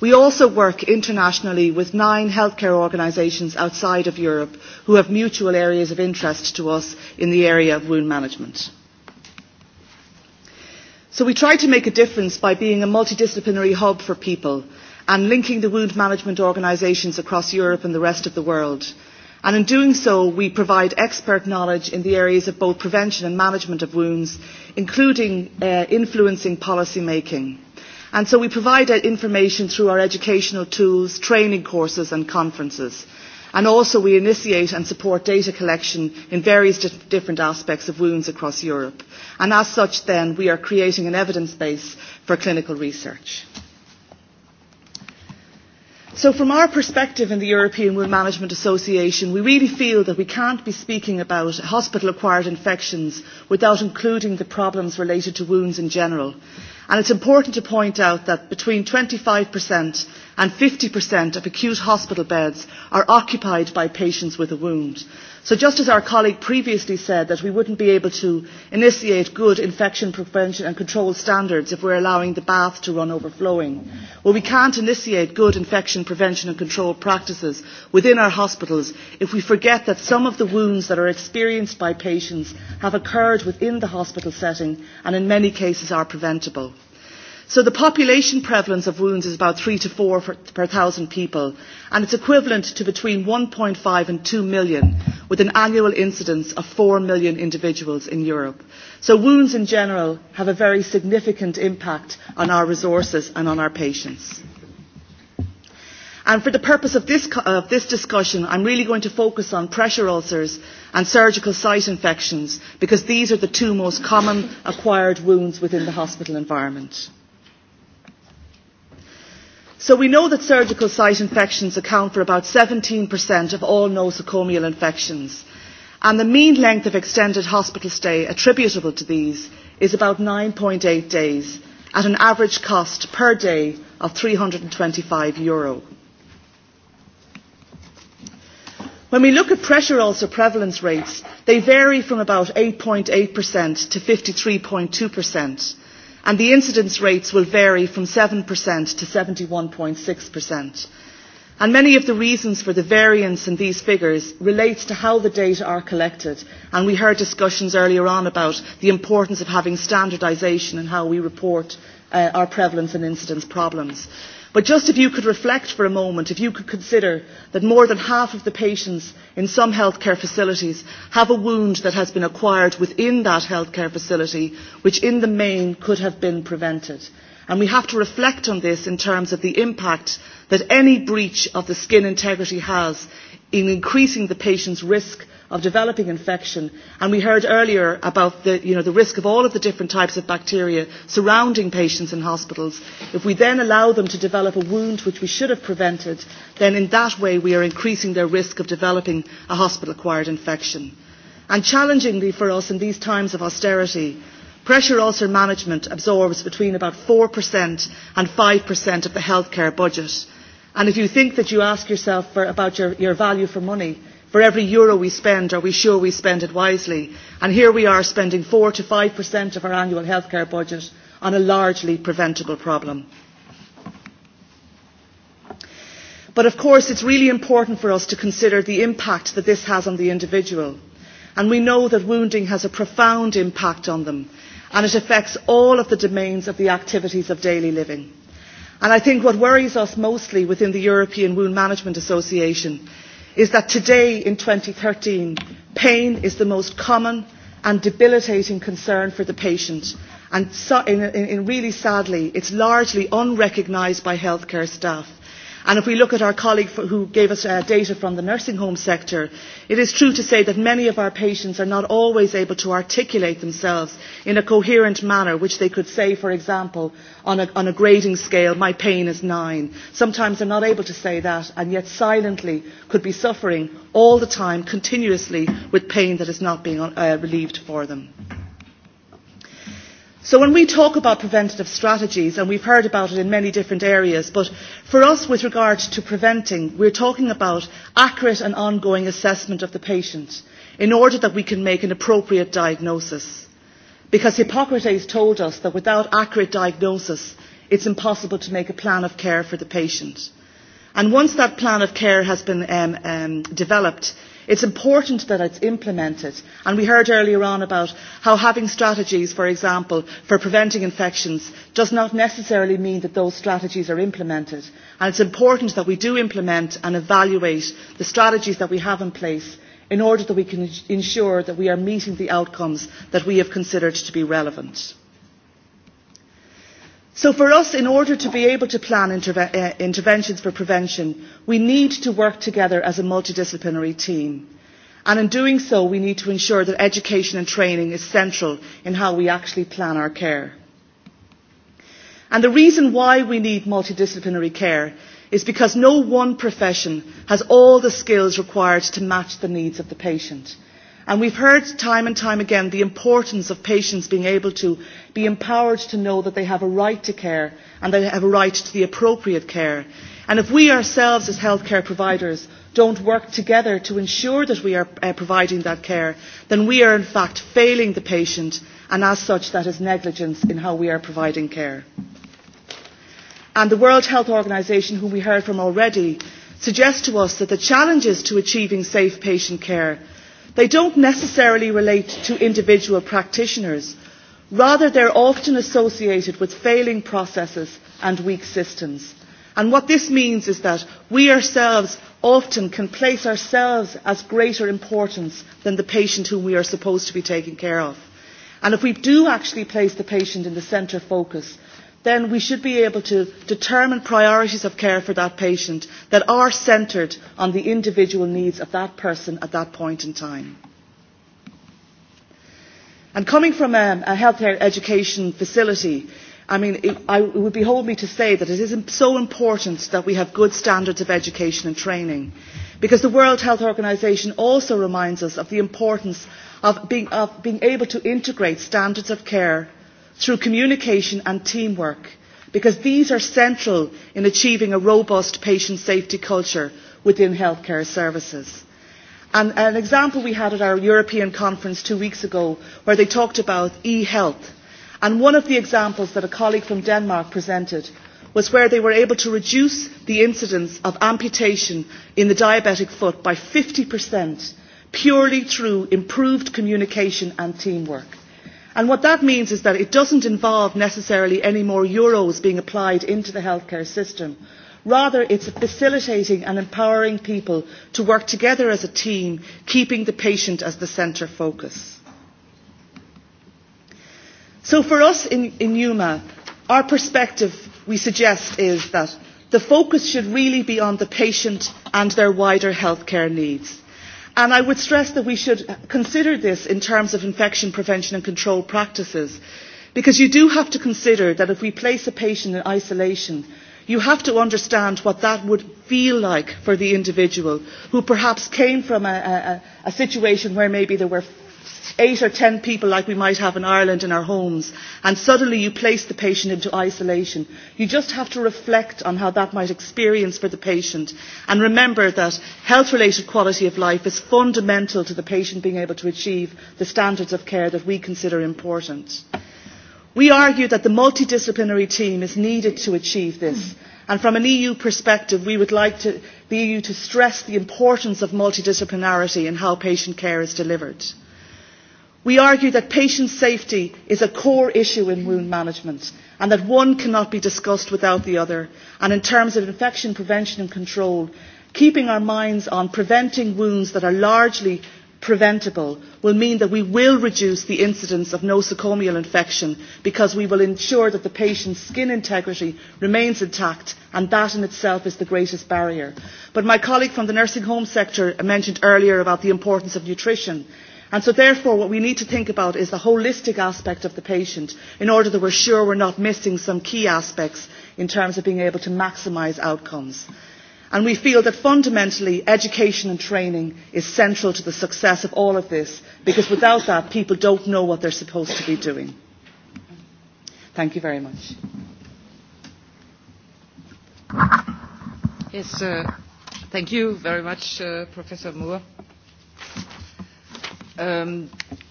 We also work internationally with nine healthcare organisations outside of Europe who have mutual areas of interest to us in the area of wound management. So we try to make a difference by being a multidisciplinary hub for people and linking the wound management organisations across Europe and the rest of the world – And in doing so, we provide expert knowledge in the areas of both prevention and management of wounds, including uh, influencing policy making. And so we provide information through our educational tools, training courses and conferences. And also we initiate and support data collection in various di- different aspects of wounds across Europe. And as such then, we are creating an evidence base for clinical research. So from our perspective in the European Wound Management Association, we really feel that we can't be speaking about hospital-acquired infections without including the problems related to wounds in general. And it's important to point out that between 25% and 50% of acute hospital beds are occupied by patients with a wound. So just as our colleague previously said that we wouldn't be able to initiate good infection prevention and control standards if we're allowing the bath to run overflowing, well we can't initiate good infection prevention and control practices within our hospitals if we forget that some of the wounds that are experienced by patients have occurred within the hospital setting and in many cases are preventable. So the population prevalence of wounds is about three to four per, per thousand people, and it's equivalent to between 1.5 and 2 million, with an annual incidence of 4 million individuals in Europe. So wounds in general have a very significant impact on our resources and on our patients. And for the purpose of this, of this discussion, I'm really going to focus on pressure ulcers and surgical site infections because these are the two most common acquired wounds within the hospital environment. So we know that surgical site infections account for about 17% of all nosocomial infections. And the mean length of extended hospital stay attributable to these is about 9.8 days at an average cost per day of €325. Euro. When we look at pressure ulcer prevalence rates, they vary from about 8.8% to 53.2% and the incidence rates will vary from 7% to 71.6%. And many of the reasons for the variance in these figures relates to how the data are collected. And we heard discussions earlier on about the importance of having standardisation in how we report uh, our prevalence and incidence problems. But just if you could reflect for a moment, if you could consider that more than half of the patients in some healthcare facilities have a wound that has been acquired within that healthcare facility, which in the main could have been prevented. And we have to reflect on this in terms of the impact that any breach of the skin integrity has in increasing the patient's risk of developing infection. And we heard earlier about the, you know, the risk of all of the different types of bacteria surrounding patients in hospitals. If we then allow them to develop a wound which we should have prevented, then in that way we are increasing their risk of developing a hospital-acquired infection. And challengingly for us in these times of austerity, Pressure ulcer management absorbs between about 4% and 5% of the healthcare budget. And if you think that you ask yourself for, about your, your value for money, For every euro we spend, are we sure we spend it wisely? And here we are spending 4 to 5% of our annual healthcare budget on a largely preventable problem. But of course, it's really important for us to consider the impact that this has on the individual. And we know that wounding has a profound impact on them, and it affects all of the domains of the activities of daily living. And I think what worries us mostly within the European Wound Management Association is that today in thirteen pain is the most common and debilitating concern for the patient and so, in, in, in really sadly it's largely unrecognised by healthcare staff if we look at our colleague who gave us data from the nursing home sector, it is true to say that many of our patients are not always able to articulate themselves in a coherent manner, which they could say, for example, on a, on a grading scale, my pain is nine. Sometimes they're not able to say that, and yet silently could be suffering all the time, continuously, with pain that is not being uh, relieved for them. So when we talk about preventative strategies, and we've heard about it in many different areas, but for us with regard to preventing, we're talking about accurate and ongoing assessment of the patient in order that we can make an appropriate diagnosis. Because Hippocrates told us that without accurate diagnosis, it's impossible to make a plan of care for the patient. And once that plan of care has been um, um, developed, It is important that it is implemented. And we heard earlier on about how having strategies, for example, for preventing infections does not necessarily mean that those strategies are implemented. And it is important that we do implement and evaluate the strategies that we have in place in order that we can ensure that we are meeting the outcomes that we have considered to be relevant So for us, in order to be able to plan interve uh, interventions for prevention, we need to work together as a multidisciplinary team. And in doing so, we need to ensure that education and training is central in how we actually plan our care. And the reason why we need multidisciplinary care is because no one profession has all the skills required to match the needs of the patient. And we've heard time and time again the importance of patients being able to be empowered to know that they have a right to care and that they have a right to the appropriate care. And if we ourselves as healthcare providers do not work together to ensure that we are providing that care, then we are in fact failing the patient and as such that is negligence in how we are providing care. the World Health Organisation, whom we heard from already, suggests to us that the challenges to achieving safe patient care, do not necessarily relate to individual practitioners, Rather, they are often associated with failing processes and weak systems. And what this means is that we ourselves often can place ourselves as greater importance than the patient whom we are supposed to be taking care of. And if we do actually place the patient in the centre focus, then we should be able to determine priorities of care for that patient that are centred on the individual needs of that person at that point in time. And coming from a, a healthcare education facility, I mean, it, I, it would behold me to say that it is so important that we have good standards of education and training, because the World Health Organization also reminds us of the importance of being, of being able to integrate standards of care through communication and teamwork, because these are central in achieving a robust patient safety culture within healthcare services. And an example we had at our European conference two weeks ago where they talked about e-health. And one of the examples that a colleague from Denmark presented was where they were able to reduce the incidence of amputation in the diabetic foot by 50% purely through improved communication and teamwork. And what that means is that it doesn't involve necessarily any more euros being applied into the healthcare system, Rather, it is facilitating and empowering people to work together as a team, keeping the patient as the centre focus. So for us in, in UMA, our perspective we suggest is that the focus should really be on the patient and their wider healthcare needs. And I would stress that we should consider this in terms of infection prevention and control practices, because you do have to consider that if we place a patient in isolation, You have to understand what that would feel like for the individual who perhaps came from a, a, a situation where maybe there were eight or ten people like we might have in Ireland in our homes, and suddenly you place the patient into isolation. You just have to reflect on how that might experience for the patient and remember that health-related quality of life is fundamental to the patient being able to achieve the standards of care that we consider important. We argue that the multidisciplinary team is needed to achieve this. And from an EU perspective, we would like to, the EU to stress the importance of multidisciplinarity in how patient care is delivered. We argue that patient safety is a core issue in wound management and that one cannot be discussed without the other. And in terms of infection prevention and control, keeping our minds on preventing wounds that are largely preventable will mean that we will reduce the incidence of nosocomial infection because we will ensure that the patient's skin integrity remains intact and that in itself is the greatest barrier. But my colleague from the nursing home sector mentioned earlier about the importance of nutrition. And so therefore what we need to think about is the holistic aspect of the patient in order that we are sure we are not missing some key aspects in terms of being able to maximise outcomes. And we feel that fundamentally education and training is central to the success of all of this because without that people don't know what they're supposed to be doing. Thank you very much. Yes, uh, thank you very much, uh, Professor Moore. Um,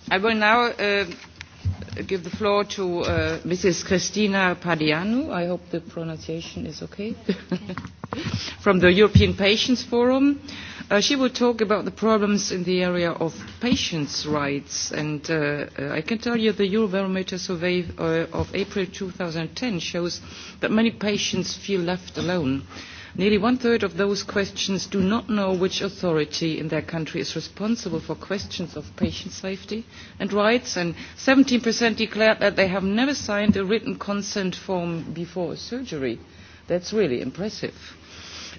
I will now uh, give the floor to uh, Mrs. Christina Padianu. I hope the pronunciation is okay. okay from the European Patients Forum. Uh, she will talk about the problems in the area of patients' rights. And uh, I can tell you the Eurobarometer survey uh, of April 2010 shows that many patients feel left alone. Nearly one-third of those questions do not know which authority in their country is responsible for questions of patient safety and rights, and 17% declared that they have never signed a written consent form before a surgery. That's really impressive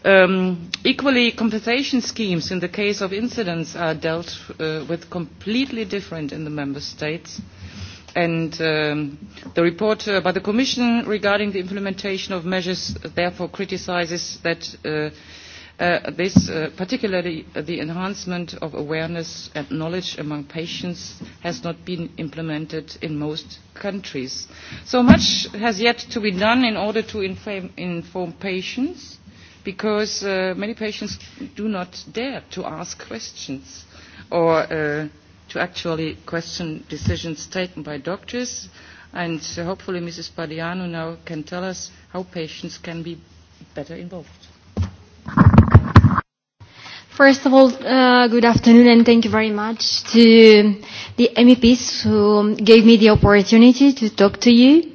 Um, equally, compensation schemes in the case of incidents are dealt uh, with completely different in the member states. And um, the report uh, by the Commission regarding the implementation of measures therefore criticizes that uh, uh, this, uh, particularly the enhancement of awareness and knowledge among patients, has not been implemented in most countries. So much has yet to be done in order to inform, inform patients because uh, many patients do not dare to ask questions or uh, to actually question decisions taken by doctors. And so hopefully Mrs. Padiano now can tell us how patients can be better involved. First of all, uh, good afternoon and thank you very much to the MEPs who gave me the opportunity to talk to you.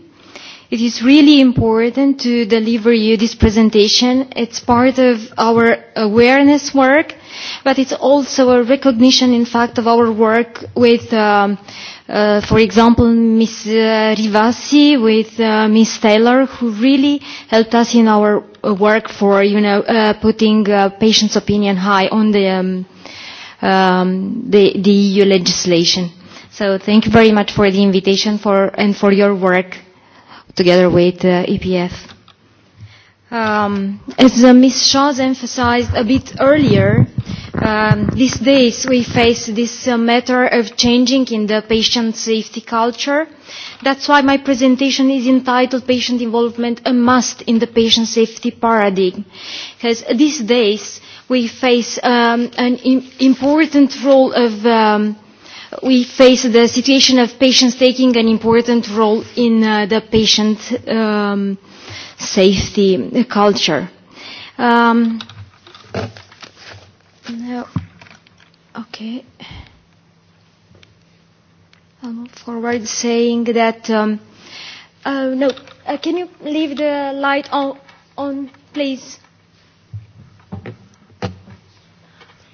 It is really important to deliver you this presentation. It's part of our awareness work, but it's also a recognition, in fact, of our work with, um, uh, for example, Ms. Rivasi, with uh, Ms. Taylor, who really helped us in our work for, you know, uh, putting uh, patients' opinion high on the, um, um, the, the EU legislation. So thank you very much for the invitation for, and for your work together with uh, EPF. Um, as uh, Ms. Shaws emphasized a bit earlier, um, these days we face this uh, matter of changing in the patient safety culture. That's why my presentation is entitled Patient Involvement a Must in the Patient Safety Paradigm. Because these days we face um, an im important role of um, we face the situation of patients taking an important role in uh, the patient um, safety culture. Um, no. Okay. I'll move forward saying that. Um, uh, no, uh, can you leave the light on, on please?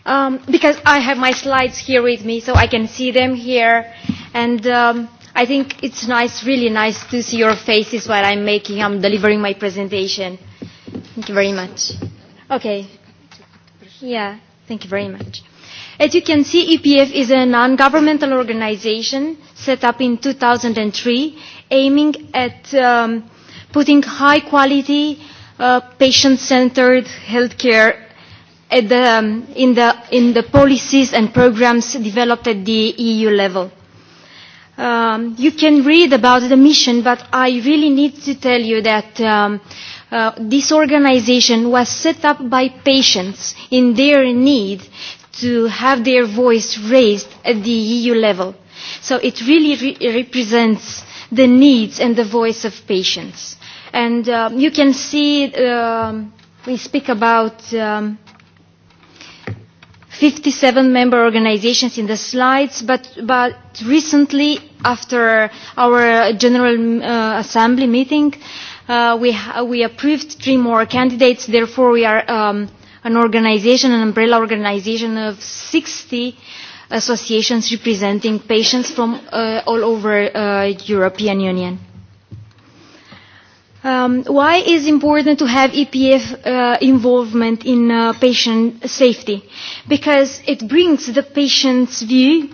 um, because I have my slides here with me, so I can see them here. And um, I think it's nice, really nice to see your faces while I'm making, I'm delivering my presentation. Thank you very much. Okay. Yeah, thank you very much. As you can see, EPF is a non-governmental organization set up in 2003 aiming at um, putting high quality, uh, patient-centered healthcare at the, um, in, the, in the policies and programs developed at the EU level. Um, you can read about the mission, but I really need to tell you that um, uh, this organization was set up by patients in their need to have their voice raised at the EU level. So it really re represents the needs and the voice of patients. And uh, you can see, um, we speak about um, 57 member organizations in the slides, but, but recently after our General uh, Assembly meeting, uh, we, we approved three more candidates. Therefore, we are um, an organization, an umbrella organization of 60 associations representing patients from uh, all over uh, European Union. Um, why is important to have EPF uh, involvement in uh, patient safety? Because it brings the patient's view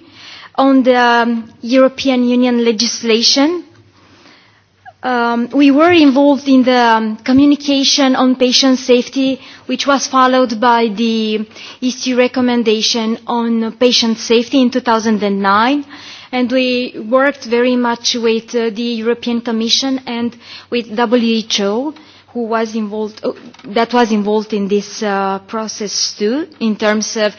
on the um, European Union legislation. Um, we were involved in the um, communication on patient safety, which was followed by the EC recommendation on patient safety in 2009 and we worked very much with uh, the European Commission and with WHO who was involved, uh, that was involved in this uh, process too in terms of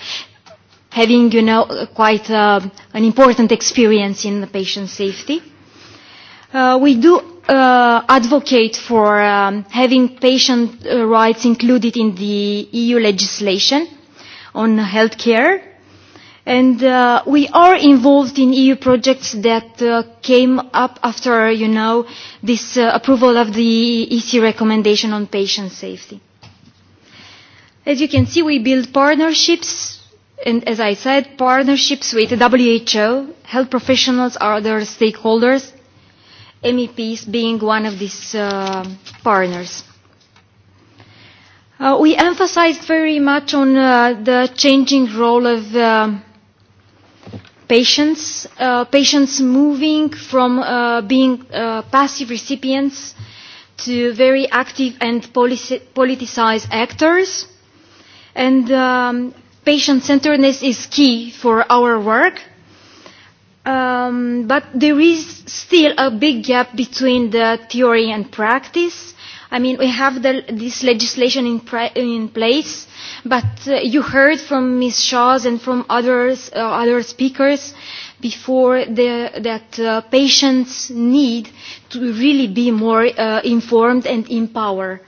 having you know, quite uh, an important experience in patient safety. Uh, we do uh, advocate for um, having patient rights included in the EU legislation on healthcare And uh, we are involved in EU projects that uh, came up after, you know, this uh, approval of the EC recommendation on patient safety. As you can see, we build partnerships, and as I said, partnerships with WHO, health professionals, other stakeholders, MEPs being one of these uh, partners. Uh, we emphasized very much on uh, the changing role of uh, patients, uh, patients moving from uh, being uh, passive recipients to very active and politicized actors. And um, patient-centeredness is key for our work. Um, but there is still a big gap between the theory and practice. I mean, we have the, this legislation in, pra in place, But uh, you heard from Ms. Shaws and from others, uh, other speakers before the, that uh, patients need to really be more uh, informed and empowered.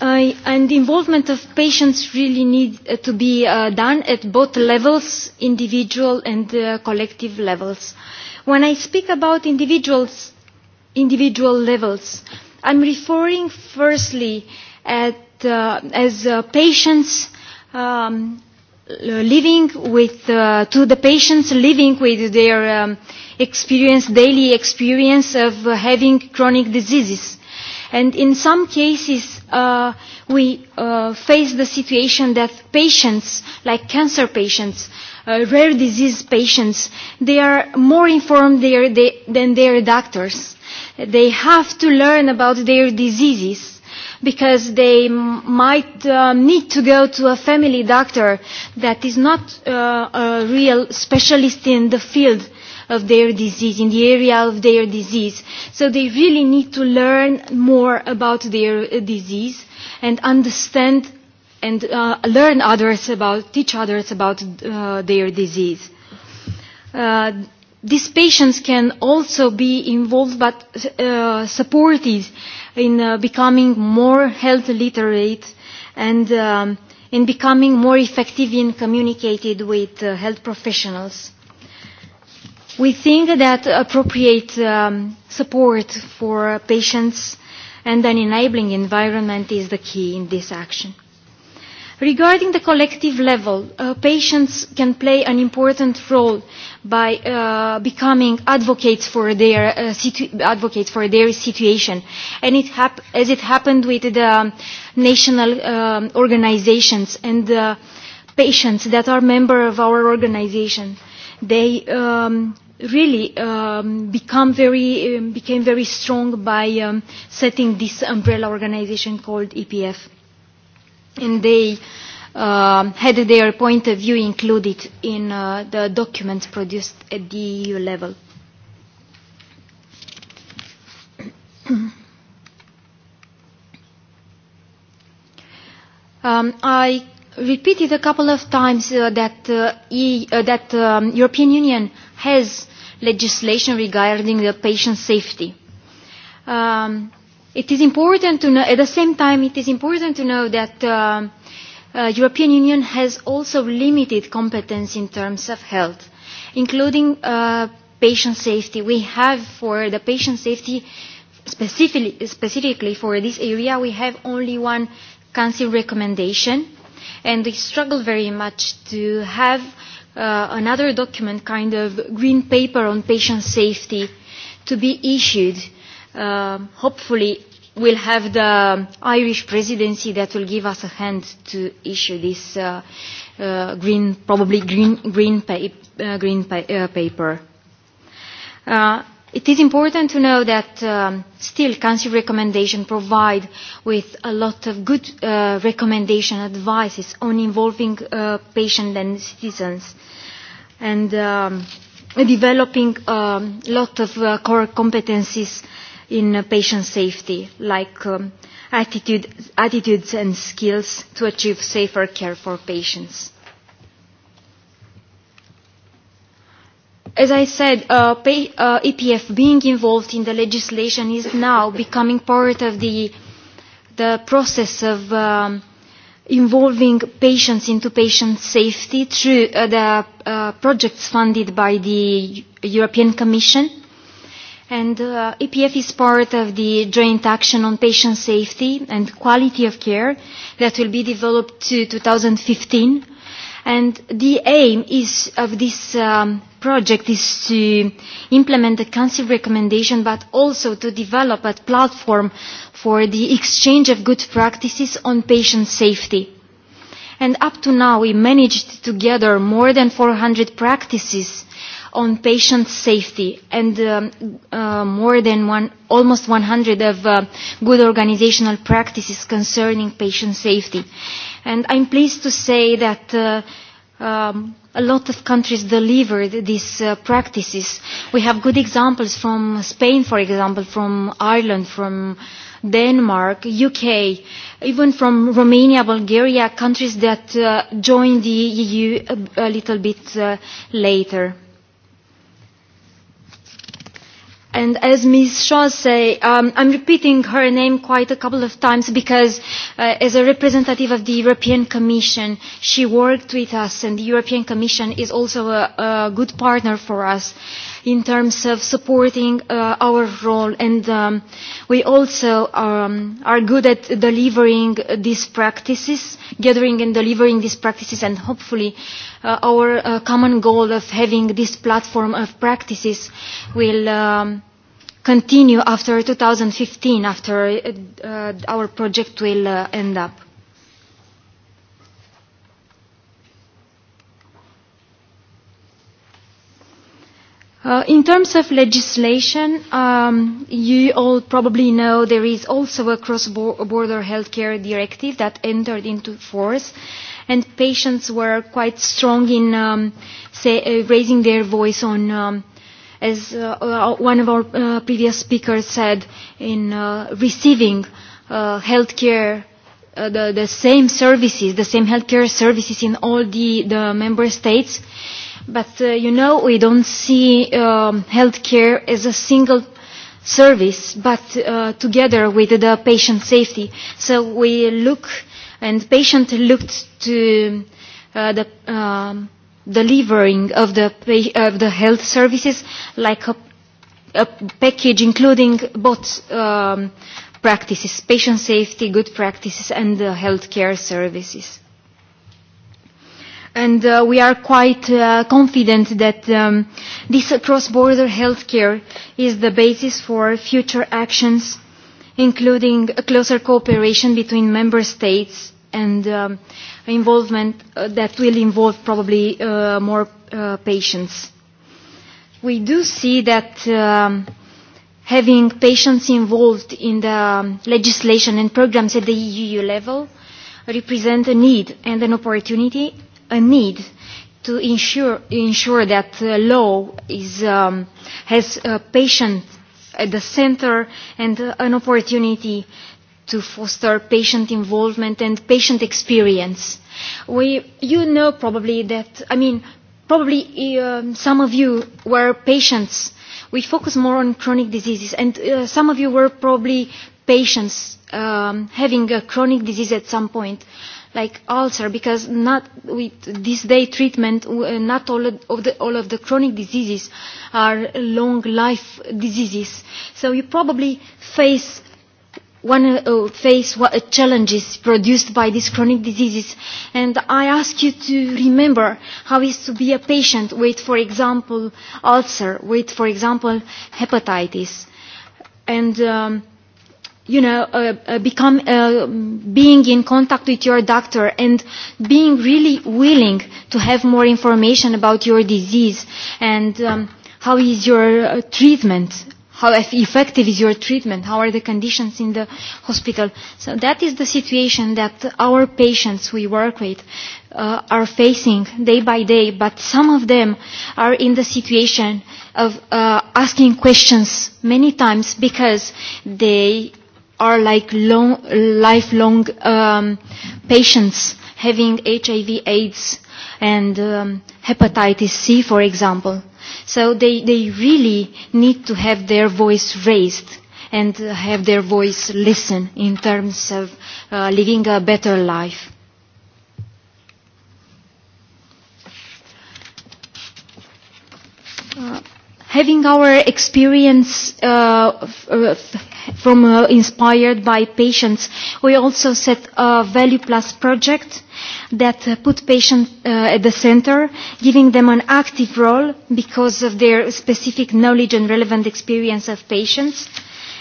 Uh, and involvement of patients really need uh, to be uh, done at both levels, individual and uh, collective levels. When I speak about individuals, individual levels, I'm referring firstly at uh, as uh, patients um, living with, uh, to the patients living with their um, experience, daily experience of uh, having chronic diseases. And in some cases, uh, we uh, face the situation that patients, like cancer patients, uh, rare disease patients, they are more informed their, they, than their doctors. They have to learn about their diseases because they might uh, need to go to a family doctor that is not uh, a real specialist in the field of their disease, in the area of their disease. So they really need to learn more about their uh, disease and understand and uh, learn others about, teach others about uh, their disease. Uh, these patients can also be involved but uh, supported in uh, becoming more health literate and um, in becoming more effective in communicating with uh, health professionals. We think that appropriate um, support for patients and an enabling environment is the key in this action. Regarding the collective level, uh, patients can play an important role by uh, becoming advocates for their uh, situ- advocates for their situation, and it hap- as it happened with the national um, organizations and the patients that are member of our organization, they um, really um, become very um, became very strong by um, setting this umbrella organization called EPF, and they uh, had their point of view included in uh, the documents produced at the EU level. um, I repeated a couple of times uh, that, uh, e, uh, that um, European Union has legislation regarding the patient safety. Um, it is important to know, at the same time, it is important to know that uh, uh, European Union has also limited competence in terms of health, including uh, patient safety. We have for the patient safety specifically, specifically for this area, we have only one council recommendation, and we struggle very much to have uh, another document, kind of green paper on patient safety, to be issued, uh, hopefully we'll have the Irish presidency that will give us a hand to issue this uh, uh, green, probably green, green, pa uh, green pa uh, paper. Uh, it is important to know that um, still council recommendations provide with a lot of good uh, recommendation advices on involving uh, patients and citizens and um, developing a um, lot of uh, core competencies uh, in patient safety, like um, attitude, attitudes and skills to achieve safer care for patients. As I said, uh, pay, uh, EPF being involved in the legislation is now becoming part of the, the process of um, involving patients into patient safety through uh, the uh, projects funded by the European Commission And uh, EPF is part of the joint action on patient safety and quality of care that will be developed to 2015. And the aim is of this um, project is to implement the Council recommendation but also to develop a platform for the exchange of good practices on patient safety. And up to now we managed to gather more than 400 practices on patient safety and um, uh, more than one, almost 100 of uh, good organizational practices concerning patient safety. And I'm pleased to say that uh, um, a lot of countries delivered these uh, practices. We have good examples from Spain, for example, from Ireland, from Denmark, UK, even from Romania, Bulgaria, countries that uh, joined the EU a, a little bit uh, later. And as Ms. Shaw say, um, I'm repeating her name quite a couple of times because uh, as a representative of the European Commission, she worked with us and the European Commission is also a, a good partner for us. Uh, in terms of supporting uh, our role. And um, we also um, are good at delivering these practices, gathering and delivering these practices, and hopefully uh, our uh, common goal of having this platform of practices will um, continue after 2015, after uh, our project will uh, end up. Uh, in terms of legislation, um, you all probably know there is also a cross-border healthcare directive that entered into force, and patients were quite strong in um, say, uh, raising their voice on, um, as uh, one of our uh, previous speakers said, in uh, receiving uh, healthcare the, the same services, the same healthcare services in all the, the member states But uh, you know, we don't see um, healthcare as a single service, but uh, together with the patient safety. So we look, and patient looked to uh, the um, delivering of the, of the health services like a, a package including both um, practices, patient safety, good practices, and the healthcare services and uh, we are quite uh, confident that um, this cross-border healthcare is the basis for future actions, including a closer cooperation between member states and um, involvement uh, that will involve probably uh, more uh, patients. We do see that um, having patients involved in the um, legislation and programs at the EU level represent a need and an opportunity a need to ensure, ensure that uh, law is, um, has a patient at the center and uh, an opportunity to foster patient involvement and patient experience. We, you know probably that, I mean, probably uh, some of you were patients. We focus more on chronic diseases, and uh, some of you were probably patients um, having a chronic disease at some point. Uh, like ulcer because not with this day treatment not all of the, all of the chronic diseases are long life diseases so you probably face one uh, face what uh, challenges produced by these chronic diseases and I ask you to remember how it is to be a patient with for example ulcer with for example hepatitis and um, you know, uh, become, uh, being in contact with your doctor and being really willing to have more information about your disease and um, how is your uh, treatment, how effective is your treatment, how are the conditions in the hospital. So that is the situation that our patients we work with uh, are facing day by day, but some of them are in the situation of uh, asking questions many times because they are like long, lifelong um, patients having HIV, AIDS, and um, hepatitis C, for example. So they, they really need to have their voice raised and have their voice listened in terms of uh, living a better life. Uh, having our experience uh, from uh, inspired by patients. We also set a value plus project that uh, put patients uh, at the center, giving them an active role because of their specific knowledge and relevant experience of patients.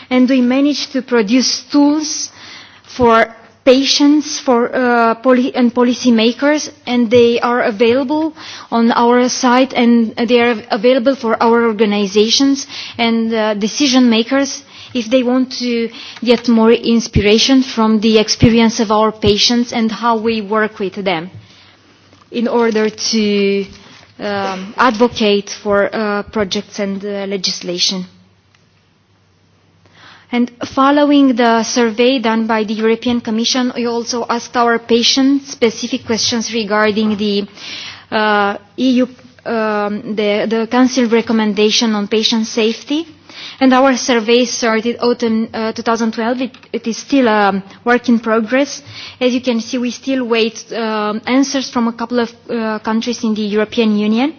And we managed to produce tools for patients for, uh, poli and policymakers, and they are available on our site, and they are available for our organizations and uh, decision makers if they want to get more inspiration from the experience of our patients and how we work with them in order to um, advocate for uh, projects and uh, legislation. And following the survey done by the European Commission, we also asked our patients specific questions regarding the uh, EU, um, the, the Council recommendation on patient safety And our survey started autumn uh, 2012. It, it is still a work in progress. As you can see, we still wait um, answers from a couple of uh, countries in the European Union.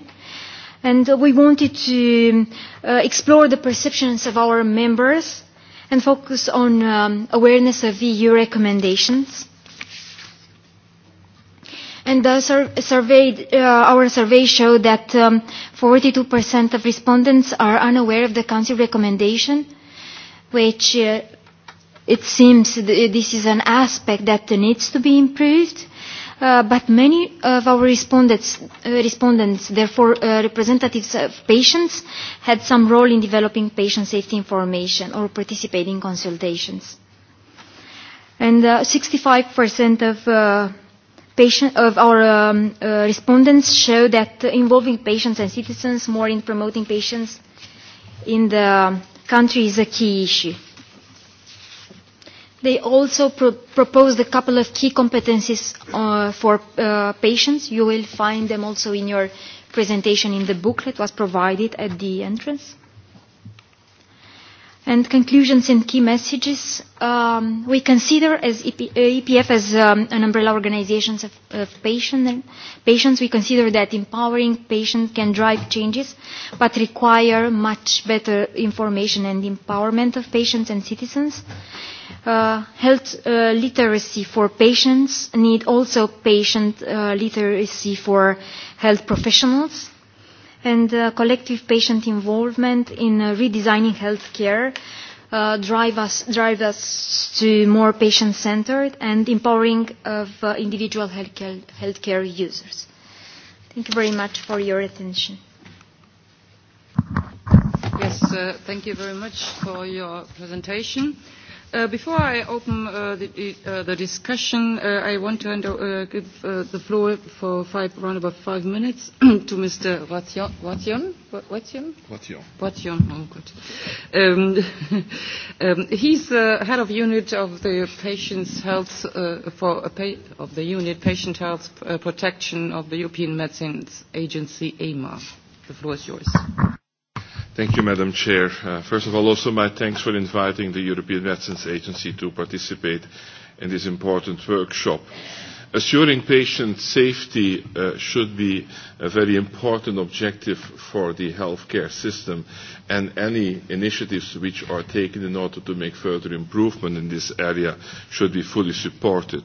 And we wanted to uh, explore the perceptions of our members and focus on um, awareness of EU recommendations And the sur surveyed, uh, our survey showed that um, 42% of respondents are unaware of the Council recommendation, which uh, it seems th this is an aspect that needs to be improved. Uh, but many of our respondents, uh, respondents, therefore uh, representatives of patients, had some role in developing patient safety information or participating in consultations. And uh, 65% of uh, patient, of our um, uh, respondents show that involving patients and citizens more in promoting patients in the country is a key issue. They also pro proposed a couple of key competencies uh, for uh, patients. You will find them also in your presentation in the booklet was provided at the entrance. And conclusions and key messages. Um, we consider as EP, EPF as um, an umbrella organization of, of patient, patients. We consider that empowering patients can drive changes, but require much better information and empowerment of patients and citizens. Uh, health uh, literacy for patients need also patient uh, literacy for health professionals and uh, collective patient involvement in uh, redesigning healthcare uh, drive us drive us to more patient-centered and empowering of uh, individual healthcare, healthcare users. Thank you very much for your attention. Yes, uh, thank you very much for your presentation. Uh, before I open uh, the, uh, the discussion, uh, I want to hand, uh, give uh, the floor for five, around about five minutes to Mr. Wation. Wation? Wation? Wation. Oh, good. Um, um, he's the head of unit of the patient's health uh, for a pa- of the unit patient health uh, protection of the European Medicines Agency (EMA). The floor is yours. Thank you, Madam Chair. Uh, first of all, also my thanks for inviting the European Medicines Agency to participate in this important workshop. Assuring patient safety uh, should be a very important objective for the healthcare system and any initiatives which are taken in order to make further improvement in this area should be fully supported.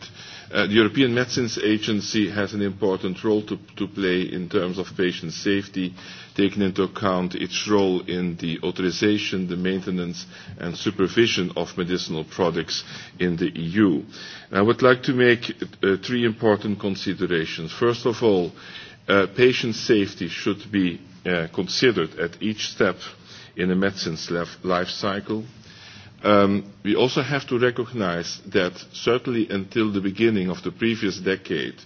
Uh, the European Medicines Agency has an important role to, to play in terms of patient safety taking into account its role in the authorization, the maintenance and supervision of medicinal products in the EU. And I would like to make uh, three important considerations. First of all, uh, patient safety should be uh, considered at each step in a medicine's life cycle. Um, we also have to recognize that certainly until the beginning of the previous decade, uh,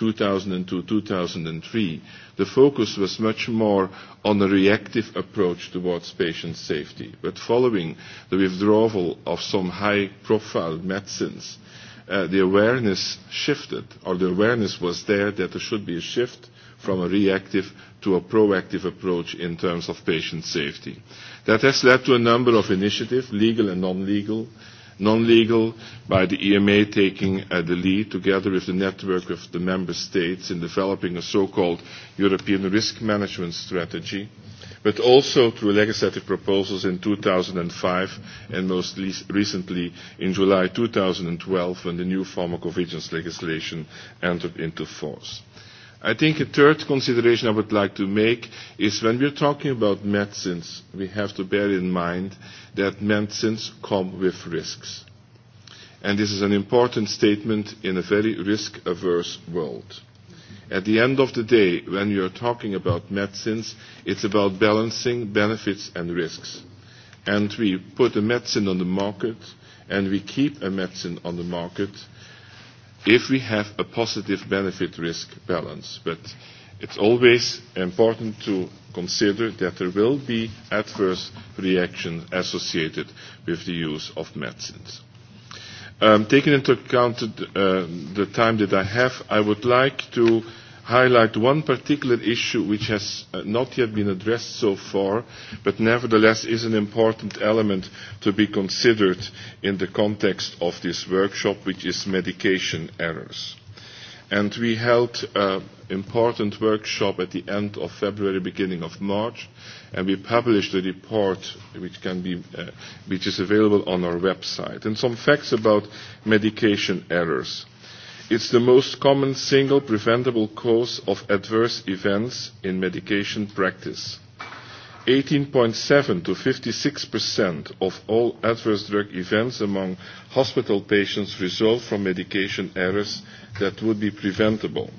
2002, 2003, the focus was much more on a reactive approach towards patient safety. But following the withdrawal of some high-profile medicines, uh, the awareness shifted, or the awareness was there that there should be a shift from a reactive to a proactive approach in terms of patient safety. That has led to a number of initiatives, legal and non-legal, non-legal by the EMA taking uh, the lead together with the network of the member states in developing a so-called European risk management strategy but also through legislative proposals in 2005 and most recently in July 2012 when the new pharmacovigilance legislation entered into force. I think a third consideration I would like to make is when we're talking about medicines, we have to bear in mind that medicines come with risks. And this is an important statement in a very risk-averse world. At the end of the day, when you are talking about medicines, it's about balancing benefits and risks. And we put a medicine on the market, and we keep a medicine on the market – if we have a positive benefit-risk balance. But it's always important to consider that there will be adverse reactions associated with the use of medicines. Um, taking into account the, uh, the time that I have, I would like to highlight one particular issue which has not yet been addressed so far, but nevertheless is an important element to be considered in the context of this workshop, which is medication errors. And we held an important workshop at the end of February, beginning of March, and we published a report which, can be, uh, which is available on our website. And some facts about medication errors. It's the most common single preventable cause of adverse events in medication practice. 18.7 to 56% of all adverse drug events among hospital patients result from medication errors that would be preventable.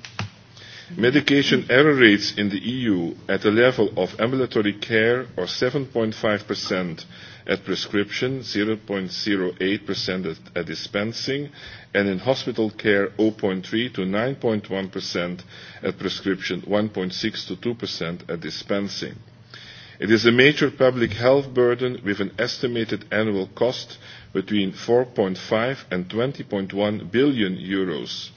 Medication error rates in the EU at the level of ambulatory care are 7.5% at prescription, 0.08% at, at dispensing, and in hospital care 0.3 to 9.1% at prescription, 1.6 to 2% at dispensing. It is a major public health burden with an estimated annual cost between 4.5 and 20.1 billion euros.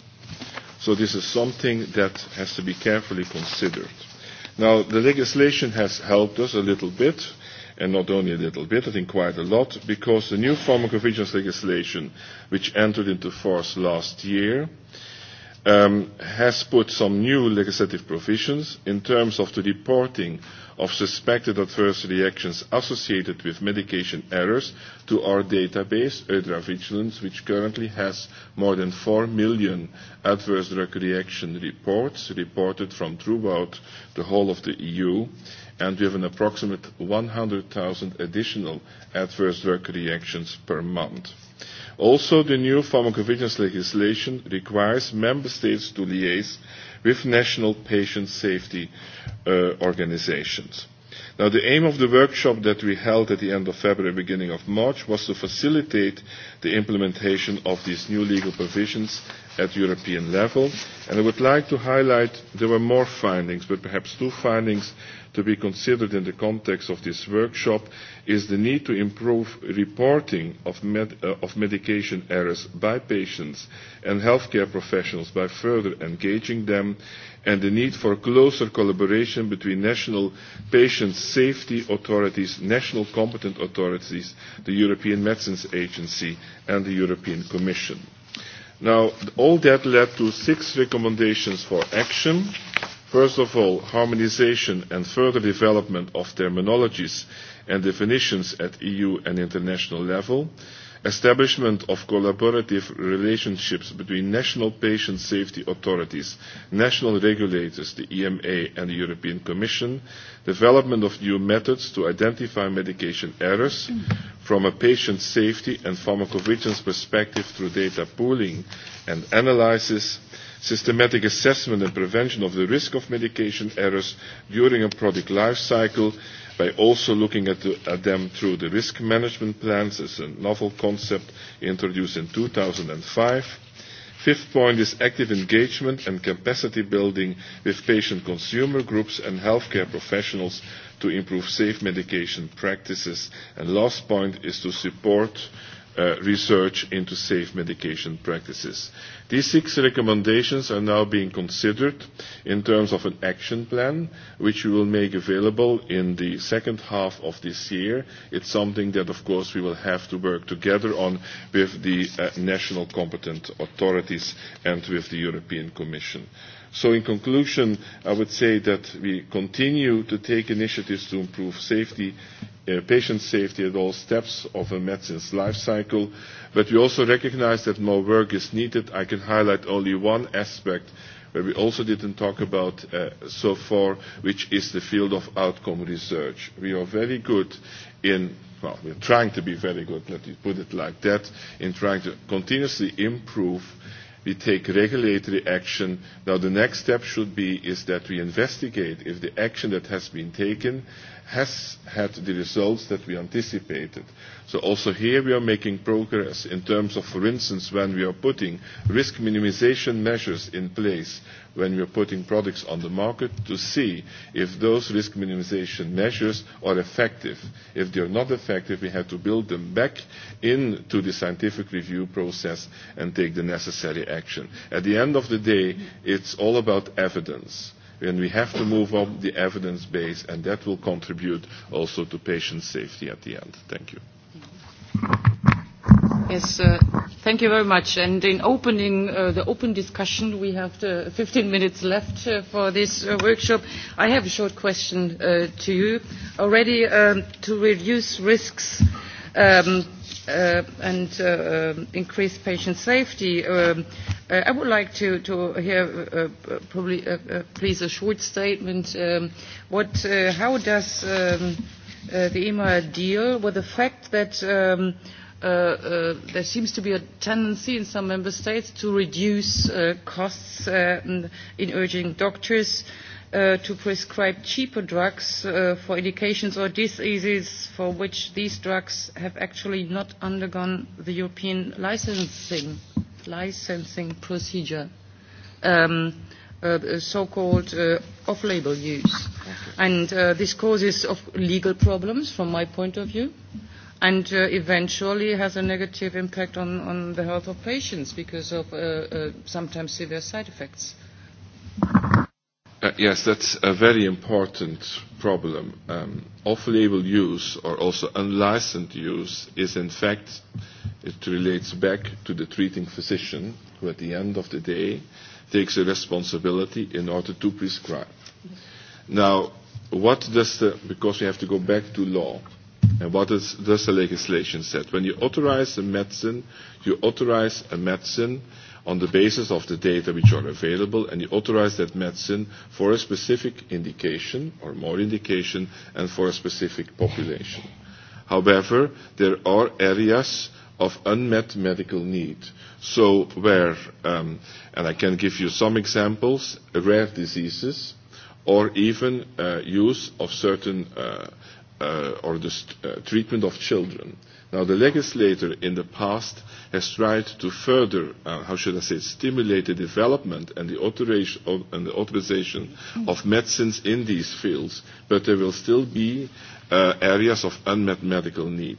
So this is something that has to be carefully considered. Now, the legislation has helped us a little bit and not only a little bit, I think quite a lot, because the new pharmacovigilance legislation, which entered into force last year, um, has put some new legislative provisions in terms of the reporting of suspected adverse reactions associated with medication errors to our database, EUDRA Vigilance, which currently has more than 4 million adverse drug reaction reports reported from throughout the whole of the EU and we have an approximate 100,000 additional adverse drug reactions per month. Also, the new pharmacovigilance legislation requires member states to liaise with national patient safety uh, organizations. Now, the aim of the workshop that we held at the end of February, beginning of March, was to facilitate the implementation of these new legal provisions at European level. And I would like to highlight there were more findings, but perhaps two findings to be considered in the context of this workshop is the need to improve reporting of, med uh, of medication errors by patients and healthcare professionals by further engaging them and the need for closer collaboration between national patient safety authorities, national competent authorities, the European Medicines Agency and the European Commission. Now, all that led to six recommendations for action First of all, harmonization and further development of terminologies and definitions at EU and international level, establishment of collaborative relationships between national patient safety authorities, national regulators, the EMA and the European Commission, development of new methods to identify medication errors from a patient safety and pharmacovigilance perspective through data pooling and analysis, systematic assessment and prevention of the risk of medication errors during a product life cycle by also looking at, the, at them through the risk management plans as a novel concept introduced in 2005. Fifth point is active engagement and capacity building with patient consumer groups and healthcare professionals to improve safe medication practices. And last point is to support uh, research into safe medication practices. These six recommendations are now being considered in terms of an action plan, which we will make available in the second half of this year. It's something that, of course, we will have to work together on with the uh, national competent authorities and with the European Commission. So in conclusion, I would say that we continue to take initiatives to improve safety patient safety at all steps of a medicine's life cycle, but we also recognize that more work is needed. I can highlight only one aspect where we also didn't talk about uh, so far, which is the field of outcome research. We are very good in well, we're trying to be very good, let me put it like that, in trying to continuously improve. We take regulatory action. Now, the next step should be is that we investigate if the action that has been taken has had the results that we anticipated. So also here we are making progress in terms of, for instance, when we are putting risk minimization measures in place, when we are putting products on the market to see if those risk minimization measures are effective. If they are not effective, we have to build them back into the scientific review process and take the necessary action. At the end of the day, it's all about evidence and we have to move up the evidence base, and that will contribute also to patient safety at the end. Thank you. Yes, uh, thank you very much. And in opening uh, the open discussion, we have uh, 15 minutes left uh, for this uh, workshop. I have a short question uh, to you. Already um, to reduce risks um, uh, and uh, increase patient safety. Um, uh, I would like to, to hear uh, probably, uh, uh, please, a short statement. Um, what, uh, how does um, uh, the EMA deal with the fact that um, uh, uh, there seems to be a tendency in some member states to reduce uh, costs uh, in urging doctors uh, to prescribe cheaper drugs uh, for indications or diseases for which these drugs have actually not undergone the European licensing, licensing procedure, um, uh, so-called uh, off-label use. And uh, this causes of legal problems from my point of view and uh, eventually has a negative impact on, on the health of patients because of uh, uh, sometimes severe side effects. Uh, yes, that's a very important problem. Um, off-label use, or also unlicensed use, is in fact, it relates back to the treating physician, who at the end of the day takes a responsibility in order to prescribe. Now, what does the, because we have to go back to law, and what is, does the legislation say? When you authorize a medicine, you authorize a medicine on the basis of the data which are available and you authorize that medicine for a specific indication or more indication and for a specific population. However, there are areas of unmet medical need. So where, um, and I can give you some examples, rare diseases or even uh, use of certain uh, uh, or the st- uh, treatment of children. Now, the legislator in the past has tried to further, uh, how should I say, stimulate the development and the, authorization of, and the authorization of medicines in these fields, but there will still be uh, areas of unmet medical need.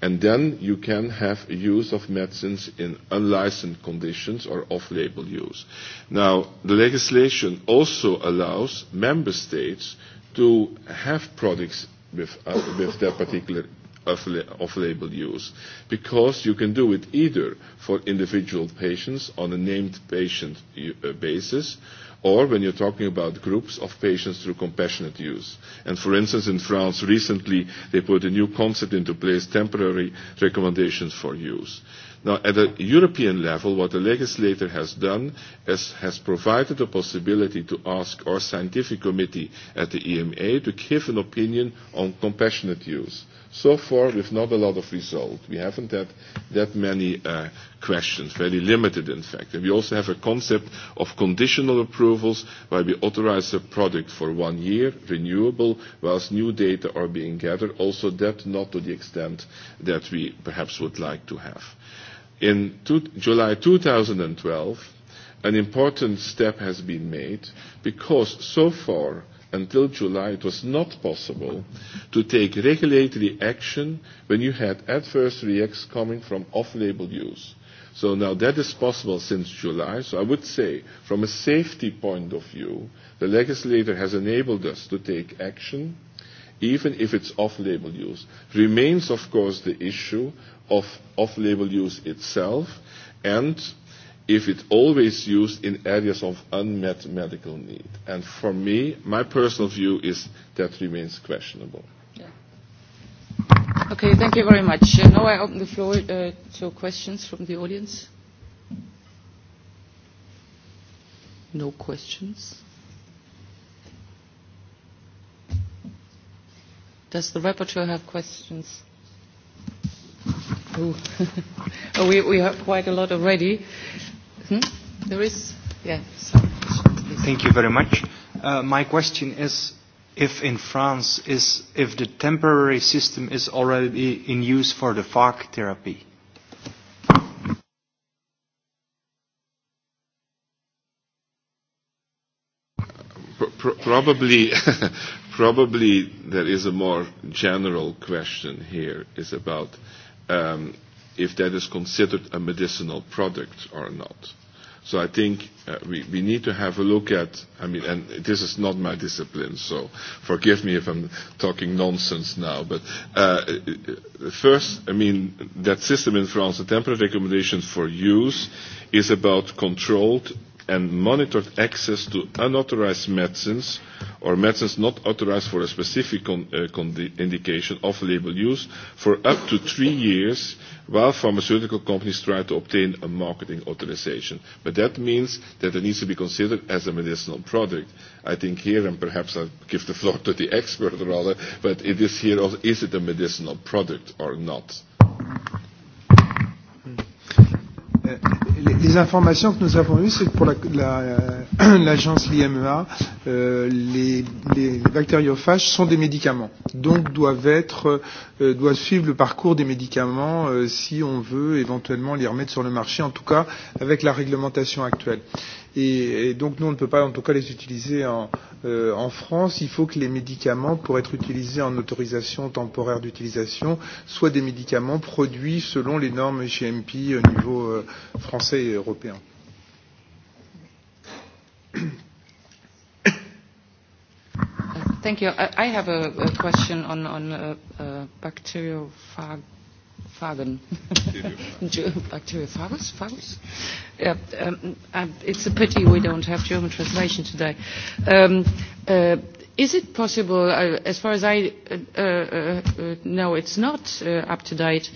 And then you can have use of medicines in unlicensed conditions or off-label use. Now, the legislation also allows member states to have products with, uh, with their particular off-label use because you can do it either for individual patients on a named patient basis or when you're talking about groups of patients through compassionate use. And for instance, in France recently, they put a new concept into place, temporary recommendations for use. Now, at a European level, what the legislator has done is has provided the possibility to ask our scientific committee at the EMA to give an opinion on compassionate use. So far, with not a lot of result. We haven't had that many uh, questions, very limited, in fact. And we also have a concept of conditional approvals, where we authorize a product for one year, renewable, whilst new data are being gathered. Also, that not to the extent that we perhaps would like to have. In two, July 2012, an important step has been made because so far, until July, it was not possible to take regulatory action when you had adverse reacts coming from off-label use. So now that is possible since July. So I would say, from a safety point of view, the legislator has enabled us to take action, even if it's off-label use. Remains, of course, the issue of off-label use itself and if it's always used in areas of unmet medical need. And for me, my personal view is that remains questionable. Yeah. Okay, thank you very much. Uh, now I open the floor uh, to questions from the audience. No questions? Does the rapporteur have questions? oh, we, we have quite a lot already. Hmm? There is, yeah. Sorry. Thank you very much. Uh, my question is if in France is if the temporary system is already in use for the FARC therapy. Probably, probably there is a more general question here is about uh, um, if that is considered a medicinal product or not. So I think uh, we, we need to have a look at, I mean, and this is not my discipline, so forgive me if I'm talking nonsense now, but uh, first, I mean, that system in France, the temporary recommendation for use, is about controlled and monitored access to unauthorized medicines or medicines not authorized for a specific con, uh, con indication of label use for up to three years while pharmaceutical companies try to obtain a marketing authorization. But that means that it needs to be considered as a medicinal product. I think here, and perhaps I'll give the floor to the expert rather, but it is here also, is it a medicinal product or not? les, les informations que nous avons eues, c'est que pour l'agence la, la, l'IMEA, euh, les, les bactériophages sont des médicaments, donc doivent, être, euh, doivent suivre le parcours des médicaments euh, si on veut éventuellement les remettre sur le marché, en tout cas avec la réglementation actuelle. Et, et donc nous, on ne peut pas en tout cas les utiliser en, euh, en France. Il faut que les médicaments, pour être utilisés en autorisation temporaire d'utilisation, soient des médicaments produits selon les normes GMP au niveau euh, français et européen. Thank you. I have a, a question on, on uh, uh, bacteriophage Fagen Back to Fagus? Fagus? Yeah, um, it's a pity we don't have German translation today. Um, uh, is it possible, uh, as far as I uh, uh, know, it's not uh, up to date,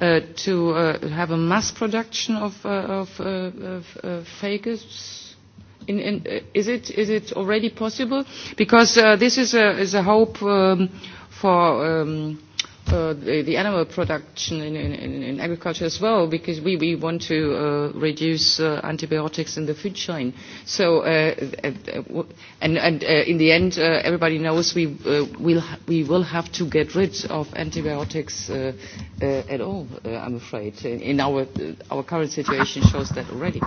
uh, to uh, have a mass production of, uh, of, uh, of uh, fagus in, in, uh, is it is it already possible? Because uh, this is a is a hope um, for um, uh, the, the animal production in, in, in agriculture as well, because we, we want to uh, reduce uh, antibiotics in the food chain. So, uh, and, and uh, in the end, uh, everybody knows we, uh, we'll ha- we will have to get rid of antibiotics uh, uh, at all, uh, I'm afraid. In, in our, uh, our current situation shows that already.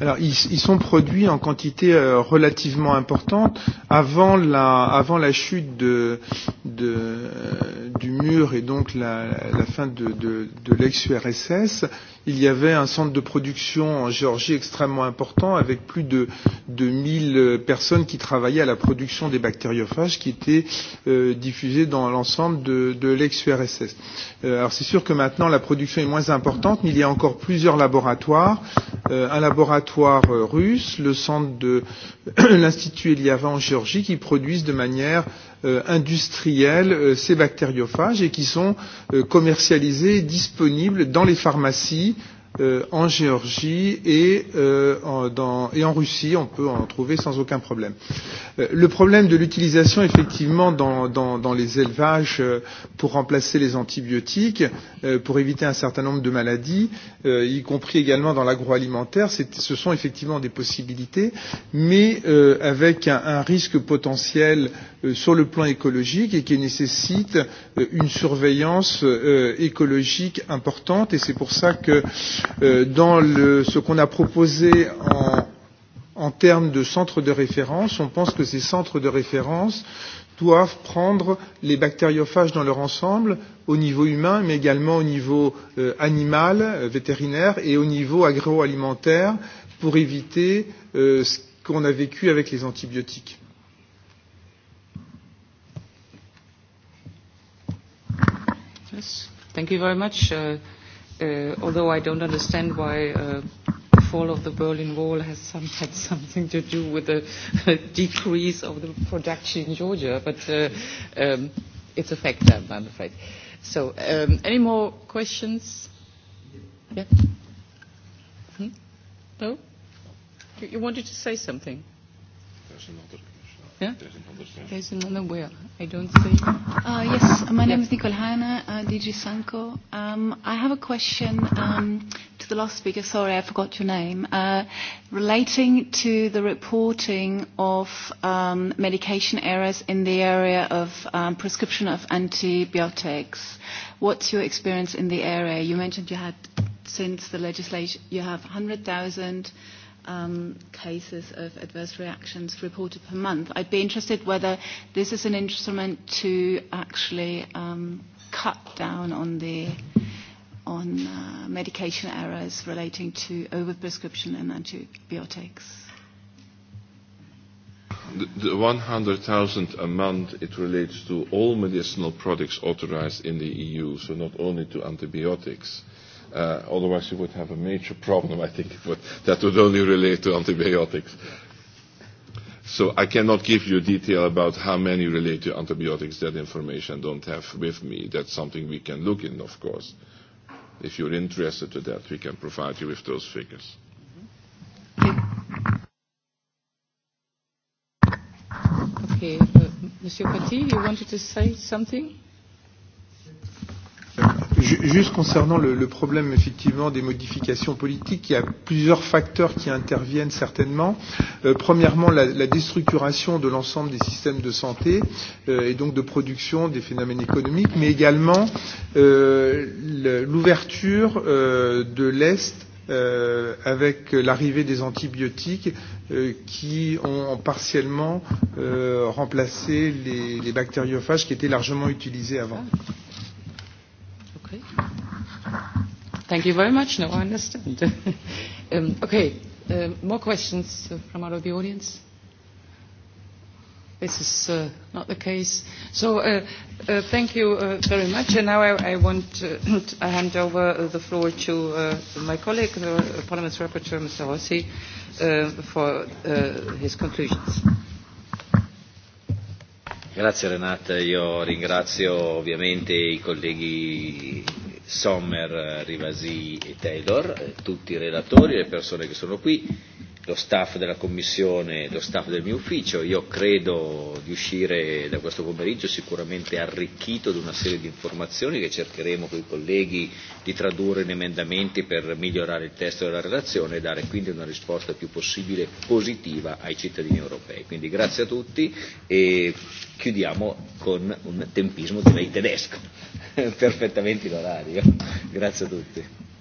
Alors, ils, ils sont produits en quantité euh, relativement importante. Avant la, avant la chute de, de, euh, du mur et donc la, la fin de, de, de l'ex-URSS, il y avait un centre de production en Géorgie extrêmement important avec plus de, de 1000 personnes qui travaillaient à la production des bactériophages qui étaient euh, diffusées dans l'ensemble de, de l'ex-URSS. Euh, alors c'est sûr que maintenant la production est moins importante, mais il y a encore plusieurs laboratoires. Euh, un laboratoire euh, russe, le centre de l'Institut Eliava en Géorgie qui produisent de manière euh, euh, industriels euh, ces bactériophages et qui sont euh, commercialisés et disponibles dans les pharmacies euh, en Géorgie et, euh, en, dans, et en Russie, on peut en trouver sans aucun problème. Euh, le problème de l'utilisation effectivement dans, dans, dans les élevages euh, pour remplacer les antibiotiques, euh, pour éviter un certain nombre de maladies, euh, y compris également dans l'agroalimentaire, ce sont effectivement des possibilités, mais euh, avec un, un risque potentiel euh, sur le plan écologique et qui nécessite euh, une surveillance euh, écologique importante et c'est pour ça que euh, dans le, ce qu'on a proposé en, en termes de centres de référence, on pense que ces centres de référence doivent prendre les bactériophages dans leur ensemble, au niveau humain, mais également au niveau euh, animal, euh, vétérinaire et au niveau agroalimentaire, pour éviter euh, ce qu'on a vécu avec les antibiotiques. Yes. Thank you very much. Uh, uh, although I don't understand why uh, the fall of the Berlin Wall has some, had something to do with the decrease of the production in Georgia, but uh, um, it's a fact, I'm, afraid. So, um, any more questions? Yeah. Hmm? No? You, you wanted to say something? There's another. There's another where. I don't see. Uh, yes, my name yes. is Nicole Hanna, uh, DG Sanko. Um, I have a question um, to the last speaker. Sorry, I forgot your name. Uh, relating to the reporting of um, medication errors in the area of um, prescription of antibiotics. What's your experience in the area? You mentioned you had, since the legislation, you have 100,000 um, cases of adverse reactions reported per month. I'd be interested whether this is an instrument to actually um, cut down on the on uh, medication errors relating to overprescription and antibiotics. The, the 100,000 a month, it relates to all medicinal products authorized in the EU, so not only to antibiotics. Uh, otherwise, you would have a major problem, I think, but that would only relate to antibiotics. So I cannot give you detail about how many relate to antibiotics. That information I don't have with me. That's something we can look in, of course. If you're interested to that, we can provide you with those figures. Okay. Uh, Monsieur Petit, you wanted to say something? Juste concernant le, le problème effectivement des modifications politiques, il y a plusieurs facteurs qui interviennent certainement. Euh, premièrement, la, la déstructuration de l'ensemble des systèmes de santé euh, et donc de production des phénomènes économiques, mais également euh, l'ouverture euh, de l'Est euh, avec l'arrivée des antibiotiques euh, qui ont partiellement euh, remplacé les, les bactériophages qui étaient largement utilisés avant. Okay. Thank you very much. No, I understand. um, okay. Um, more questions from out of the audience? This is uh, not the case. So uh, uh, thank you uh, very much. And now I, I want to, I hand over uh, the floor to uh, my colleague, the Parliament's Rapporteur, Mr. Rossi, uh, for uh, his conclusions. Grazie Renata, io ringrazio ovviamente i colleghi Sommer, Rivasi e Taylor, tutti i relatori e le persone che sono qui lo staff della Commissione e lo staff del mio ufficio. Io credo di uscire da questo pomeriggio sicuramente arricchito di una serie di informazioni che cercheremo con i colleghi di tradurre in emendamenti per migliorare il testo della relazione e dare quindi una risposta più possibile positiva ai cittadini europei. Quindi grazie a tutti e chiudiamo con un tempismo direi tedesco, perfettamente in orario. Grazie a tutti.